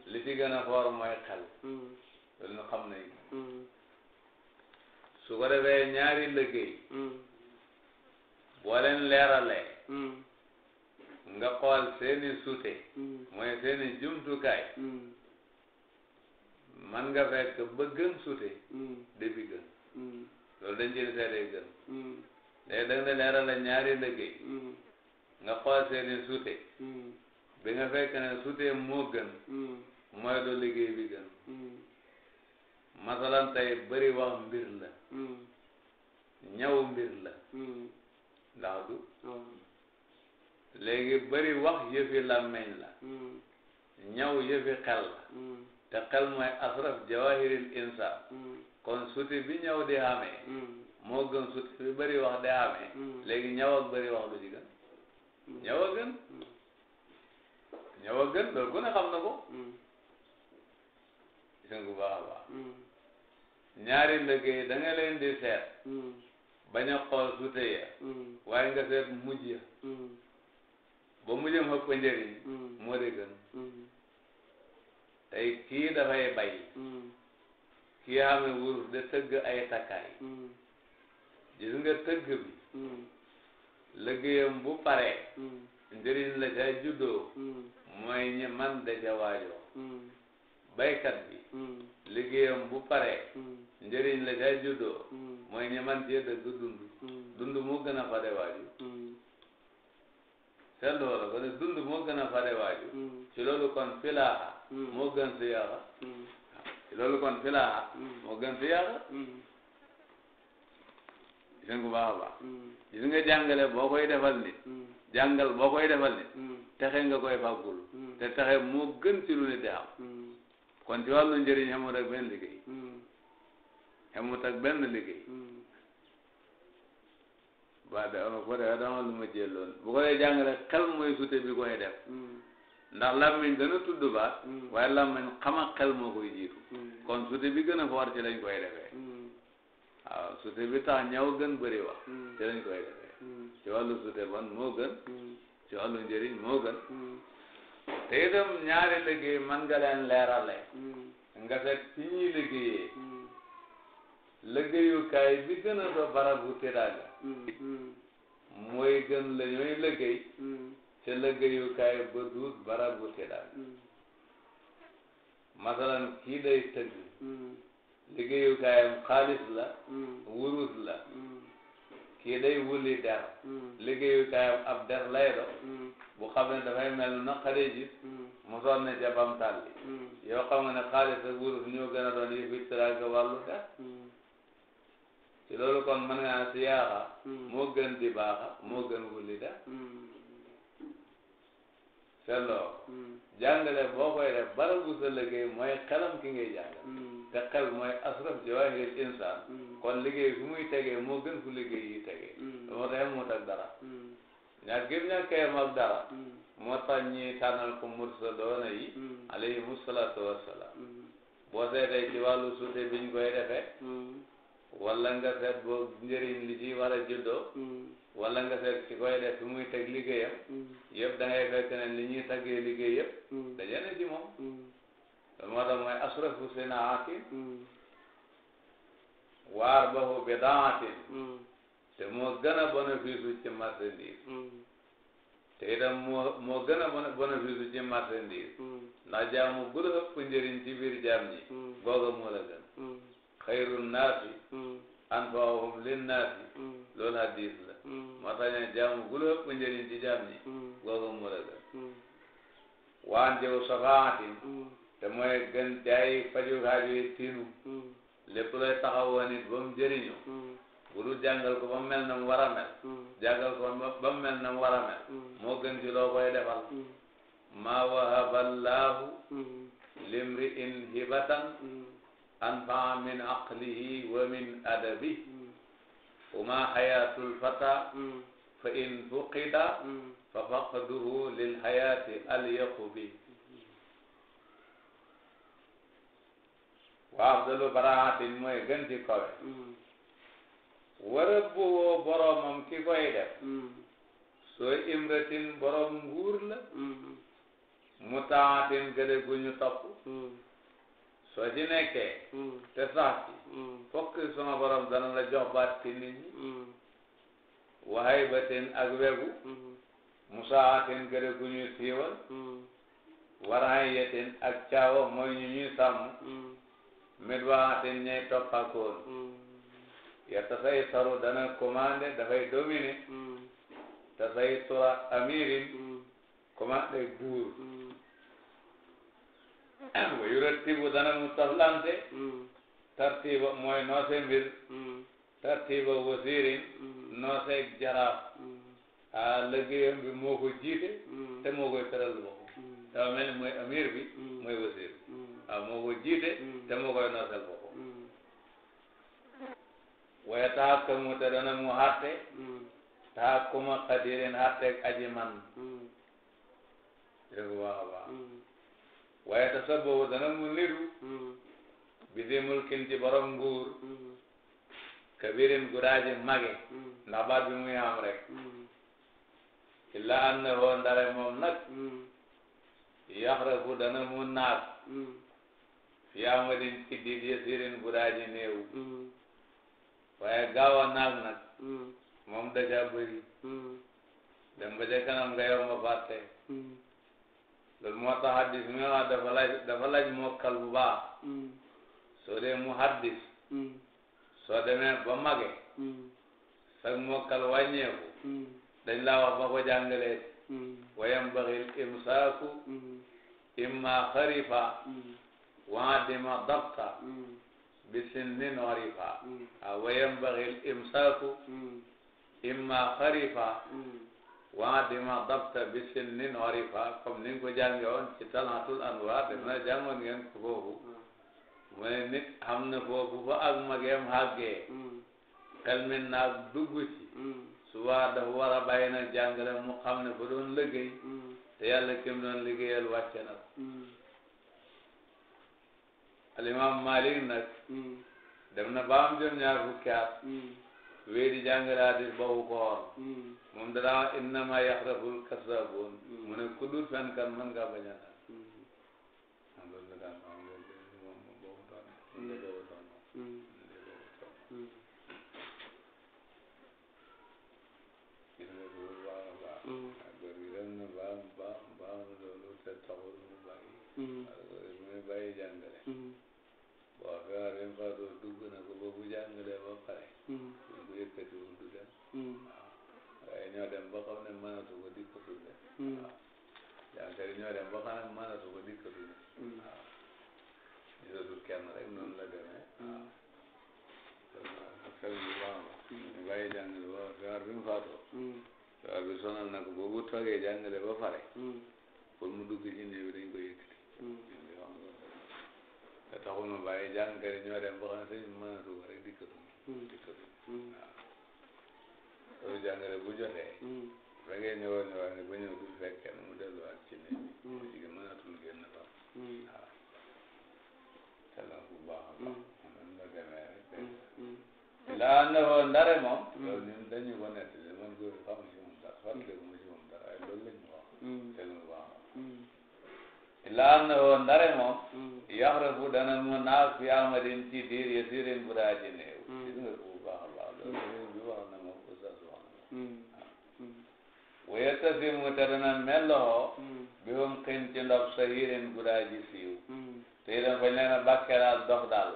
li ci gën a foor mooy xel loolu ñu xam nañ su ko ñaari liggéey boo leen leeralee nga xool seeni suute mooy seeni jumtukaay man nga fekk ba gën sute mm. defi gën mm. loolu dañ ci seetee gën mm. léegi da nga leeral la ñaari liggéey nga xool seeni sute bi nga fekk ne sute moo gën mooy do liggéey bi gën masalan tey wax mbir la ñaw mbir la ndax du oh. léegi bëri wax yëfi làmmeñ la ñaw yëfi xel la te xel mooy asraf jawahiril insa hmm. kon suti bi ñëw di xamee hmm. moo gën suti bi bëri wax di xamee hmm. léegi ñëw ak bëri wax du ci gën ñëw a gën ñëw a gën loolu ku ne xam na ko sungu baax a ñaari liggéey da nga leen di seet bañ a xool sute ya waaye nga seet mujj ya ba mujjam xëpp njëriñ moo di gën tey kii dafay bay mm. kii amee wurus de tëgg ay takkaay mm. gis nga bi mm. liggéeyam bu paree njëriñ la ca mooy ñi man da ca waajoo baykat bi liggéeyam bu paree njëriñ la mooy ñi man cee dëgg dund dund moo gën a fade waaju seetlu wala ko ne dund moo gën a fade waaju ci loolu kon filaaxa Hmm. moo gën siyaaka hmm. loolu kon filaaxa hmm. moo gën siyaaka gis nga baax a baax nga jàngale boo koy defal nit jàngal boo koy defal nit texe nga koy fàggul te texe moo gën ci lu nit di kon ci wàllu njëriñ xamut ak benn liggéey xamut ak benn liggéey ba de ko defee dama lu ma jëloon bu ko dee jàngale xel mooy sute bi koy def ndax làmmiñ dana tudd baat hmm. waaye làmmiñ xam ak xel moo koy hmm. kon sute bi gën a foor ci lañ koy defee hmm. waaw sute bi tax ñaw gën bëri wax ci lañ koy defee ci wàllu sute bon moo gën ci te itam ñaari liggéey man nga leen leerale nga seet ci ñuy liggéeyee liggéeyukaay bi gën a do barabu teraanga mooy gën la ñooy liggéey ca lëggéeyukaay ba duut barabu teddaal masalan kii day tëgg liggéeyukaayam xaalis la wurus la kii day wuli der liggéeyukaayam ab der lay do bu xam ne dafay mel na naqare ji mu sonne ca bam tàlli yoo ne xaalis wurus ñoo gën a doon yi fi tiraanga wàllu der ci loolu kon mën nga siyaaxa moo gën di baaxa moo gën wuli der seetloo hmm. jàngale boo koy def barabu sa liggéey mooy xelam ki ngay jàngale hmm. te xel mooy asraf jawaahir insaan hmm. kon liggéey fu muy tegee moo gën fu liggéey yi tegee moo tax mu tag dara ñaar gëm ñàkk yem ak dara moo tax ñi tànnal ko mursaloona yi alayhimu salaatu de boo seetee ci wàllu suute biñ koy defee wala nga seet boo njëriñ li ci war a wala nga fekk ci koy def fi muy teg liggéeyam mm. yëpp da ngay fekk ne li ñuy taggee liggéey yëpp mm. daje na ci moom mm. loolu moo tax mooy asrafu sinaatin waar ba hu bidaatin te moo gën a bénéfice ci marchandise te itam moo moo gën a bénéfice ci marchandise ndax jaamu gula ëpp njëriñ ci biir jaam ñi googa moo la gën xayrun naasi anfaahum linnaasi mm. loolu hadis la mm. moo tax ñu jaamu gu la ëpp njëriñ ci jaam ñi googu mu la gën waan jëw safaatin mm. te mooy gën jaay faju xaaju yi tiinu lépp looy taxawoo nit ba mu jëriñu bu dul ko ba mel na mu war a ko ba mel na mu war a mel moo gën defal maa wahaba llaahu limri in hibatan anfaa min aqlihi wa min adabi wa ma hayatul fata fa in fuqida fa faqduhu lil hayati alyaqu bi wa afdalu baraatin mooy gën ci kowe warab bu woo boromam ki koy def soo imratin borom nguur la mutaatin gëde gu ñu topp soo ci nekkee te sax ci fokk sama borom la jox baat ci nit ba teen ak wegu musaatin gëre gu ñuy siiwal waraay yeteen ak caawa mooy ñu ñuy sàmm mit waatin ñay toppakoon yetta say saru dana commandé dafay dominé te tura mm. amirin mm. commandé buur mm. wa yurattibu dana mu toflante mm. tartiba mooy noose mbir mm. tartiba wasirin mm. nooseeg jaraaf ah liggéeyam moo ko jiite te moo koy tëral boppam dafa mel ni mooy amir bi mooy wasir waaw moo ko jiite te moo koy nooseel boppam waaye tahakkamu te dana mu xàtte tahakkuma qadirin xàtteeg aji man dëgg waaw waaw waaye te sa boobu dana mu niru. Mm-hmm. bisi mulkin ci borom nguur. Mm-hmm. kabirin guraaji mage. Mm-hmm. ndax baat bi muy am rek. illa annahu ndare moom nag. yaxrafu dana mu naat. fi amadin ci diir yasirin guraaji néew. waaye gaaw a naat nag. moom daja bëri. dem ba ca kanam nga yow ma fàtte. loolu moo tax haddis nga wax dafa laaj dafa laaj mokkal bu baax mm. soo dee mu haddis mm. soo demee ba mage mm. sag mokkal wàññeeku dañ laa wax ba ko jàngalee wayam baxil imsaaku imma xarifa waadima dabta bisin nin orifa wayam baxil imsaaku imma xarifa waa di ma dabta bi sinnin orifa comme ni nga ko jàngewoon ci talatul anwaar def na jàngoon ngeen ko foofu mu ne nit xam na foofu fa ak mageem xàggee xel mi naag suba dafa war a bàyyi na jàngale mu xam ne fa doon liggéey te yàlla kim doon liggéeyal wàcce na ko alimam Malik nag dem na ba am jëm ñaar fukki wéy di jàngale hadis boobu ko woon hmm. moom da daa innama yaxraful kasabun hmm. mu ne ku dul fenkan mën ngaa bañ a hmm. ah, naan jàngale boo xewarin fa doo dugg na ko ba bu jàngale ba pare fekk mu dundal. Hmm. waaye ñoo dem ba xam ne mënatu ko di ko dundal. Hmm. waaw ñoo dem ba xam ne mënatu ko di ko dundal. Hmm. waaw gisatul kenn rek noonu la demee. waaw xel bu baax la. ñu bàyyi jàngale ba feebar bi mu faatoo. feebar bi sonal na ko boobu toogee jàngale ba pare. pour mu dugg ci néew dañ ko yëkkati. te taxul ma bàyyi jàngale ñoo dem ba xam ne mënatu ko rek di ko dundal. di ko dundal waaw. loolu jàngale bu jotee. bu fekkee ne woon ne wax ne ba ñëw bu fekk kenn mu delluwaat ci ne. jigéen mënatul génn ba. waaw te mm. ¿eh? mm, mm. la bu baax a baax. man la demee rek. laa ne woon ndare moom. loolu ñun dañu ko nettali man góor yi xam si moom dara fàttali ko si moom dara ay loolu lañu wax. te lu baax a laa ne woon ndare moom. yaxra bu dana mu naag fi amadin ci diir ya diirin bu daa ji néew. gis nga bu baax a baax loolu bi wax na ma ko sax wéyal tasi mu te dana melloo. bi hum xin ci ndox sahirin gudaa ji siiw. te itam bañ leen a bàkkeelaal dox daal.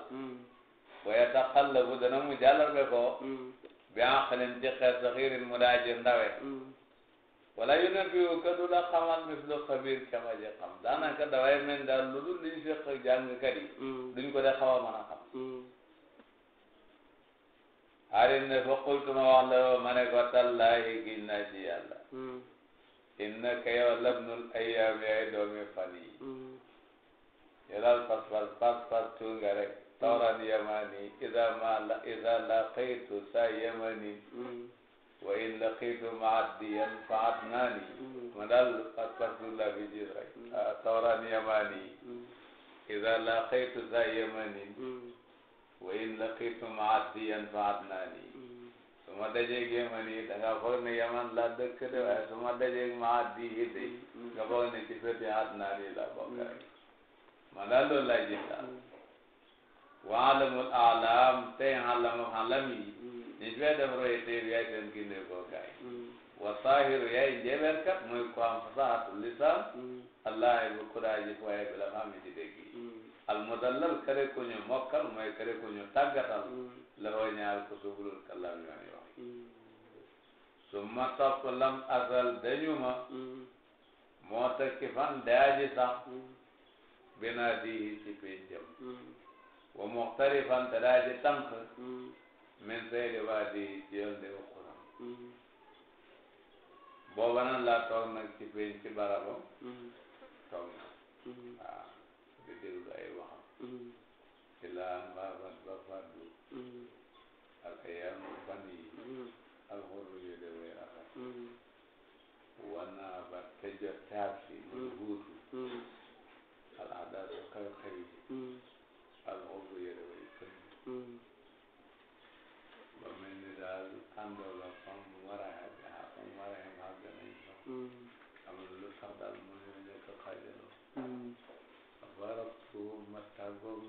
wéyal taxal la bu dana mu jàllarbe ko. bi aqlin ci xeet sahirin mu daa ji ndawe. yu ne bii kadu la xamal mislu xabir kéem a ji xam daanaka daway mel daal lu dul liñ seq jàngkat yi. Mm. duñ ko de xaw a mën xam. Xaarim ne fa qultu ma wax la ma ne ko tallaahi giñ naa ci yàlla. innaka yow labnul ayyaami ay doomi fan yi. yalal fas fas fas fas tunga rek. tawran yamani ida ma la ida laqitu sa yamani. wa in laqitu ma addiyan fa adnani. ma daal fas fas du la bi gis rek. tawran yamani. ida laqitu sa yamani. wa in laqitu ma addiyan fa adnani su ma dajeeg yamani da nga foog ne yaman la dëkk de waaye su ma dajeeg ma addi yi de nga foog ne ci feti adnani la bokk rek ma daal loolu laa jëndal wa alamul alam tey alama alam yi ñu fee def roy téer yaay seen ginde koo kaay wa saahiru yaay njeebeer kat mooy ko am fasahatul lisan allah bu courage waaye bi la xam ci dégg yi almudallal kare ku ñu mokkal mooy kare ñu tàggatal la way ñaal ko subulul kalam yoon yoon summa topp asal dañu ma moo tekki fan daaji sax binaa diihi ci pénjam wa muxtari fan te daaji tànk min sayri waa diihi ci yoon de waxuram booba nan laa toog nag ci pénc ci barabam toog na waaw di déglu ay waxam mm. ilaa mbaabat ba fàddu mm. ak yam fan yi mm. alxurru yu de way rafet wanaa ba te jot taab si muy huutu alxadaatu xew xew yi alxurru yu de way fëñ ba mel ni daal àndoo la fam war a xam ah, war a xam xam nañ ko wu ma tàggoog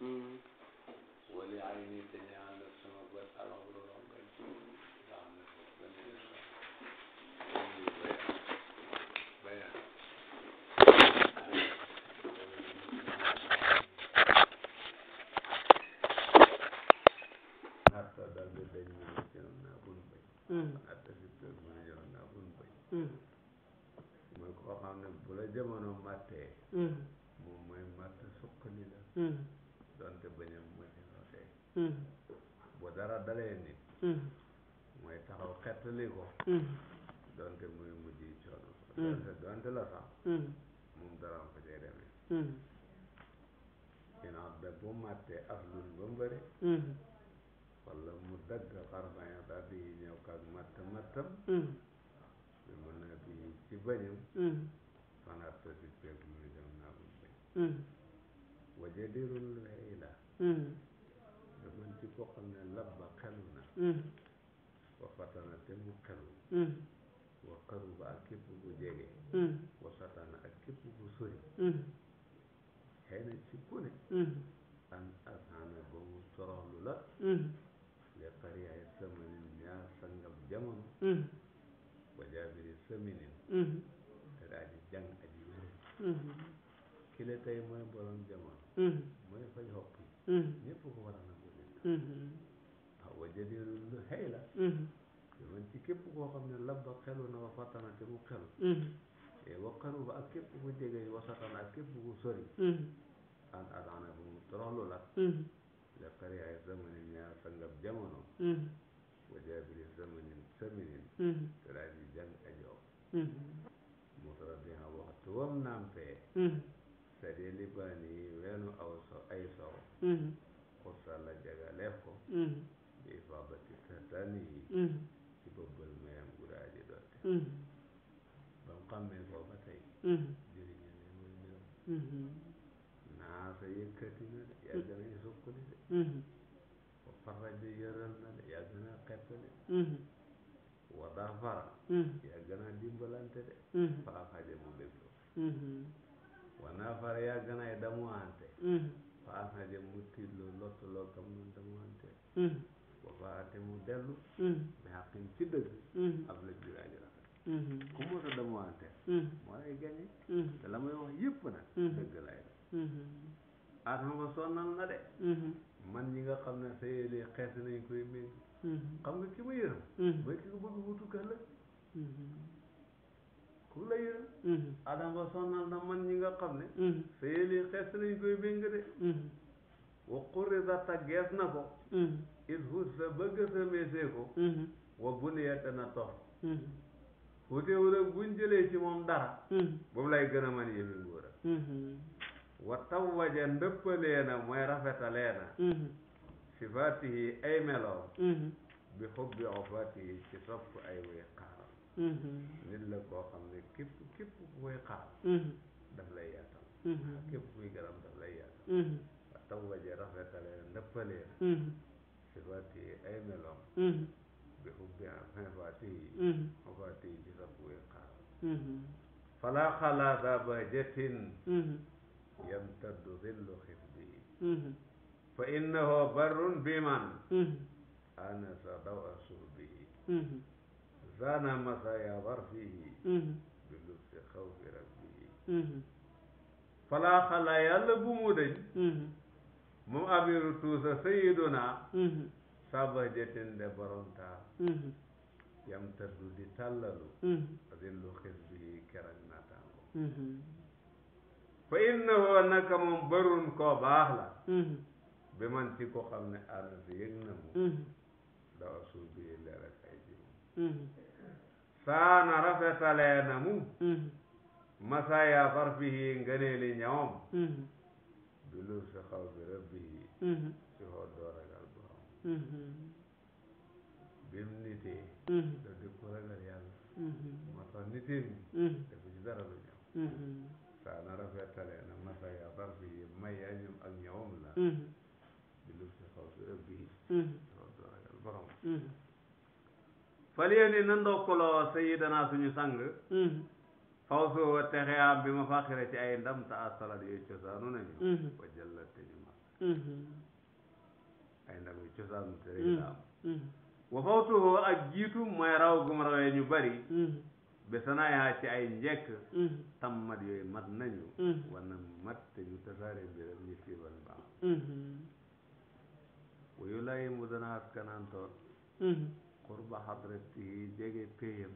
moom. wali ay ni te ñaan la sama bët alam lu rongañ. baax na ko ba ne bayaan bayaan. hatta dal di dañ ñu ne jëloon naa bun bay. hatta di toog mu ne jëloon naa bun bay. mooy koo xam ne bu la jamono màttee. Hmm. donte bañam mooy dina hmm. tey bu dara dalee nit hmm. mooy taxaw xettali ko donte muy mujj yi coono donte donte la sax moom dara ko cay demee mu dagg di ci bañam fanaat sa si peeg mu naa bu bañ jadirul layla nga mën ci koo xam ne labba xelu hmm. wa fatana te mu hmm. wa qaruba ak képp bu jege hmm. wa satana ak képp bu sori xëy ci ku an asana ba mu toroxlu la nga xariyaay samanin ñaar sangam jamono ba jaabiri saminin te ji jàng aji wér ki la tey mooy borom Mm-hmm. mooy faj xob yi mm-hmm. ko war a nangu leen mm-hmm. waaw lu xëy la ci képp koo xam ne labba xelu na wa fattana te mu xelu e wa qaruba ak képp ku jege wasatana ak képp ku sori an adana bu mu toroxlu la le xariyaay zamanin ñaar sangab jamono wajaabili zamanin saminin seraaj yi jàng ajoo mutara bi ha waxtu wam naam fee sadee libaani reenu aw so ay sow xursala mm-hmm. jagaleef ko bi mm-hmm. ifadati tatani yi mm-hmm. ci bëbbal mayam gudaa ji dotte ba mu xammee booba tey jëriñu ne muy mbiram naasa yëkkati de yàgg nañu sukkali de wa faraja yëral na de yàgg naa xettali wa dafara yàgg naa dimbalante de faa xaja mu bégloo wa nafara yàgg naay damuwante Mm-hmm. faana de mu tiitloo lottuloo kam noonu damante mm-hmm. ba faate mu dellu bi mm-hmm. xaqin ci dëgg ab la juraaji rafet ku mos a damante moo lay gañe te la may wax yëpp nag dëgg lay def aatama ko sonnal na de man ñi nga xam ne sa yélee xees nañ koy méngi xam nga ki ma yërëm mooy ki ko bëgg wutu kër la ku la yërëm mm-hmm. adama sonal na man ñi nga xam ne mm-hmm. séyéli xes nañ koy béng de mm-hmm. wa qurida taggees na ko il hut sa bëgg sa meesee ko wa buniya te na tox futewu nag buñ jëlee ci moom dara boobu lay gën a man yëmi nguura wa tawwaja ndëppalee na mooy rafetalee na sifaatihi ay meloom bi xubbi ofaatihi ci sopp ay wéy xaar Mm-hmm. nit la koo xam ne képp képp kuy xaar mm-hmm. daf lay yaatal mm-hmm. képp kuy garam daf lay yaatal wa taw waje rafetale ndëppalee sifaati ay meloom bi xubbi am xefaati yi xefaati yi ci sa kuy xaar falaa xalaata ba jetin yam taddu zillu xisbi fa innahu barrun biman anasa daw a suubi zaana masaya barfihi bi lubsi xawfi rabbihi falaa xala yàlla bu mu dañ moom abiru tuusa sayiduna saba jetin de boronta yam taddu di tàllalu adin lu xis bi kerag naataango fa innahu naka moom barun koo baax la bi man ci ko xam ne ana yëg na mu dawa suubi leer ak ay jimam saana rafetalee na mu mm-hmm. masaya farfihi ngëneeli ñawam bi mm-hmm. lu si xaw bi rabbihi mm-hmm. si xoo doo ragal borom bim nitee da di ko ragal yàlla moo tax niteem dafa ci dara lu ñaw saana rafetalee na masaya farfihi maya ñum ak ñawam la bi si xaw bi rabbihi si xoo doo ragal faliyeni na ndokkuloo sayidana suñu sang mm-hmm. faw soo wa texe am bi ma faxira ci ay ndam ta yooyu cosaanu nañu mm-hmm. wa jëllat te ñu mm-hmm. ay ndam yu cosaanu te rek la am wa fawtuhu ak jiitu mooy raw gum rawee ñu bari be sanaayaa ci ay njekk tammat yooyu mat nañu wana mat te ñu tasaare ñu siibal baam wayu lay mu dana askanantoon qurba hadratihi jege péyam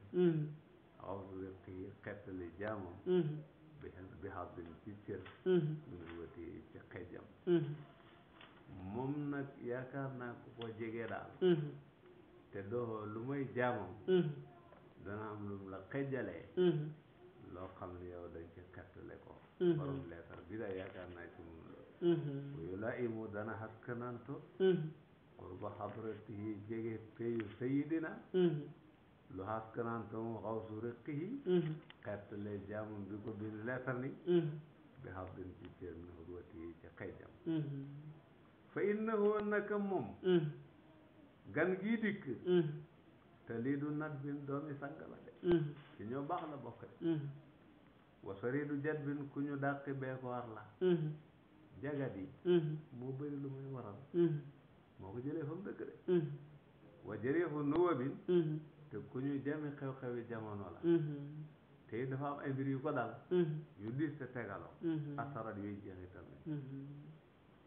aw riqihi xettali jaamam bi haddin ci cër min watihi ci xejam moom nag yaakaar naa ku ko jege daal mm-hmm. te doo lu may jaamam mm-hmm. dana am lu mu la xejalee mm-hmm. loo xam ne yow dañ ci xettale ko borom leetar bi daal yaakaar naa ci moom loolu yu la imu dana haskananto qurba hadratihi jege peyu sayidina mhm. lu haskananta mu xawsu riqihi mhm. xettale jaamu bi ko bind leetar ni mhm. bi habdin ci cër min hudwatihi ci xeejam fa innahu naka moom gan gii dikk te lii du nat bin doomi sang la de ci ñoo baax la bokk wasari du jat bin ku ñu dàqi bee ko war la jagadi moo bëri lu muy waral moo ko jëlee fa mu dëkk de mm-hmm. wa jëriixu nuwabin mm-hmm. te jami xew-xewi jamono la mm-hmm. te dafa ay mbir yu ko dal yu diis te tegaloo asarat yuy jeexital la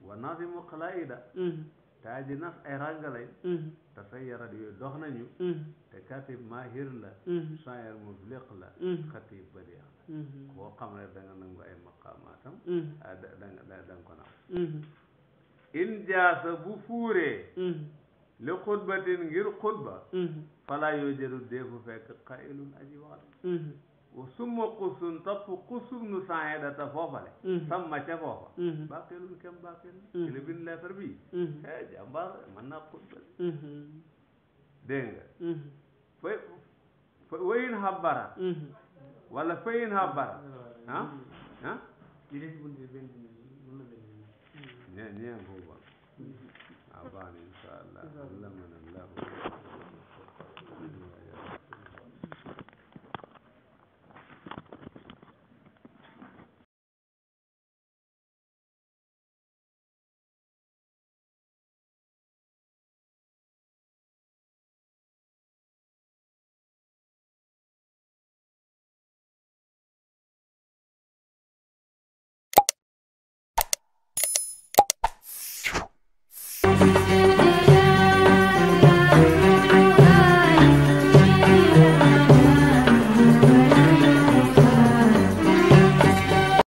wa nazimu xalaida taaji nas ay ràngalay te say yarat yooyu dox nañu te katib mahir la shaayir mufliq la la koo xam ne da nga nangu ay maqaamaatam ah, da ko naw in jaasa bu fuuree mm-hmm. li xutbatin ngir xutba mm-hmm. fala yoojedu deefu fekk xailun aji waxle mm-hmm. wa summa xusun topp xusum nu sanhedata foofale samma ca foofa baqilun kem baqil ci la bind leetar bi e jàmbar mën naa xutba dégg nga fa fa wayin habbara wala fayin habbara ah ah ñe ñe baax a baax insha allah